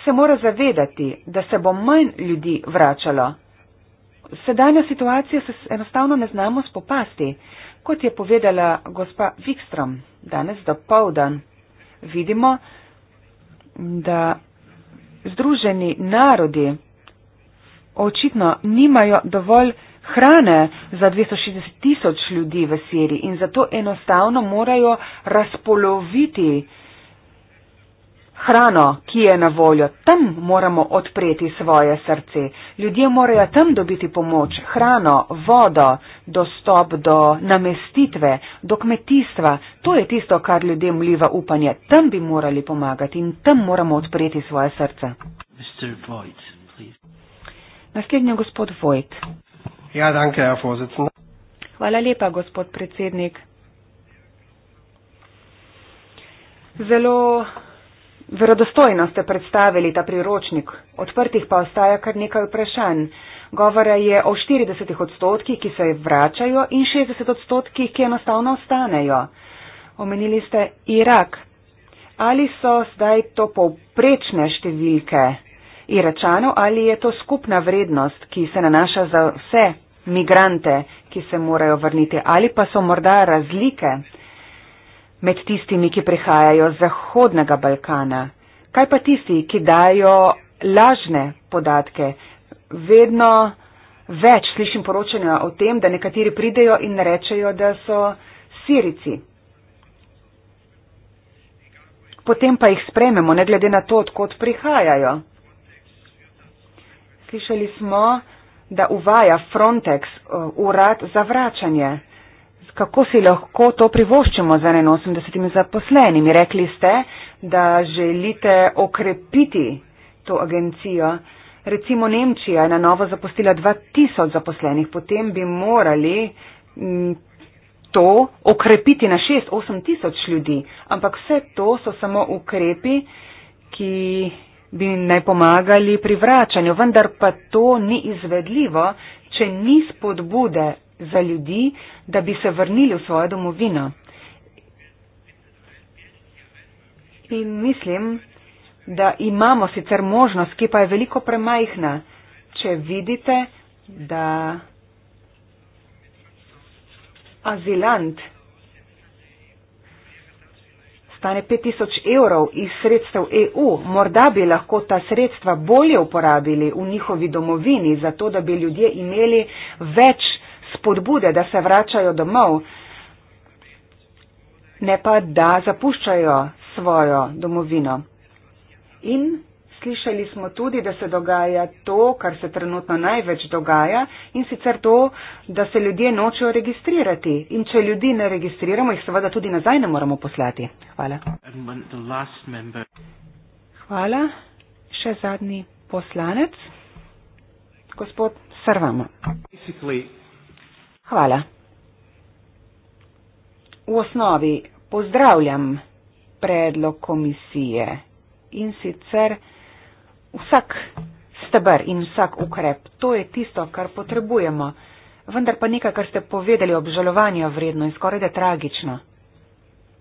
se mora zavedati, da se bo manj ljudi vračalo. Sedanja situacija se enostavno ne znamo spopasti. Kot je povedala gospa Vikstrom, danes do povdan vidimo, da združeni narodi očitno nimajo dovolj hrane za 260 tisoč ljudi v Siriji in zato enostavno morajo razpoloviti hrano, ki je na voljo, tam moramo odpreti svoje srce. Ljudje morajo tam dobiti pomoč, hrano, vodo, dostop do namestitve, do kmetijstva. To je tisto, kar ljudem liva upanje. Tam bi morali pomagati in tam moramo odpreti svoje srce. Naslednji je gospod Vojt. Ja, danke, Herr Vorsitzende. Hvala lepa, gospod predsednik. Zelo Verodostojno ste predstavili ta priročnik, odprtih pa ostaja kar nekaj vprašanj. Govora je o 40 odstotkih, ki se vračajo in 60 odstotkih, ki enostavno ostanejo. Omenili ste Irak. Ali so zdaj to povprečne številke Iračanov ali je to skupna vrednost, ki se nanaša za vse migrante, ki se morajo vrniti ali pa so morda razlike? med tistimi, ki prihajajo z Zahodnega Balkana. Kaj pa tisti, ki dajo lažne podatke? Vedno več slišim poročanja o tem, da nekateri pridejo in rečejo, da so Sirici. Potem pa jih sprememo, ne glede na to, odkot prihajajo. Slišali smo, da uvaja Frontex uh, urad za vračanje kako si lahko to privoščimo z 81 zaposlenimi. Rekli ste, da želite okrepiti to agencijo. Recimo Nemčija je na novo zapustila 2000 zaposlenih, potem bi morali mm, to okrepiti na 6-8 tisoč ljudi. Ampak vse to so samo ukrepi, ki bi naj pomagali pri vračanju. Vendar pa to ni izvedljivo, če ni spodbude za ljudi, da bi se vrnili v svojo domovino. In mislim, da imamo sicer možnost, ki pa je veliko premajhna, če vidite, da azilant stane 5000 evrov iz sredstev EU, morda bi lahko ta sredstva bolje uporabili v njihovi domovini, zato da bi ljudje imeli več spodbude, da se vračajo domov, ne pa da zapuščajo svojo domovino. In slišali smo tudi, da se dogaja to, kar se trenutno največ dogaja in sicer to, da se ljudje nočejo registrirati. In če ljudi ne registriramo, jih seveda tudi nazaj ne moramo poslati. Hvala. Hvala. Še zadnji poslanec. Gospod Sarvama. Basically, Hvala. V osnovi pozdravljam predlog komisije in sicer vsak stebr in vsak ukrep, to je tisto, kar potrebujemo, vendar pa nekaj, kar ste povedali obžalovanja vredno in skoraj da tragično.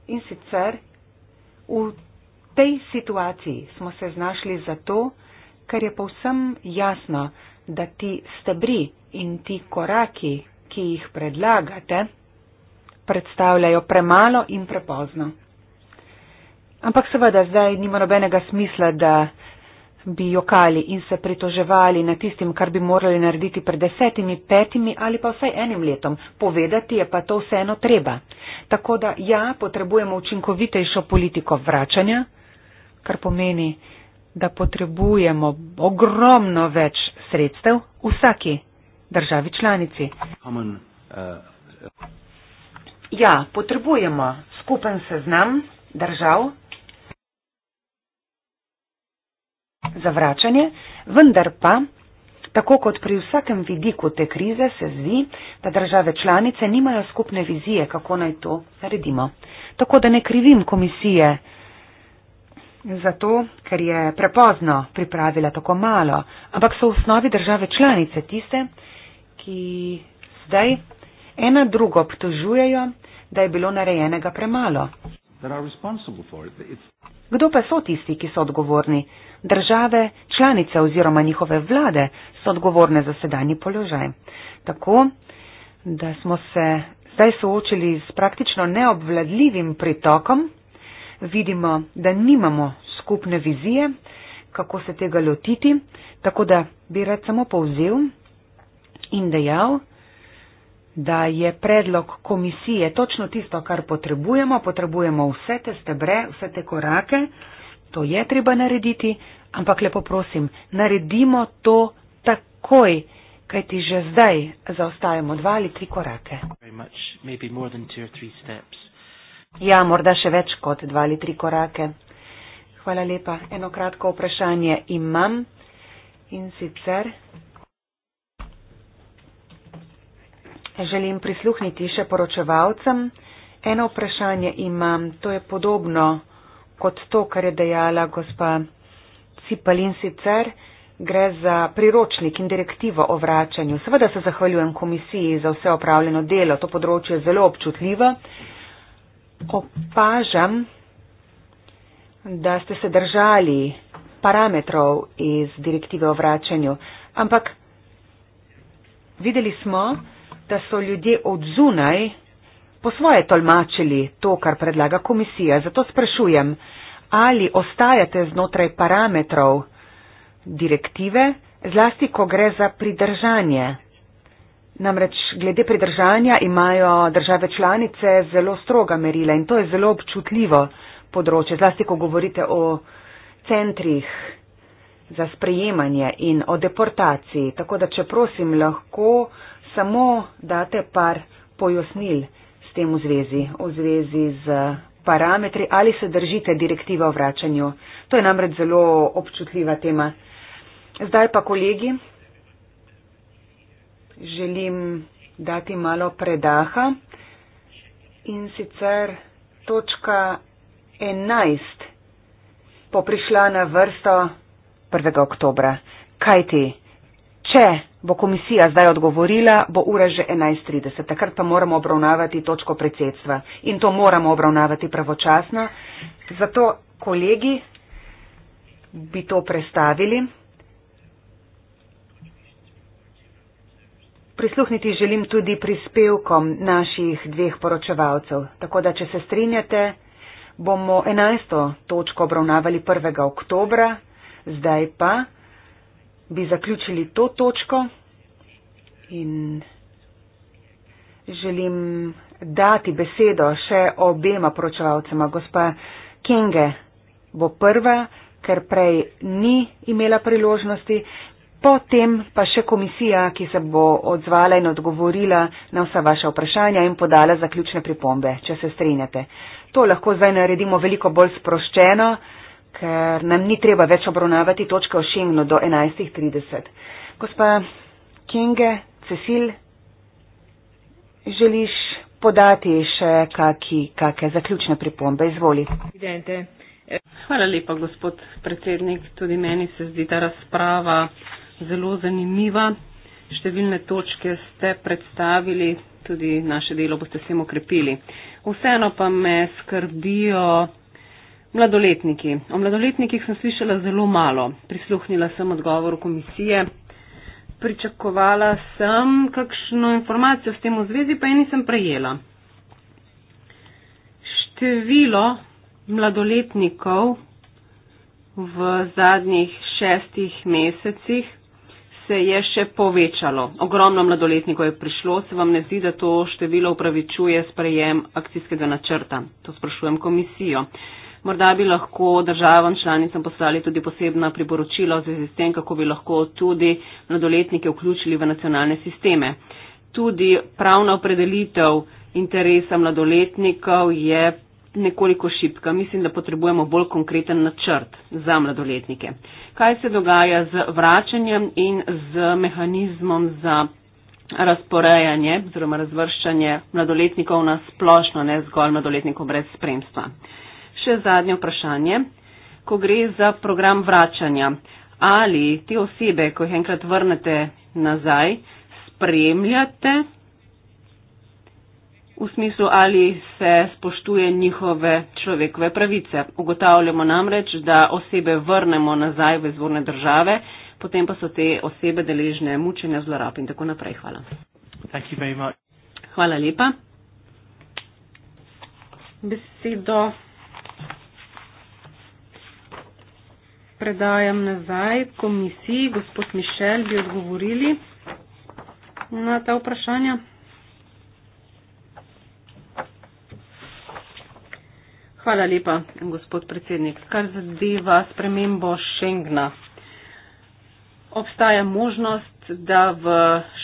In sicer v tej situaciji smo se znašli zato, ker je povsem jasno, da ti stebri in ti koraki, ki jih predlagate, predstavljajo premalo in prepozno. Ampak seveda zdaj nima nobenega smisla, da bi jokali in se pritoževali na tistim, kar bi morali narediti pred desetimi, petimi ali pa vsaj enim letom. Povedati je pa to vseeno treba. Tako da ja, potrebujemo učinkovitejšo politiko vračanja, kar pomeni, da potrebujemo ogromno več sredstev, vsaki državi članici. Uh, ja, potrebujemo skupen seznam držav za vračanje, vendar pa, tako kot pri vsakem vidiku te krize, se zdi, da države članice nimajo skupne vizije, kako naj to naredimo. Tako da ne krivim komisije za to, ker je prepozno pripravila tako malo, ampak so v osnovi države članice tiste, ki zdaj ena drugo obtožujejo, da je bilo narejenega premalo. Kdo pa so tisti, ki so odgovorni? Države, članice oziroma njihove vlade so odgovorne za sedanji položaj. Tako, da smo se zdaj soočili s praktično neobvladljivim pritokom, vidimo, da nimamo skupne vizije, kako se tega lotiti, tako da bi rad samo povzel, in dejal, da je predlog komisije točno tisto, kar potrebujemo. Potrebujemo vse te stebre, vse te korake, to je treba narediti, ampak lepo prosim, naredimo to takoj, kaj ti že zdaj zaostajamo dva ali tri korake. Ja, morda še več kot dva ali tri korake. Hvala lepa. Eno kratko vprašanje imam in sicer. Želim prisluhniti še poročevalcem. Eno vprašanje imam, to je podobno kot to, kar je dejala gospa Cipalin sicer. Gre za priročnik in direktivo o vračanju. Seveda se zahvaljujem komisiji za vse opravljeno delo, to področje je zelo občutljivo. Opažam, da ste se držali parametrov iz direktive o vračanju, ampak videli smo, da so ljudje od zunaj po svoje tolmačili to, kar predlaga komisija. Zato sprašujem, ali ostajate znotraj parametrov direktive, zlasti ko gre za pridržanje. Namreč glede pridržanja imajo države članice zelo stroga merila in to je zelo občutljivo področje, zlasti ko govorite o centrih za sprejemanje in o deportaciji. Tako da, če prosim, lahko samo date par pojasnil s tem v zvezi, v zvezi z parametri, ali se držite direktiva o vračanju. To je namreč zelo občutljiva tema. Zdaj pa, kolegi, želim dati malo predaha in sicer točka 11 bo prišla na vrsto 1. oktobra. Kaj ti? Če bo komisija zdaj odgovorila, bo ura že 11.30, takrat pa moramo obravnavati točko predsedstva in to moramo obravnavati pravočasno. Zato kolegi bi to prestavili. Prisluhniti želim tudi prispevkom naših dveh poročevalcev, tako da, če se strinjate, bomo 11. točko obravnavali 1. oktobra, zdaj pa bi zaključili to točko in želim dati besedo še obema poročevalcema. Gospa Kinge bo prva, ker prej ni imela priložnosti, potem pa še komisija, ki se bo odzvala in odgovorila na vsa vaša vprašanja in podala zaključne pripombe, če se strinjate. To lahko zdaj naredimo veliko bolj sproščeno ker nam ni treba več obravnavati točke o Šengnu do 11.30. Gospa Kinge, Cecil, želiš podati še kaki, kake zaključne pripombe? Izvoli. Hvala lepa, gospod predsednik. Tudi meni se zdi ta razprava zelo zanimiva. Številne točke ste predstavili, tudi naše delo boste s tem okrepili. Vseeno pa me skrbijo Mladoletniki. O mladoletnikih sem slišala zelo malo. Prisluhnila sem odgovoru komisije. Pričakovala sem kakšno informacijo s tem v zvezi, pa je nisem prejela. Število mladoletnikov v zadnjih šestih mesecih se je še povečalo. Ogromno mladoletnikov je prišlo. Se vam ne zdi, da to število upravičuje sprejem akcijskega načrta? To sprašujem komisijo. Morda bi lahko državam članicam poslali tudi posebna priporočila v zvezi s tem, kako bi lahko tudi mladoletnike vključili v nacionalne sisteme. Tudi pravna opredelitev interesa mladoletnikov je nekoliko šipka. Mislim, da potrebujemo bolj konkreten načrt za mladoletnike. Kaj se dogaja z vračanjem in z mehanizmom za razporejanje oziroma razvrščanje mladoletnikov na splošno, ne zgolj mladoletnikov brez spremstva? še zadnje vprašanje, ko gre za program vračanja. Ali te osebe, ko jih enkrat vrnete nazaj, spremljate v smislu, ali se spoštuje njihove človekove pravice. Ugotavljamo namreč, da osebe vrnemo nazaj v izvorne države, potem pa so te osebe deležne mučenja, zlorab in tako naprej. Hvala. Hvala lepa. Besedo predajam nazaj komisiji, gospod Mišel, bi odgovorili na ta vprašanja. Hvala lepa, gospod predsednik. Kar zadeva spremembo Schengna, obstaja možnost, da v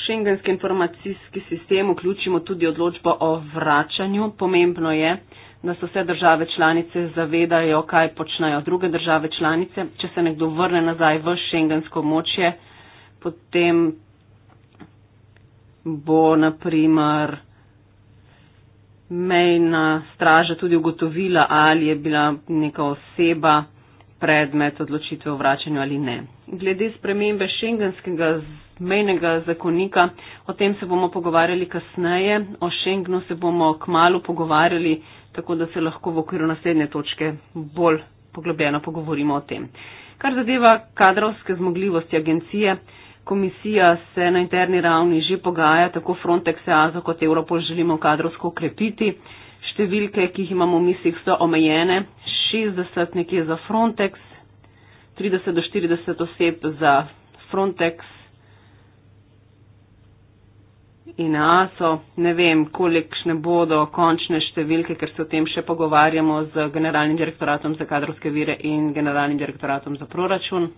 šengenski informacijski sistem vključimo tudi odločbo o vračanju. Pomembno je, nas vse države članice zavedajo, kaj počnajo druge države članice. Če se nekdo vrne nazaj v šengensko močje, potem bo naprimer mejna straža tudi ugotovila, ali je bila neka oseba predmet odločitve o vračanju ali ne. Glede spremembe šengenskega mejnega zakonika, o tem se bomo pogovarjali kasneje. O šengnu se bomo k malu pogovarjali tako da se lahko v okviru naslednje točke bolj poglobljeno pogovorimo o tem. Kar zadeva kadrovske zmogljivosti agencije, komisija se na interni ravni že pogaja, tako Frontex, EASO kot Europol želimo kadrovsko ukrepiti. Številke, ki jih imamo v mislih, so omejene. 60 nekje za Frontex, 30 do 40 oseb za Frontex, in ASO. Ne vem, kolikšne bodo končne številke, ker se o tem še pogovarjamo z generalnim direktoratom za kadrovske vire in generalnim direktoratom za proračun.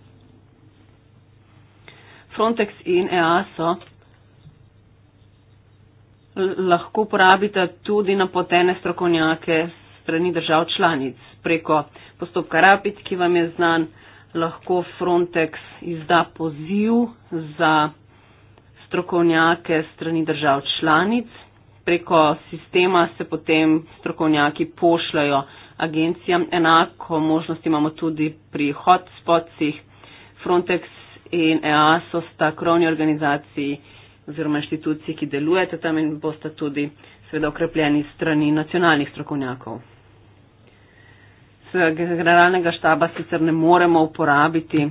Frontex in EASO lahko uporabita tudi napotene strokovnjake strani držav članic. Preko postopka RAPID, ki vam je znan, lahko Frontex izda poziv za strokovnjake strani držav članic. Preko sistema se potem strokovnjaki pošljajo agencijam. Enako možnost imamo tudi pri hotspotsih. Frontex in EASO sta krovni organizaciji oziroma inštituciji, ki delujete tam in boste tudi seveda okrepljeni strani nacionalnih strokovnjakov. Z generalnega štaba sicer ne moremo uporabiti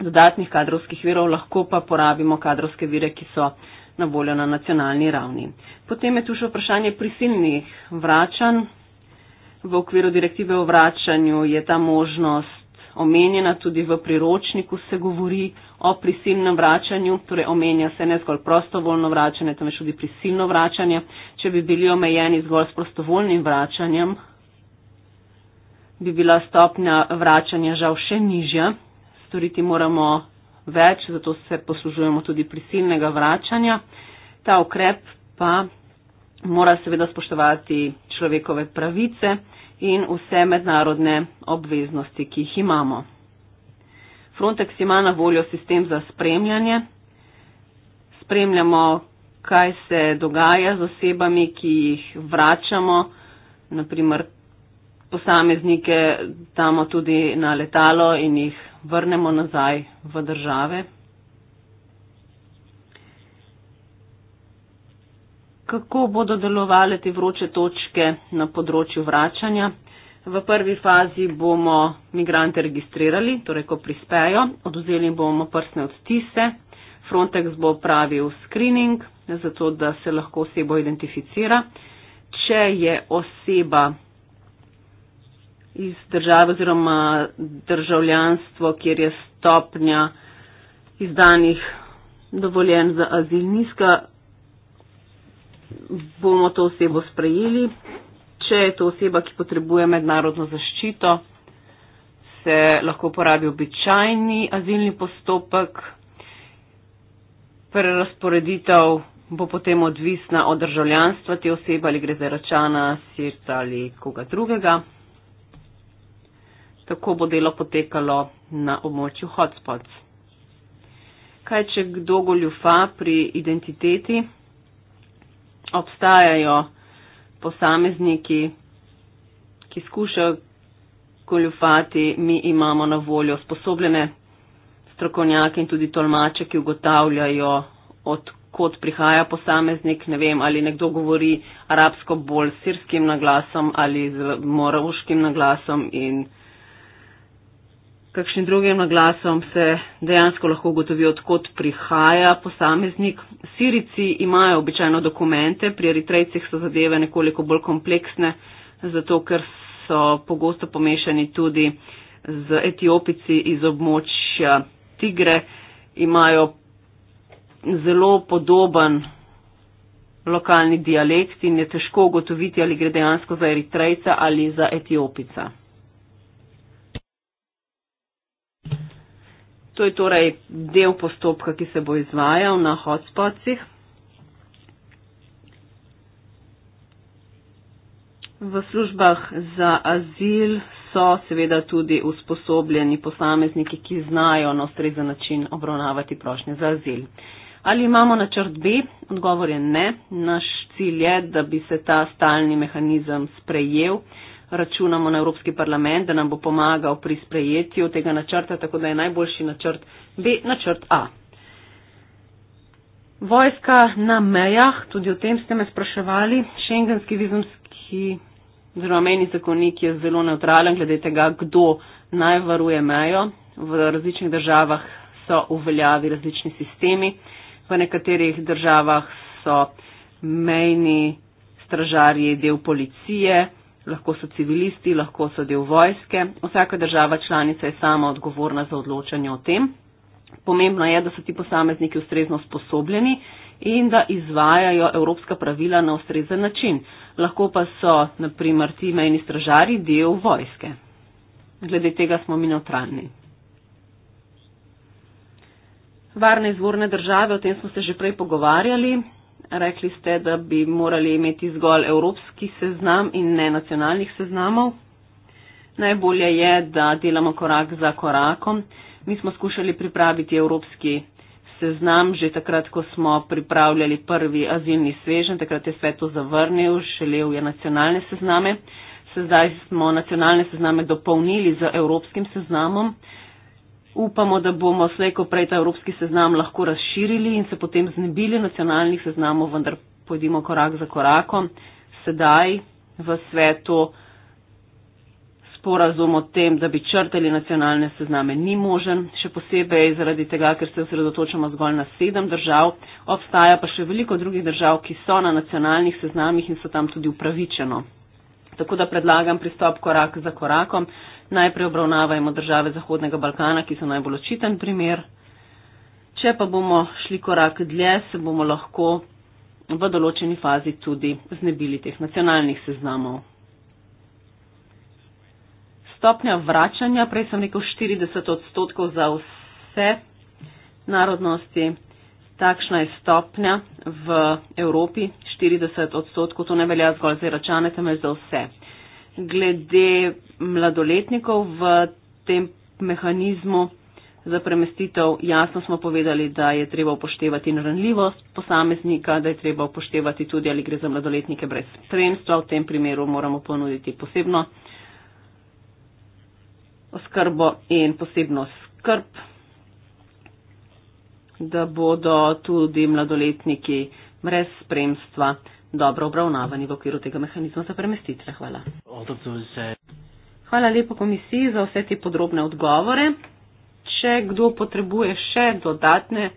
dodatnih kadrovskih virov, lahko pa porabimo kadrovske vire, ki so na voljo na nacionalni ravni. Potem je tu še vprašanje prisilnih vračanj. V okviru direktive o vračanju je ta možnost omenjena, tudi v priročniku se govori o prisilnem vračanju, torej omenja se ne zgolj prostovoljno vračanje, temveč tudi prisilno vračanje. Če bi bili omejeni zgolj s prostovoljnim vračanjem, bi bila stopnja vračanja žal še nižja, storiti moramo več, zato se poslužujemo tudi prisilnega vračanja. Ta ukrep pa mora seveda spoštovati človekove pravice in vse mednarodne obveznosti, ki jih imamo. Frontex ima na voljo sistem za spremljanje. Spremljamo, kaj se dogaja z osebami, ki jih vračamo, naprimer posameznike damo tudi na letalo in jih vrnemo nazaj v države. Kako bodo delovali te vroče točke na področju vračanja? V prvi fazi bomo migrante registrirali, torej ko prispejo, oduzeli bomo prsne odtise, Frontex bo pravil screening, zato da se lahko osebo identificira. Če je oseba iz države oziroma državljanstvo, kjer je stopnja izdanih dovoljen za azil nizka, bomo to osebo sprejeli. Če je to oseba, ki potrebuje mednarodno zaščito, se lahko uporabi običajni azilni postopek. Prerasporeditev bo potem odvisna od državljanstva te osebe, ali gre za račana, sirca ali koga drugega. Tako bo delo potekalo na območju hotspots. Kaj če kdo goljufa pri identiteti? Obstajajo posamezniki, ki skušajo goljufati, mi imamo na voljo sposobljene strokovnjake in tudi tolmače, ki ugotavljajo, odkot prihaja posameznik. Ne vem, ali nekdo govori arabsko bolj sirskim naglasom ali z morovškim naglasom in kakšnim drugim naglasom se dejansko lahko ugotovi, odkot prihaja posameznik. Sirici imajo običajno dokumente, pri eritrejcih so zadeve nekoliko bolj kompleksne, zato ker so pogosto pomešani tudi z etiopici iz območja Tigre, imajo zelo podoben lokalni dialekt in je težko ugotoviti, ali gre dejansko za eritrejca ali za etiopica. To je torej del postopka, ki se bo izvajal na hotspotsih. V službah za azil so seveda tudi usposobljeni posamezniki, ki znajo na ustrezen način obravnavati prošnje za azil. Ali imamo načrt B? Odgovor je ne. Naš cilj je, da bi se ta stalni mehanizem sprejel računamo na Evropski parlament, da nam bo pomagal pri sprejetju tega načrta, tako da je najboljši načrt B, načrt A. Vojska na mejah, tudi o tem ste me spraševali, šengenski vizumski, oziroma meni zakonik je zelo neutralen glede tega, kdo naj varuje mejo. V različnih državah so uveljavi različni sistemi, v nekaterih državah so mejni stražarji del policije, lahko so civilisti, lahko so del vojske. Vsaka država članica je sama odgovorna za odločanje o tem. Pomembno je, da so ti posamezniki ustrezno sposobljeni in da izvajajo evropska pravila na ustrezen način. Lahko pa so, naprimer, ti mejni stražari del vojske. Glede tega smo mi neutralni. Varne izvorne države, o tem smo se že prej pogovarjali, Rekli ste, da bi morali imeti zgolj evropski seznam in ne nacionalnih seznamov. Najbolje je, da delamo korak za korakom. Mi smo skušali pripraviti evropski seznam že takrat, ko smo pripravljali prvi azilni svežen. Takrat je svet to zavrnil, šelev je nacionalne sezname. Sedaj smo nacionalne sezname dopolnili z evropskim seznamom. Upamo, da bomo slejko prej ta evropski seznam lahko razširili in se potem znebili nacionalnih seznamov, vendar pojdimo korak za korakom. Sedaj v svetu sporazum o tem, da bi črtali nacionalne sezname, ni možen, še posebej zaradi tega, ker se osredotočamo zgolj na sedem držav. Obstaja pa še veliko drugih držav, ki so na nacionalnih seznamih in so tam tudi upravičeno tako da predlagam pristop korak za korakom. Najprej obravnavajmo države Zahodnega Balkana, ki so najbolj očiten primer. Če pa bomo šli korak dlje, se bomo lahko v določeni fazi tudi znebili teh nacionalnih seznamov. Stopnja vračanja, prej sem rekel 40 odstotkov za vse narodnosti. Takšna je stopnja v Evropi, 40 odstotkov, to ne velja zgolj za račane, temveč za vse. Glede mladoletnikov v tem mehanizmu za premestitev jasno smo povedali, da je treba upoštevati naranljivost posameznika, da je treba upoštevati tudi, ali gre za mladoletnike brez spremstva. V tem primeru moramo ponuditi posebno oskrbo in posebno skrb da bodo tudi mladoletniki brez spremstva dobro obravnavani v okviru tega mehanizma za premestitve. Hvala. Hvala lepo komisiji za vse te podrobne odgovore. Če kdo potrebuje še dodatne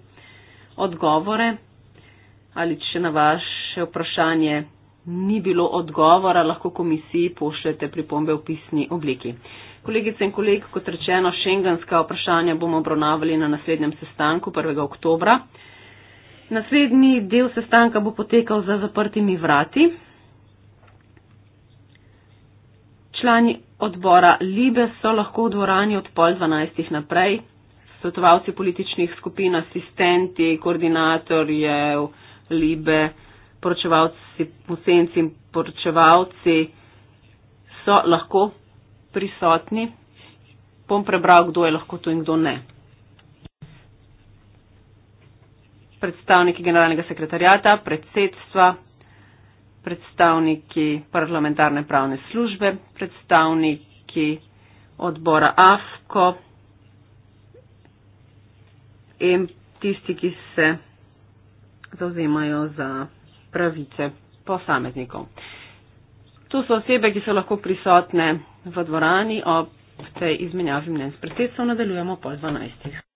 odgovore ali če na vaše vprašanje ni bilo odgovora, lahko komisiji pošljete pripombe v pisni obliki. Kolegice in kolegi, kot rečeno, šengenska vprašanja bomo obravnavali na naslednjem sestanku 1. oktobra. Naslednji del sestanka bo potekal za zaprtimi vrati. Člani odbora Libe so lahko v dvorani od pol 12. naprej. Svetovalci političnih skupin, asistenti, koordinatorje Libe, poročevalci v senci in poročevalci so lahko prisotni, bom prebral, kdo je lahko tu in kdo ne. Predstavniki generalnega sekretarjata, predsedstva, predstavniki parlamentarne pravne službe, predstavniki odbora AFKO in tisti, ki se zauzemajo za pravice posameznikov. Tu so osebe, ki so lahko prisotne v dvorani ob tej izmenjavi mnen s predsedstvom nadaljujemo po 12.